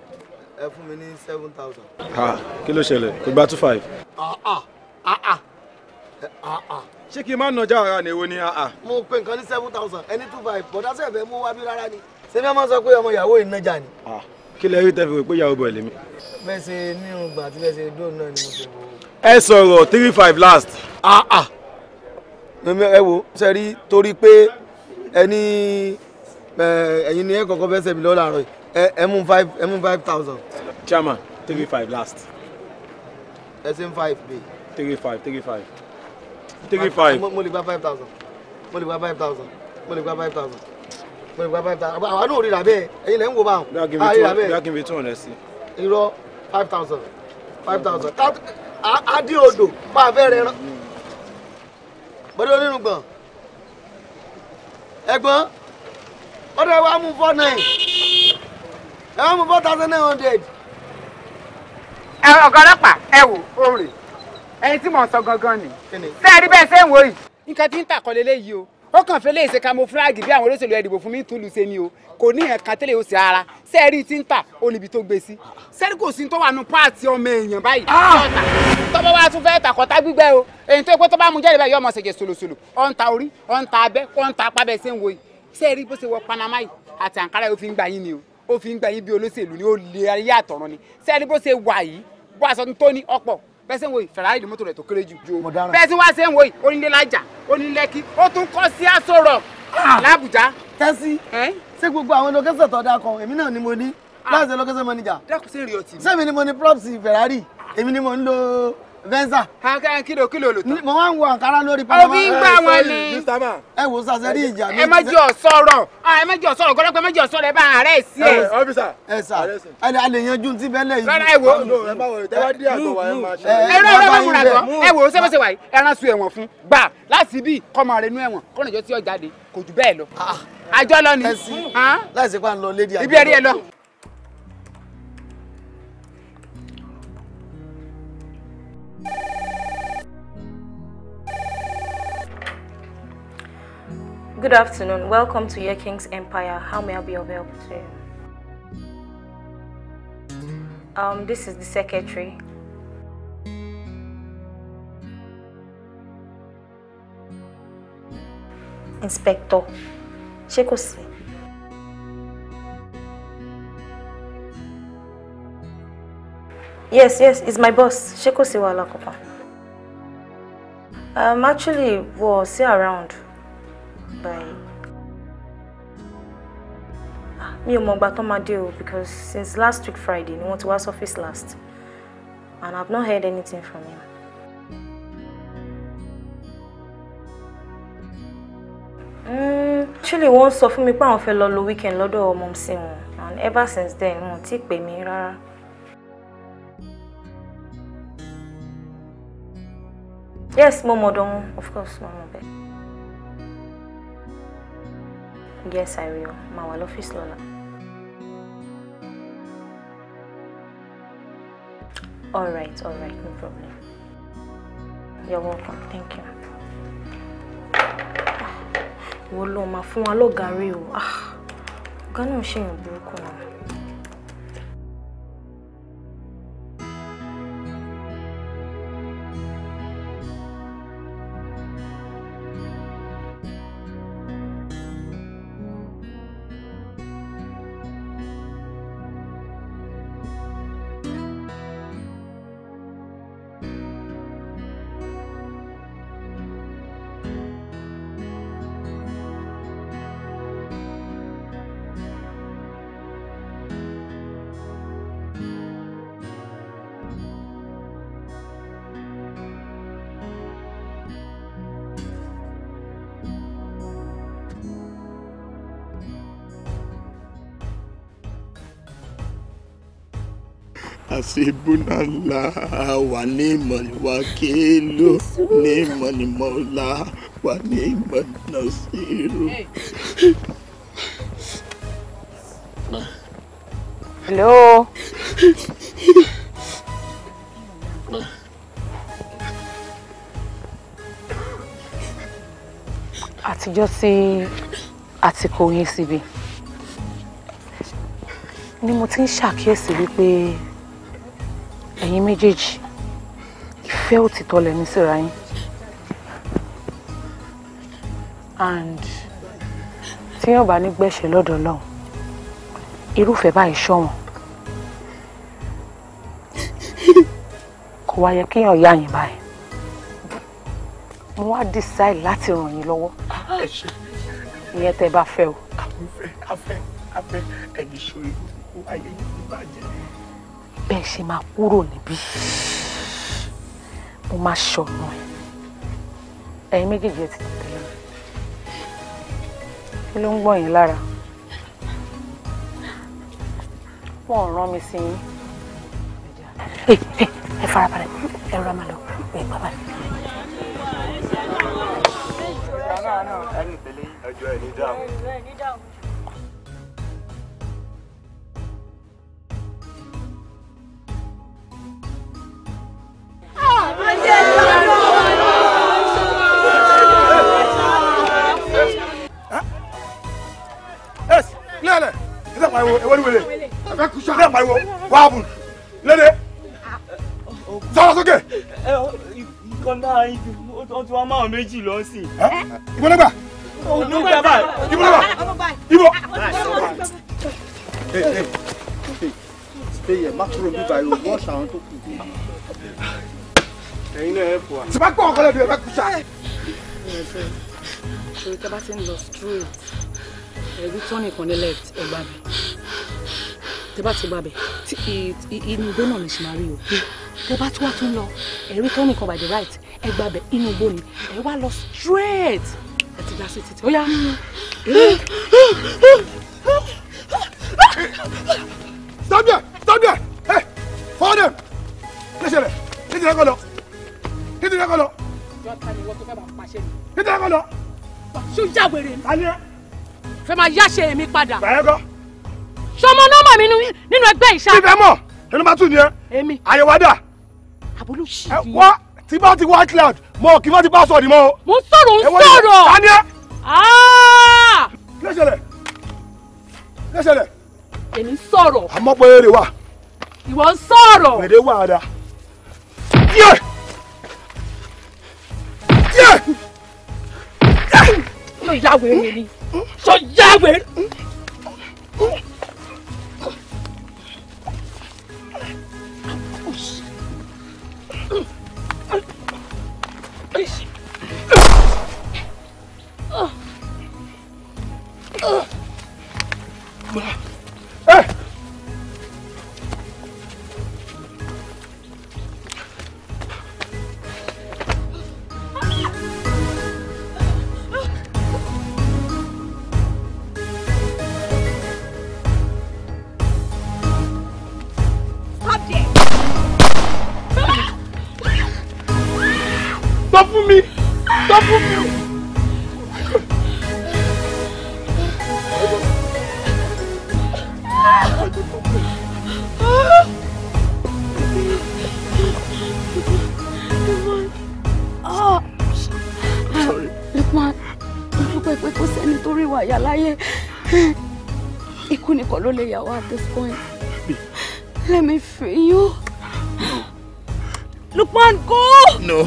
Speaker 4: ẹ fún mi ní seven thousand. kí ló ṣẹlẹ̀ kò gba two five. ṣé kí n má nàjà ara ni èwo ni. mo pe nǹkan ní seven thousand ẹni two five bọ̀dá sẹ̀fẹ̀ mú wá bí rárá ni ṣé fẹ́ máa sọ pé ọmọ ìyàwó yìí nájà ni. kí lẹ rí tẹ́fì pé ìyàwó bọ̀ lèmi.
Speaker 3: bẹ́ẹ̀ ṣe ní ìgbà tí bẹ́ẹ̀ ṣe dóòn náà ni mo ṣe wò.
Speaker 4: ẹ sọ̀rọ̀ three five last. ẹ wo ṣe rí torí pé ẹni ẹ̀yin ni ẹ kọ̀ọ̀kan fẹ́ sẹ́mi lọ́ọ́ làárọ̀ yìí ẹ mú five ẹ mú five thousand. chairman three five last. ẹ ṣe ń five bẹ́ẹ̀. three five three five three five. mo lè gba five thousand mo lè gba five thousand mo lè gba five thousand mo lè gba five thousand àwa náà rí ra bẹ́ẹ̀ ẹ̀yin lẹ́ ń wo báwọn àwa rí ra bẹ́ẹ̀. bí a kì í two hundred sí. irọ́ five thousand five thousand adi odò máa fẹ́ rẹ rán bọ́dọ̀ onírun gbọ̀n ẹ̀gbọ́n ọ̀dọ̀ wa mú four nine ẹ wọ́n mú four thousand eight hundred. ẹ ọ̀gá ọlọ́pàá ẹ wò ó rè ẹni tí mò ń sọ gangan ni sẹ́ẹ̀rí bẹ́ẹ̀ ṣé ń wò yìí. nǹkan tí ń tàkọ́ lélẹ́yìí o ó kàn fẹ́ lè ṣe camouflage bí àwọn olóṣèlú ẹ̀dìbò fún mi tún lù ṣe ni o kò ní ẹ̀ka tẹ́lẹ̀ o sì ara sẹ́ẹ̀rí tí ń tà ó níbi tó gbé sí sẹ́ẹ̀rí kò sí tó wà nù páàtì ọmọ èèyàn báyìí ah! tọ́ba wa tún fẹ́ tàkọ́tà gbígbẹ́ o èyí tó pé tó bá mú jáde báyìí ọmọ ṣèjẹ solosolo ọ̀ orí ọ̀ abẹ́ ọ̀ ń ń wo yìí sẹ́ẹ̀rí bó ṣe wọ panama yìí àti àǹkárá yóò fi ń gbà yín ni o ó fi ń gba yín bí olóṣèlú ni ó lè ayé àtọ̀run ni sẹ́ni bó ṣe wà yìí bó aṣọ tó ní ọ̀pọ̀ bẹ́ẹ̀ wo yìí Ferrari ni mọ́tò rẹ̀ tó kéré jù bẹ́ẹ̀ wá sẹ́ ń wo yìí onílélájà onílẹ́kí ó tún kọ́ sí Aso ah! làbújá. tẹ́sí ṣé gbogbo àwọn lókẹ́sẹ̀ tó dáa kan èmi náà ni mo ní ah! láti ṣe lókẹ́sẹ̀ manager sẹ́mi ni mo ní props Ferrari èmi ni mo ń lo venza. kankan kilo kilo ló tán. mo máa ń wo àǹkárá lórí panama. omi ń gbà wọn ni. ẹ wò sàṣẹ rí ìjà mi. ẹ má jẹ́ ọ̀sọ́rọ̀ ah, ẹ má jẹ́ ọ̀sọ́rọ̀ gọ́dọ̀ pé ẹ má jẹ́ ọ̀sọ́rọ̀ ẹ bá ààrẹ sí ẹ. ọ́fíìsà ẹ sà ẹ lè yanjú ti bẹ́lẹ̀ yìí. rárá ẹ wò ẹ bá no, ẹ bá dí àgọ́ wa ẹ máa ṣe. ẹ rẹ ẹ bá múra gan ẹ wò ó sẹ́fẹ̀sẹ̀ wáyé ẹran sun ẹ̀wọ̀n fún gbà láti bí kọ́mọ rẹ nú ẹ̀wọ̀n kọ́nìjọ́ tí ó jáde kò jù bẹ́ẹ̀ lọ. Ah. àjọ lọ ni. láìsí pa ń lọ lédi àjọ lọ. ibi ẹ̀rí ẹ lọ.
Speaker 5: Good
Speaker 9: afternoon. Welcome to Your King's Empire. How may I be of help to you? Um, this is the secretary. Inspector. Ṣé Yes, yes, it's my boss. Ṣé kò sí Um, actually, well, see around. Bye. Ah, Me and mọ̀ ìgbà tó máa because since last week Friday ni wọ́n ti wá surface last and I've not heard anything from him. Hmm, Chile wọ́n sọ fún mi pé àwọn fẹ́ lọ lo weekend lọ́dọ̀ ọmọ sí wọn and ever since then wọn ò to ì pè mí rárá. yes mo mọ̀ of course mo mọ̀ Yes, I will. My wà l'office lọ́la. All right, all right, no problem. You're welcome. Thank you. Ah, Wo lọ máa fún wa lọ́gàá rí o. Ah, ọ̀gá náà ṣèyàn burúkú náà.
Speaker 4: حسبنا الله ونعم الوكيل نعم المولى ونعم النصير
Speaker 1: Hello.
Speaker 10: Àtijọ́ tí àtìkò yín síbi ni mo ti ń ṣàkíyèsí wípé ẹ̀yin méjèèjì ìfẹ́ òtítọ́ lẹ ní síra yín and tíyàn bá ní gbẹ̀ṣẹ̀ lọ́dọ̀ lọ́hùn irúfẹ́ báyìí ṣọ̀wọ́n kò wá yẹ kíyàn yá yín báyìí mo wá decide láti ràn yín lọ́wọ́ ìyẹn tẹ́ bá fẹ́ o.
Speaker 4: àfẹ́ àfẹ́ àfẹ́ ẹ̀yìn ṣòro ayé yìí
Speaker 1: bàjẹ́
Speaker 10: bẹ́ẹ̀ ṣe máa kúrò níbí mo máa ṣọ̀nà ẹ̀ ẹ̀yin méjèèjì ẹ ti tẹ̀lé mi kí ló ń gbọ̀n yín lára wọn ò rán mi sí yín ẹ farabalẹ̀ ẹ rọra máa lọ ẹ
Speaker 4: bàbá mi. ẹni tẹ̀lé ẹjọ́
Speaker 1: ẹ̀ ní dáhùn. sísè pariwo ewé ni wele sísè
Speaker 4: pariwo wàhábùn lédè sọ̀rọ̀ sókè. nǹkan dára yín ti ó ti wá máa méjì lọ sí. ìbọn ló gbà. ìbọn ló gbà báyìí.
Speaker 3: ìbọn ló gbà
Speaker 4: ìbọn.
Speaker 3: ṣèyẹ má kúrò bí báyìí o wọ́ọ̀ṣì àwọn tó kù. ẹ̀yin náà ẹ fò wá. sìpá pọ̀ ọ̀kọ́lẹ̀ bí ẹ bá
Speaker 10: kú sá. ṣòro tí a bá ti ń lọ straight ẹ̀rú tọ́nì kan ní left ẹgbà bẹ̀ tẹ bá ti gbà bẹ̀ inú igbó náà ní ṣe máa rí o bó bá tún wá tún lọ ẹ̀rú tọ́nì kan by the right ẹgbà bẹ̀ inú igbó ni ẹ wá lọ straight ẹ ti dá sí títí ó yá.
Speaker 4: Stop there! Stop there! Hey! Follow them! Listen, listen, I go now. Listen, I go now.
Speaker 10: Don't tell me what to do about my shame.
Speaker 4: Listen, I go
Speaker 10: fẹ́ máa yáṣẹ́ èmi padà. bàyẹ̀ kọ́. sọmọ nọ́mọ̀ mi nínú ẹgbẹ́
Speaker 4: ìṣá. fífẹ́ mọ̀ ẹnu bá tù ní ẹ. èmi. àyẹ̀wádà. àbúrò ṣì ń. ẹ wá tí bá ti white cloud mọ kí wọ́n ti bá sọ̀rọ̀ mọ́. mo ń
Speaker 1: sọ̀rọ̀ ń sọ̀rọ̀. tani
Speaker 4: ẹ. Ah! lẹ́sẹ̀lẹ̀ lẹ́sẹ̀lẹ̀. èmi ń sọ̀rọ̀. àmọ́ pé èrè wà. ìwọ ń sọ̀rọ̀. èrè wà dáa. yẹ
Speaker 10: yẹ yẹ. ló yà wẹ̀rẹ̀ ni
Speaker 6: sọ jáwé.
Speaker 1: Ah! Eh!
Speaker 4: fún mi o.
Speaker 5: Lukman dúpẹ́ pé kò sẹ́ni tó rí wàyà láyé ikú nìkan ló lè yà wá at this point let me free you
Speaker 4: Lukman go. no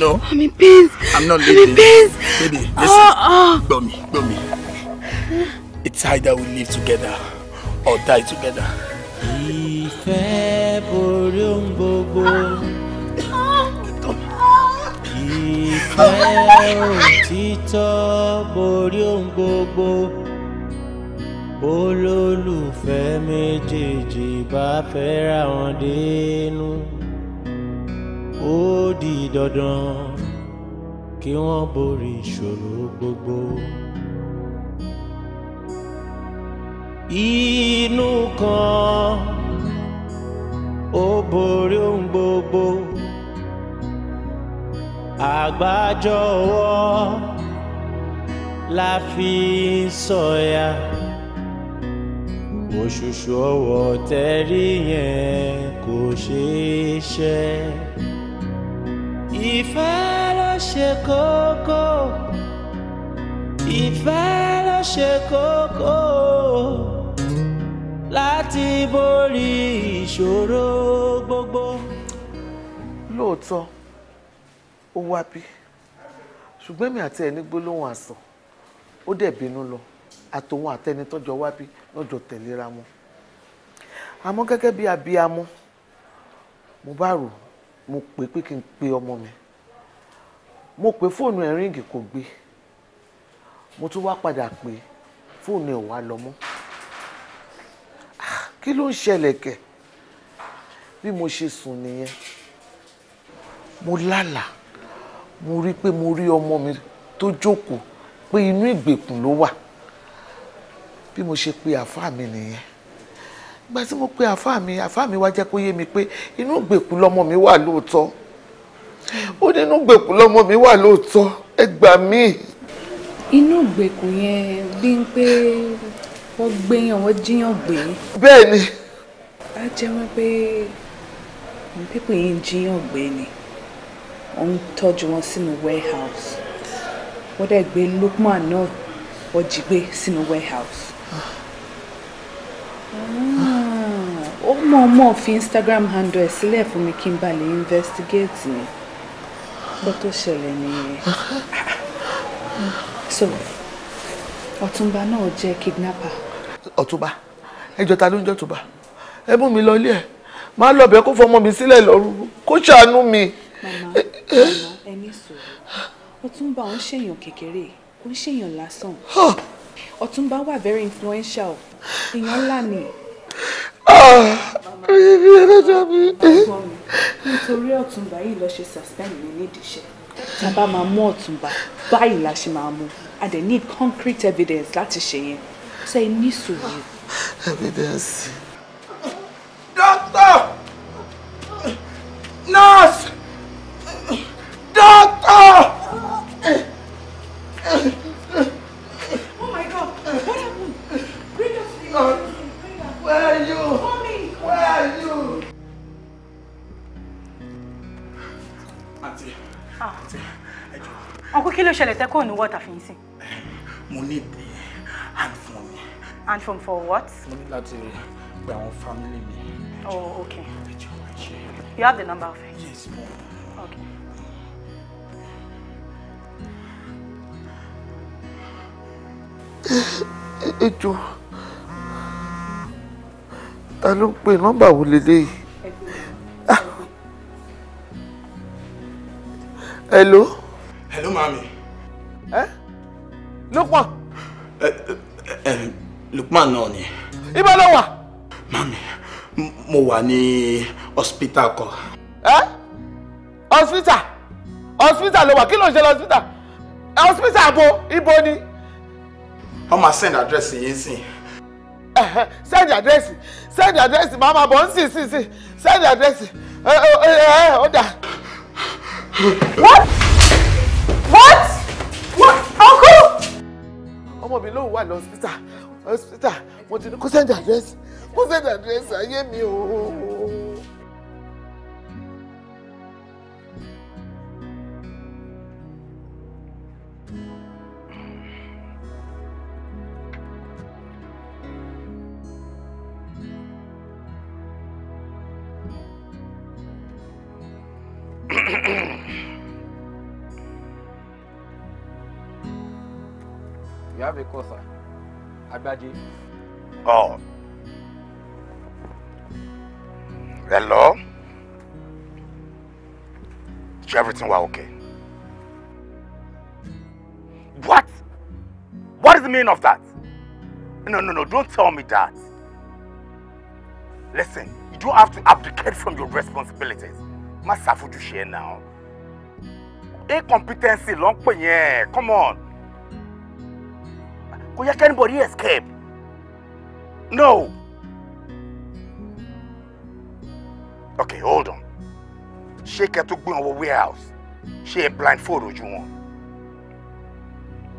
Speaker 4: no I'm in pain. I'm not leaving. Please. Baby, oh, listen. Oh, oh. Gbọ́ mi, gbọ́ mi. It's either we live together or die together.
Speaker 2: Ìfẹ́ borí ohun gbogbo. Ìfẹ́ òtítọ́ borí ohun gbogbo. Olólùfẹ́ méjèèjì bá kí wọ́n borí ìṣòro gbogbo. Inú kan ó borí ohun gbogbo. Àgbájọwọ́ la fi ń sọ̀yà. Òṣùṣù ọwọ́ tẹ́rí yẹn kò ṣeé ṣẹ́ ìfẹ́ ló ṣe kókó ìfẹ́ ló ṣe kókó láti borí
Speaker 4: ìṣòro gbogbo. lóòótọ́ ó wá bí ṣùgbọ́n èmi àti ẹni gbólóhùn àsọ ó dẹ̀ bínú lọ àtòun àtẹni tọ́jọ́ wá bí lọ́jọ́ tẹ̀léra wọn àmọ́ gẹ́gẹ́ bí abiyamọ mo bá rò ó mo pè pé kí n pe ọmọ mi mo pè fóònù ẹ̀ ríǹgì kò gbé mo tún wá padà pé fóònù ẹ̀ wá lọ mọ́ ah, kí ló ń ṣẹlẹ̀ kẹ̀ bí mo ṣe sùn nìyẹn mo lálàá mo rí pé mo rí ọmọ mi tó jókòó pé inú ìgbèkùn ló wà bí mo ṣe pe àáfàá mi nìyẹn gba tí mo pe àfáà mi àfáà mi wá jẹ́ kó yé mi pé inú ìgbèkùn lọ́mọ mi wà lóòótọ́ ó ní inú ìgbèkùn lọ́mọ mi wà lóòótọ́ ẹ gbà mí. inú ìgbèkùn yẹn
Speaker 8: bí ń pé wọ́n gbéyàn wọ́n jíyàn gbé. bẹ́ẹ̀ ni. a jẹ́ wọn pé pípín yìí ń jíyàn gbé ni wọ́n ń tọ́jú wọn sínú warehouse wọ́n dẹ̀ gbé Lukman náà wọ́n jí gbé sínú warehouse. Ah, ó mọ̀ mọ̀ fi instagram handle ẹ̀ sílẹ̀ fún mi kí n ba lè investigate ni kó tó ṣẹlẹ̀ nìyẹn so
Speaker 4: ọ̀túnba náà jẹ́ kidnapper. ọ̀túnba ẹjọ́ ta ló ń jẹ́ ọ̀túnba ẹ mú mi lọ ilé ẹ̀ máa lọ bẹ́ẹ̀ kó fọmọ mi sílẹ̀ lọ́rùn kó ṣàánú mi. màmá eh, màmá eh.
Speaker 8: ẹni sọ̀rọ̀ ọ̀túnba òun ṣèyàn kékeré òun ṣèyàn lásán Ọ̀túnba wà very influential èèyàn ńlá ni. bíbí ah, ẹlẹ́jọ́ mi. nítorí Ọ̀túnba yìí lọ ṣe suspend mi nídìí iṣẹ́ tá a bá máa mú Ọ̀túnba báyìí la ṣe máa mú a dẹ̀ need concrete evidence láti ṣe yẹn ṣe é ní sùúrù.
Speaker 4: evidence.
Speaker 2: doctor nurse
Speaker 1: doctor.
Speaker 10: ló ṣẹlẹ̀ tẹ́ kò ní wọ́tà fi ń sìn.
Speaker 4: mo ní ìdí hand form mi. hand form for what. mo ní láti gba àwọn family mi.
Speaker 10: oh okay. you have the number of it. yes mo. okay.
Speaker 4: ẹ jọ̀ọ́ ta ló ń pe nọ́mbà wo leléyìí. hello. hello mommy. Eh? Lukman. Eh, eh, Lukman náà ni. Ibo ló wà. Mami, mo wa ni hospital ko eh hospital hospital ló wà kí ló ń hospital hospital bo ibo ni. Wọ́n máa send address yín sí. Send address send address màá máa si ń send sìn sìn eh eh eh dà. What? What? What? Uncle! Ọmọbìnrin lòun wà lọ hospital. Hospital. Mo ti ní kó send address. Kó send address ayé mi o. Mm-hmm. [COUGHS] have a call, sir. Agbaje. Oh. Hello? Is everything well okay? What? What is the meaning of that? No, no, no, don't tell me that. Listen, you don't have to abdicate from your responsibilities. Masafu, you share now. Incompetency ló ń pè Come on kò yẹ kẹ́ni escape no okay hold on She kẹ́ tó gbé wọn wọ warehouse ṣé ẹ blindfold you want?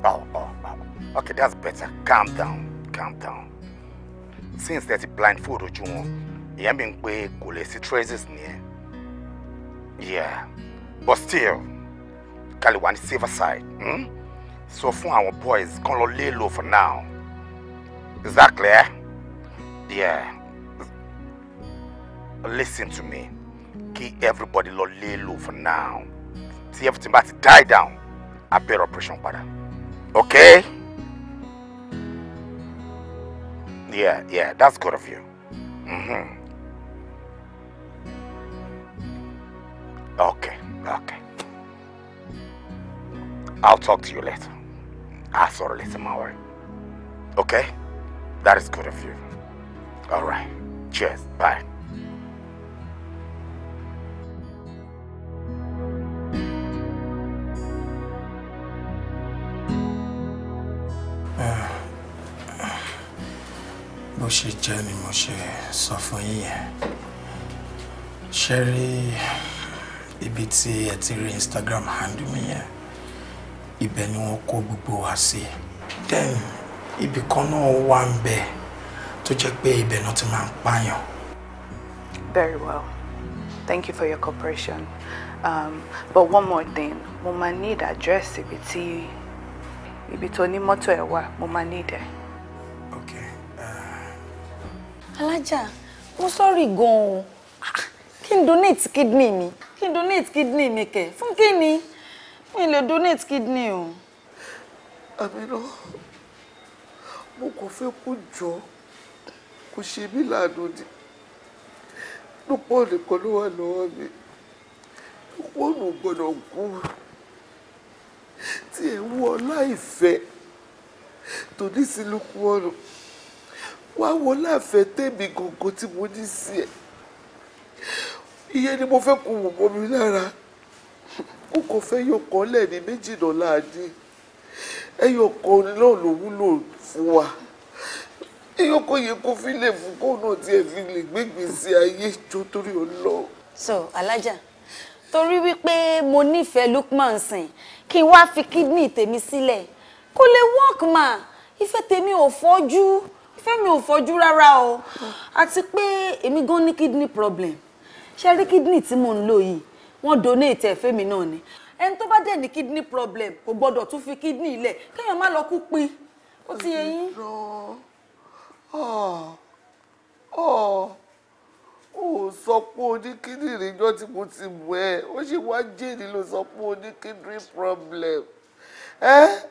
Speaker 4: oh oh oh. okay that's better calm down calm down since that blindfold ojú wọn ìyẹn mi ń we kò lè sí traces nìyẹn yeah but still kálí wà ní Hmm? So for our boys kan lọ lay low for now is that clear yeah listen to me Keep everybody lọ lé lò for now See everything bá ti die down I bear operation brother. okay yeah yeah that's good of you. Mm-hmm. Okay, okay. I'll talk to you later. I sort of my worry. Okay? That is good of you. All right. Cheers. Bye.
Speaker 1: [SIGHS]
Speaker 3: bó ṣe jẹ́ ni mo ṣe sọ fún yín yẹn ṣe rí ibi tí ẹ ti rí Instagram
Speaker 4: handle mi yẹn ibẹ̀ ni wọ́n kó gbogbo wa sí then ibì kan náà wà ń bẹ tó jẹ́ pé ibẹ̀ náà ti máa ń pààyàn.
Speaker 8: very well thank you for your cooperation um, but one more thing mo máa need address ibi tí ibi tó ní mọ́tò ẹ̀ wà mo máa need ẹ̀. okay.
Speaker 7: Uh... alájà mo sọ́ọ̀rì gan-an kí n donate kidney mi kí n donate kidney mi kẹ̀ fún kí ni mi lè donate kidney o. àmínà
Speaker 4: mo kò fẹ́ kó jọ kó ṣe mí láàánú ni lọ́pọ̀ nìkan ló wà lọ́wọ́ mi lọ́pọ̀ nù gbọ́dọ̀ kú tí ẹ wú ọ láìfẹ́ tó ní sílùkù ọ̀run wá wo láàfẹ́ tèmi gògó tí mo ní sí ẹ ìyẹn ni mo fẹ́ kó wò mọ́ mi lára ó kàn fẹ́ yọkọ̀ lẹ́ẹ̀ni méjì dọ́là ni ẹyọkọ̀ náà ló wúlò fún wa ẹyọkọ̀ yẹn kó fi lè fún kó náà tiẹ̀ fi lè gbégbèsè ayé jọ torí ọlọ́run.
Speaker 7: so alájà torí wípé mo nífẹ̀ẹ́ Lukman sìn kí n wá fi kídìní tèmi sílẹ̀ kó lè work ma ìfẹ́ tèmi ò fọ́jú ìfẹ́ mi ò fọ́jú rárá o àti pé èmi gan ní kídìní problem ṣe rí kídìní tí mò ń lò yìí wọ́n donate ẹ̀ fẹ́mi náà ni ẹni tó bá dẹ̀ ní kidney problem kò gbọ́dọ̀ tún fi kidney ilẹ̀ kéèyàn má lọ kú pin ó ti yẹ
Speaker 2: yín.
Speaker 4: ó sọ pé o ní kidney níjọ́ tí mo ti mú ẹ ó ṣe wá jèrè ló sọ pé o ní kidney problem. Eh?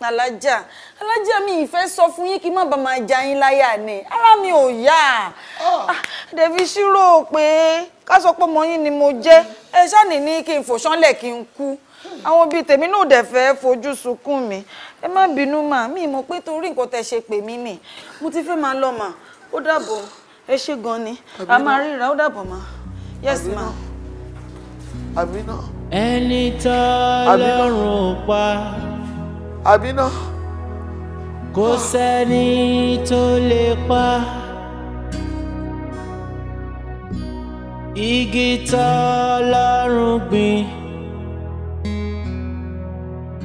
Speaker 7: alájà alájà mi ìfẹ́ sọ fún yín kí má bàa máa ja yín láyà ni ara mi ò yá oh. ah, dẹ̀fi ṣírò pé ká sọ pé ọmọ yín ni mo jẹ́ ẹ ṣáàní ní kí n fòṣánlẹ̀ kí n kú àwọn bíi tèmi náà dẹ̀ fẹ́ fojú sunkún mi ẹ má bínú mà mí mọ̀ pé torí nǹkan tẹ́ ṣe pè mí nì mo ti fẹ́ máa lọ mà ó dàbọ̀ ẹ ṣe gan ni a máa ríra ó dàbọ̀ mà yes ma.
Speaker 1: àmì náà
Speaker 2: ẹni tó lọ́rùn pa. àbínà. kò sẹ́ni tó lè pa. igi tó lọ́rùn gbìn.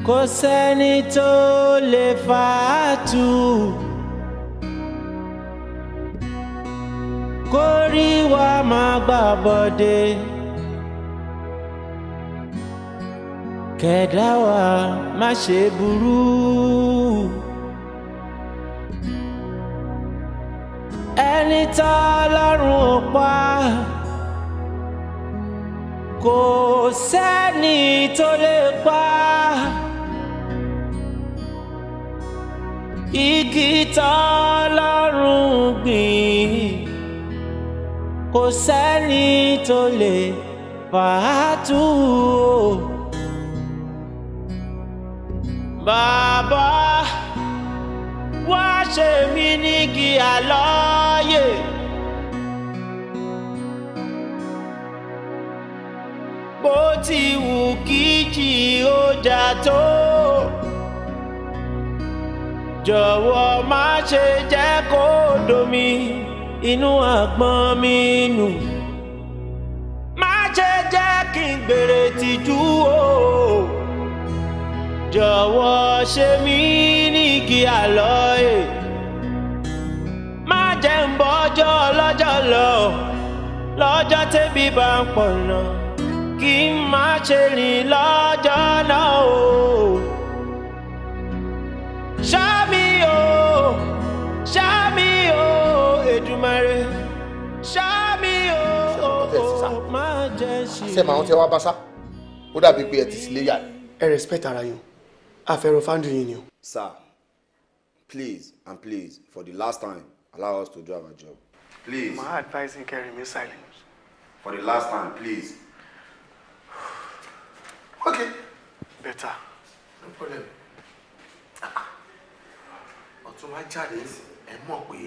Speaker 2: kò sẹ́ni tó lè fà á tu. kórìíwá máa gbà bọ́dé. kẹ̀dá wa má ṣe burú. ẹni tá lọ́rùn ò pa kò sẹ́ni tó lè pa. igi tọ́lọ́run gbìn kò sẹ́ni tó lè fàá tú o. Baba, wá ṣe mí ní gíga lọ́yè. bó ti wù kí jì ó jà tó jọ̀wọ́ má ṣe jẹ́ kó domi inú àgbọn mi nù má ṣe jẹ́ kí n gbèrè tìjú o. Oh jọ̀wọ́ ṣe mí ní igi àlọ́ ẹ̀ má jẹ́ ń bọ́jọ́ lọ́jọ́ lọ lọ́jọ́ tẹ́bí bá ń pọ̀nà kí n má ṣe rìn lọ́jọ́ náà o. ṣáàmì o ṣáàmì o Èdùmàrè ṣáàmì o má jẹ́ ṣe. ṣé màá ń tẹ́
Speaker 4: wá bá sá ó dàbí pé ẹ ti sílé yà.
Speaker 3: ẹ respect ara yín àfẹ́rọ̀ fáńdù yìí ni o.
Speaker 4: sir please and please for the last time allow us to do our job.
Speaker 3: please. my advice is kẹ́ remain silent.
Speaker 4: for the last time please. okay. better. no problem.
Speaker 3: ọ̀tún wá jáde ẹ mọ̀ pé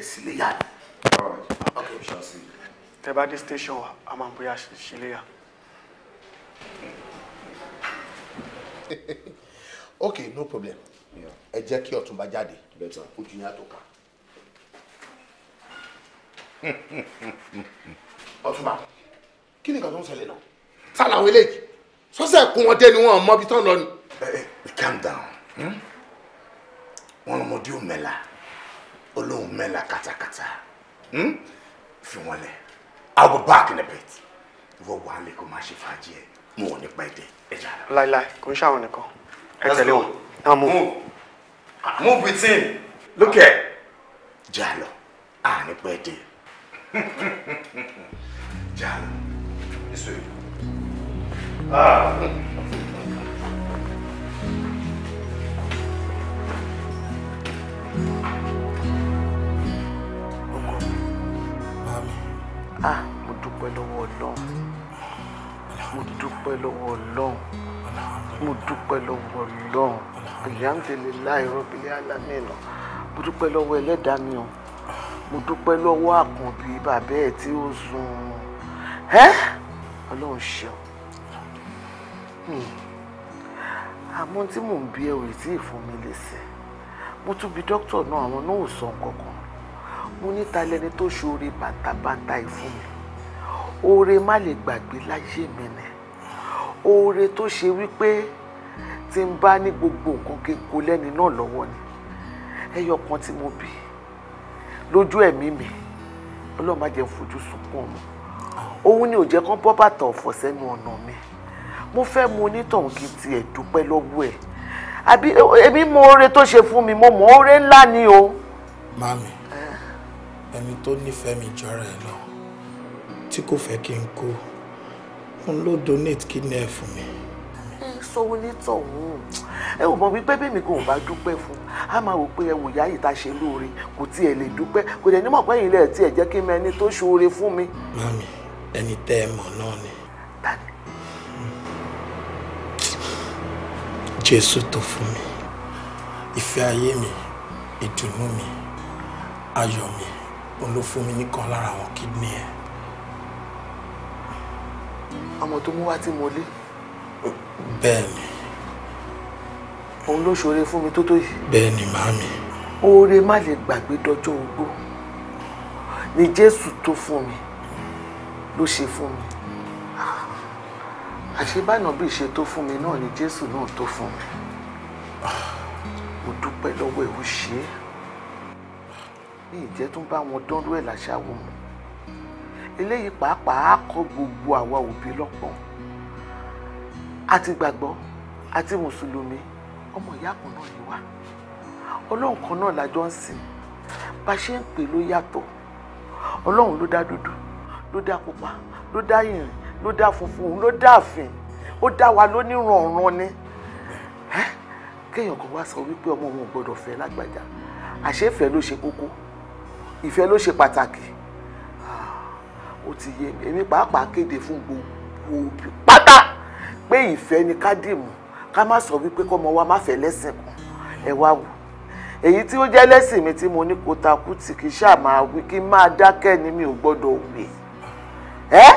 Speaker 3: èsì lè yá ni. okay we shall see. tẹ bá station wa a máa bóyá ṣe lè yá. [LAUGHS] Okay, no problem
Speaker 4: ẹ jẹ́ kí ọ̀túnba jáde ojú yẹn á tó kà. ọ̀túnba kí ni nǹkan tó ń ṣẹlẹ̀ náà sálà àwọn eléyìí sọ́sẹ̀ kún wọn dé ni wọ́n mọ ibi tán lọ ni. Eh, eh, calm down hmm? wọn ọmọdé ò mẹ́la olóhùn mẹ́la kàtàkàtà hmm? fi wọn lẹ̀ i'll go back in a bit ìwọ wàá lè kó máa ṣe fàájì ẹ mo ò ní pẹ́ dé
Speaker 3: ẹ jára. láíláí kò ń ṣàwọn nìkan.
Speaker 4: Let's go. now move. move move with him look here. jalo àní pẹ́
Speaker 3: dé jalo this way. Ah.
Speaker 4: ah mo dúpẹ́ lọ́wọ́ ọlọ́run mo dúpẹ́ lọ́wọ́ ọlọ́run mo dúpẹ́ lọ́wọ́ ọlọ́run alhamdulilayi rọ́bìlẹ̀ alámìnà mo dúpẹ́ lọ́wọ́ ẹlẹ́dàá mi o mo dúpẹ́ lọ́wọ́ àkànbí bàbá ẹ̀ tí ó sun ẹ́ ọlọ́run ṣeun hmm. àmọ́ tí mò ń bí ẹ̀rù tí ìfún mi lè sè mo tún bi dókítà náà àwọn náà ò sọ nǹkankan mo ní ta lẹni tó ṣoore bàtàbàtà ìfún mi oore má lè gbàgbé láyé mi oore tó ṣe wípé tí n bá ní gbogbo nǹkan kí n kó lẹ́ni náà lọ́wọ́ ni ẹyọ kan tí mo bí lójú ẹ̀mí mi ọlọ́run má jẹ́ n fojú sunkún ọmọ òun ni ò jẹ́ kán bọ́ bàtà ọ̀fọ̀ sẹ́nu ọ̀nà mi mo fẹ́ mu onítọ̀hún kí n tiẹ̀ dúpẹ́ lọ́wọ́ ẹ̀ àbí èmi mọ oore tó ṣe fún mi mo mọ oore ńlá ni o. mami ẹni tó nífẹ̀ẹ́ mi jọra ẹ lọ tí kò fẹ́ kí n kú n ló donate kidney ẹ̀ fún mi. ẹ sọ wo ní tọ̀hún ẹ ò mọ̀ wípé bẹ́ẹ̀ mi kò bá dúpẹ́ fún a máa wò pé ẹ wò yá yìí tá a ṣe lóore kò tiẹ̀ lè dúpẹ́ kò dẹ̀ nímọ̀ pé ẹ̀yin lẹ̀ tiẹ̀ jẹ́ kí n mọ ẹni tó ṣoore fún mi. mami ẹni tẹ́ ẹ mọ̀ náà ni. jésù tó fún mi ìfẹ́ ayé mi ìdùnnú mi ayọ̀ mi òun mi nìkan lára àwọn kídìní ẹ̀ ọmọ tó mú wá tí mo lé. bẹ́ẹ̀ ni. òun ló ṣoore fún mi tó tó yìí. bẹ́ẹ̀ ni màámi. oore má lè gbàgbé dọjọ́ ogbó ni jésù tó fún mi ló ṣe fún mi àṣebánà bí ìṣe tó fún mi náà ni jésù náà tó fún mi mo dúpẹ́ lọ́wọ́ ẹ̀ ó ṣe é ní ìjẹ́ tún bá wọn dánrú ẹ̀ láṣà wò mọ́ eléyìí pàápàá kọ gbogbo àwa òbí lọ́pọ̀ àti gbàgbọ́ àti mùsùlùmí ọmọ ìyá kan náà ni wá ọlọ́run kan náà lájọ ń sìn bá ṣe ń pè ló yàtọ̀ ọlọ́run ló dá dúdú ló dá pupa ló dá ìrìn ló dá funfun ló dá àfin ó dá wa lónírun ọ̀ràn ni kéèyàn kan wá sọ wípé ọmọ òun gbọdọ̀ fẹ́ lágbàjá àṣé ìfẹ́ ló ṣe kókó ìfẹ́ ló ṣe pàtàkì ó ti yé mi èmi pàápàá kéde fún gbogbo òbí pátá pé ìfẹ́ ni ká dìmú ká má sọ wípé kọ́mọ wa má fẹ́ lẹ́sìn kan ẹ wá wò èyí tí ó jẹ́ lẹ́sìn mi tí mo ní kó takú tì kí ṣáà máa wí kí máa dákẹ́ ni mi ò gbọ́dọ̀ wí ẹ́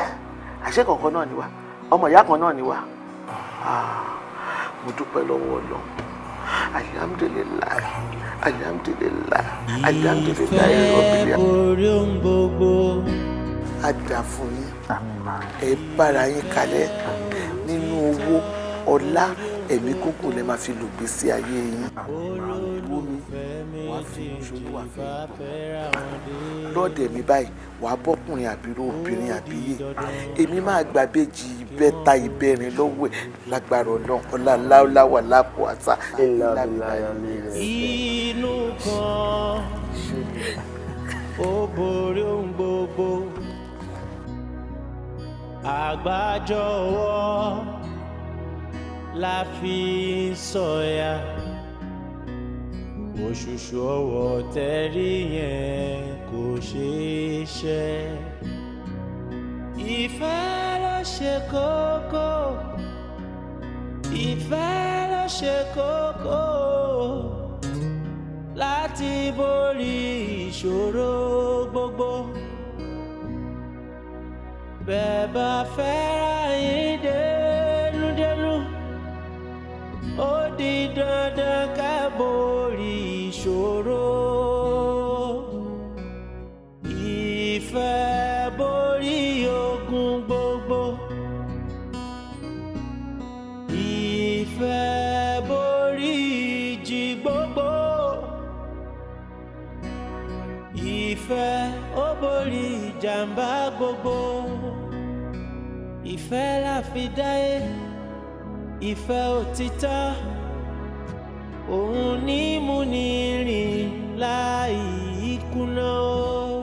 Speaker 4: àṣé kankan náà ni wá ọmọ ìyá kan náà ni wá ah, mo dúpẹ́ lọ́wọ́ Ọlọ́run alihamudulilayi alihamudulilayi alihamudulilayi rọ̀bìlì á dà fún yín ẹ bára yín kalẹ̀ nínú owó ọlá ẹ̀mí kúnkùn lè máa fi lùgbé sí ayé yín wo mi báyìí wàá bọ́kùnrin àbíró obìnrin àbíyè èmi máa gbàbéjì ìbẹ́ta ìbẹ́rin lọ́wọ́ ẹ̀ lágbára ọlọ́run ọlá láwà lápò àṣà inú kan ó borí
Speaker 2: ohun gbogbo àgbájọ ọwọ́ la fi ń sọ̀yà òṣùṣù ọwọ́ tẹ́rí yẹn kò ṣeé ṣe ìfẹ́ ló ṣe kókó ìfẹ́ ló ṣe kókó láti borí ìṣòro gbogbo bẹ́ẹ̀ bá fẹ́ra yín dénúdénú ó di dandan ká borí ìṣòro. Ìfẹ́ borí ogun gbogbo. Ìfẹ́ borí ìjì gbogbo. Ìfẹ́ ó borí ìjàmbá gbogbo ìfẹ́ la fi dáyé e, ìfẹ́ òtítọ́ òun
Speaker 1: ní múni rìn láì kùnà o.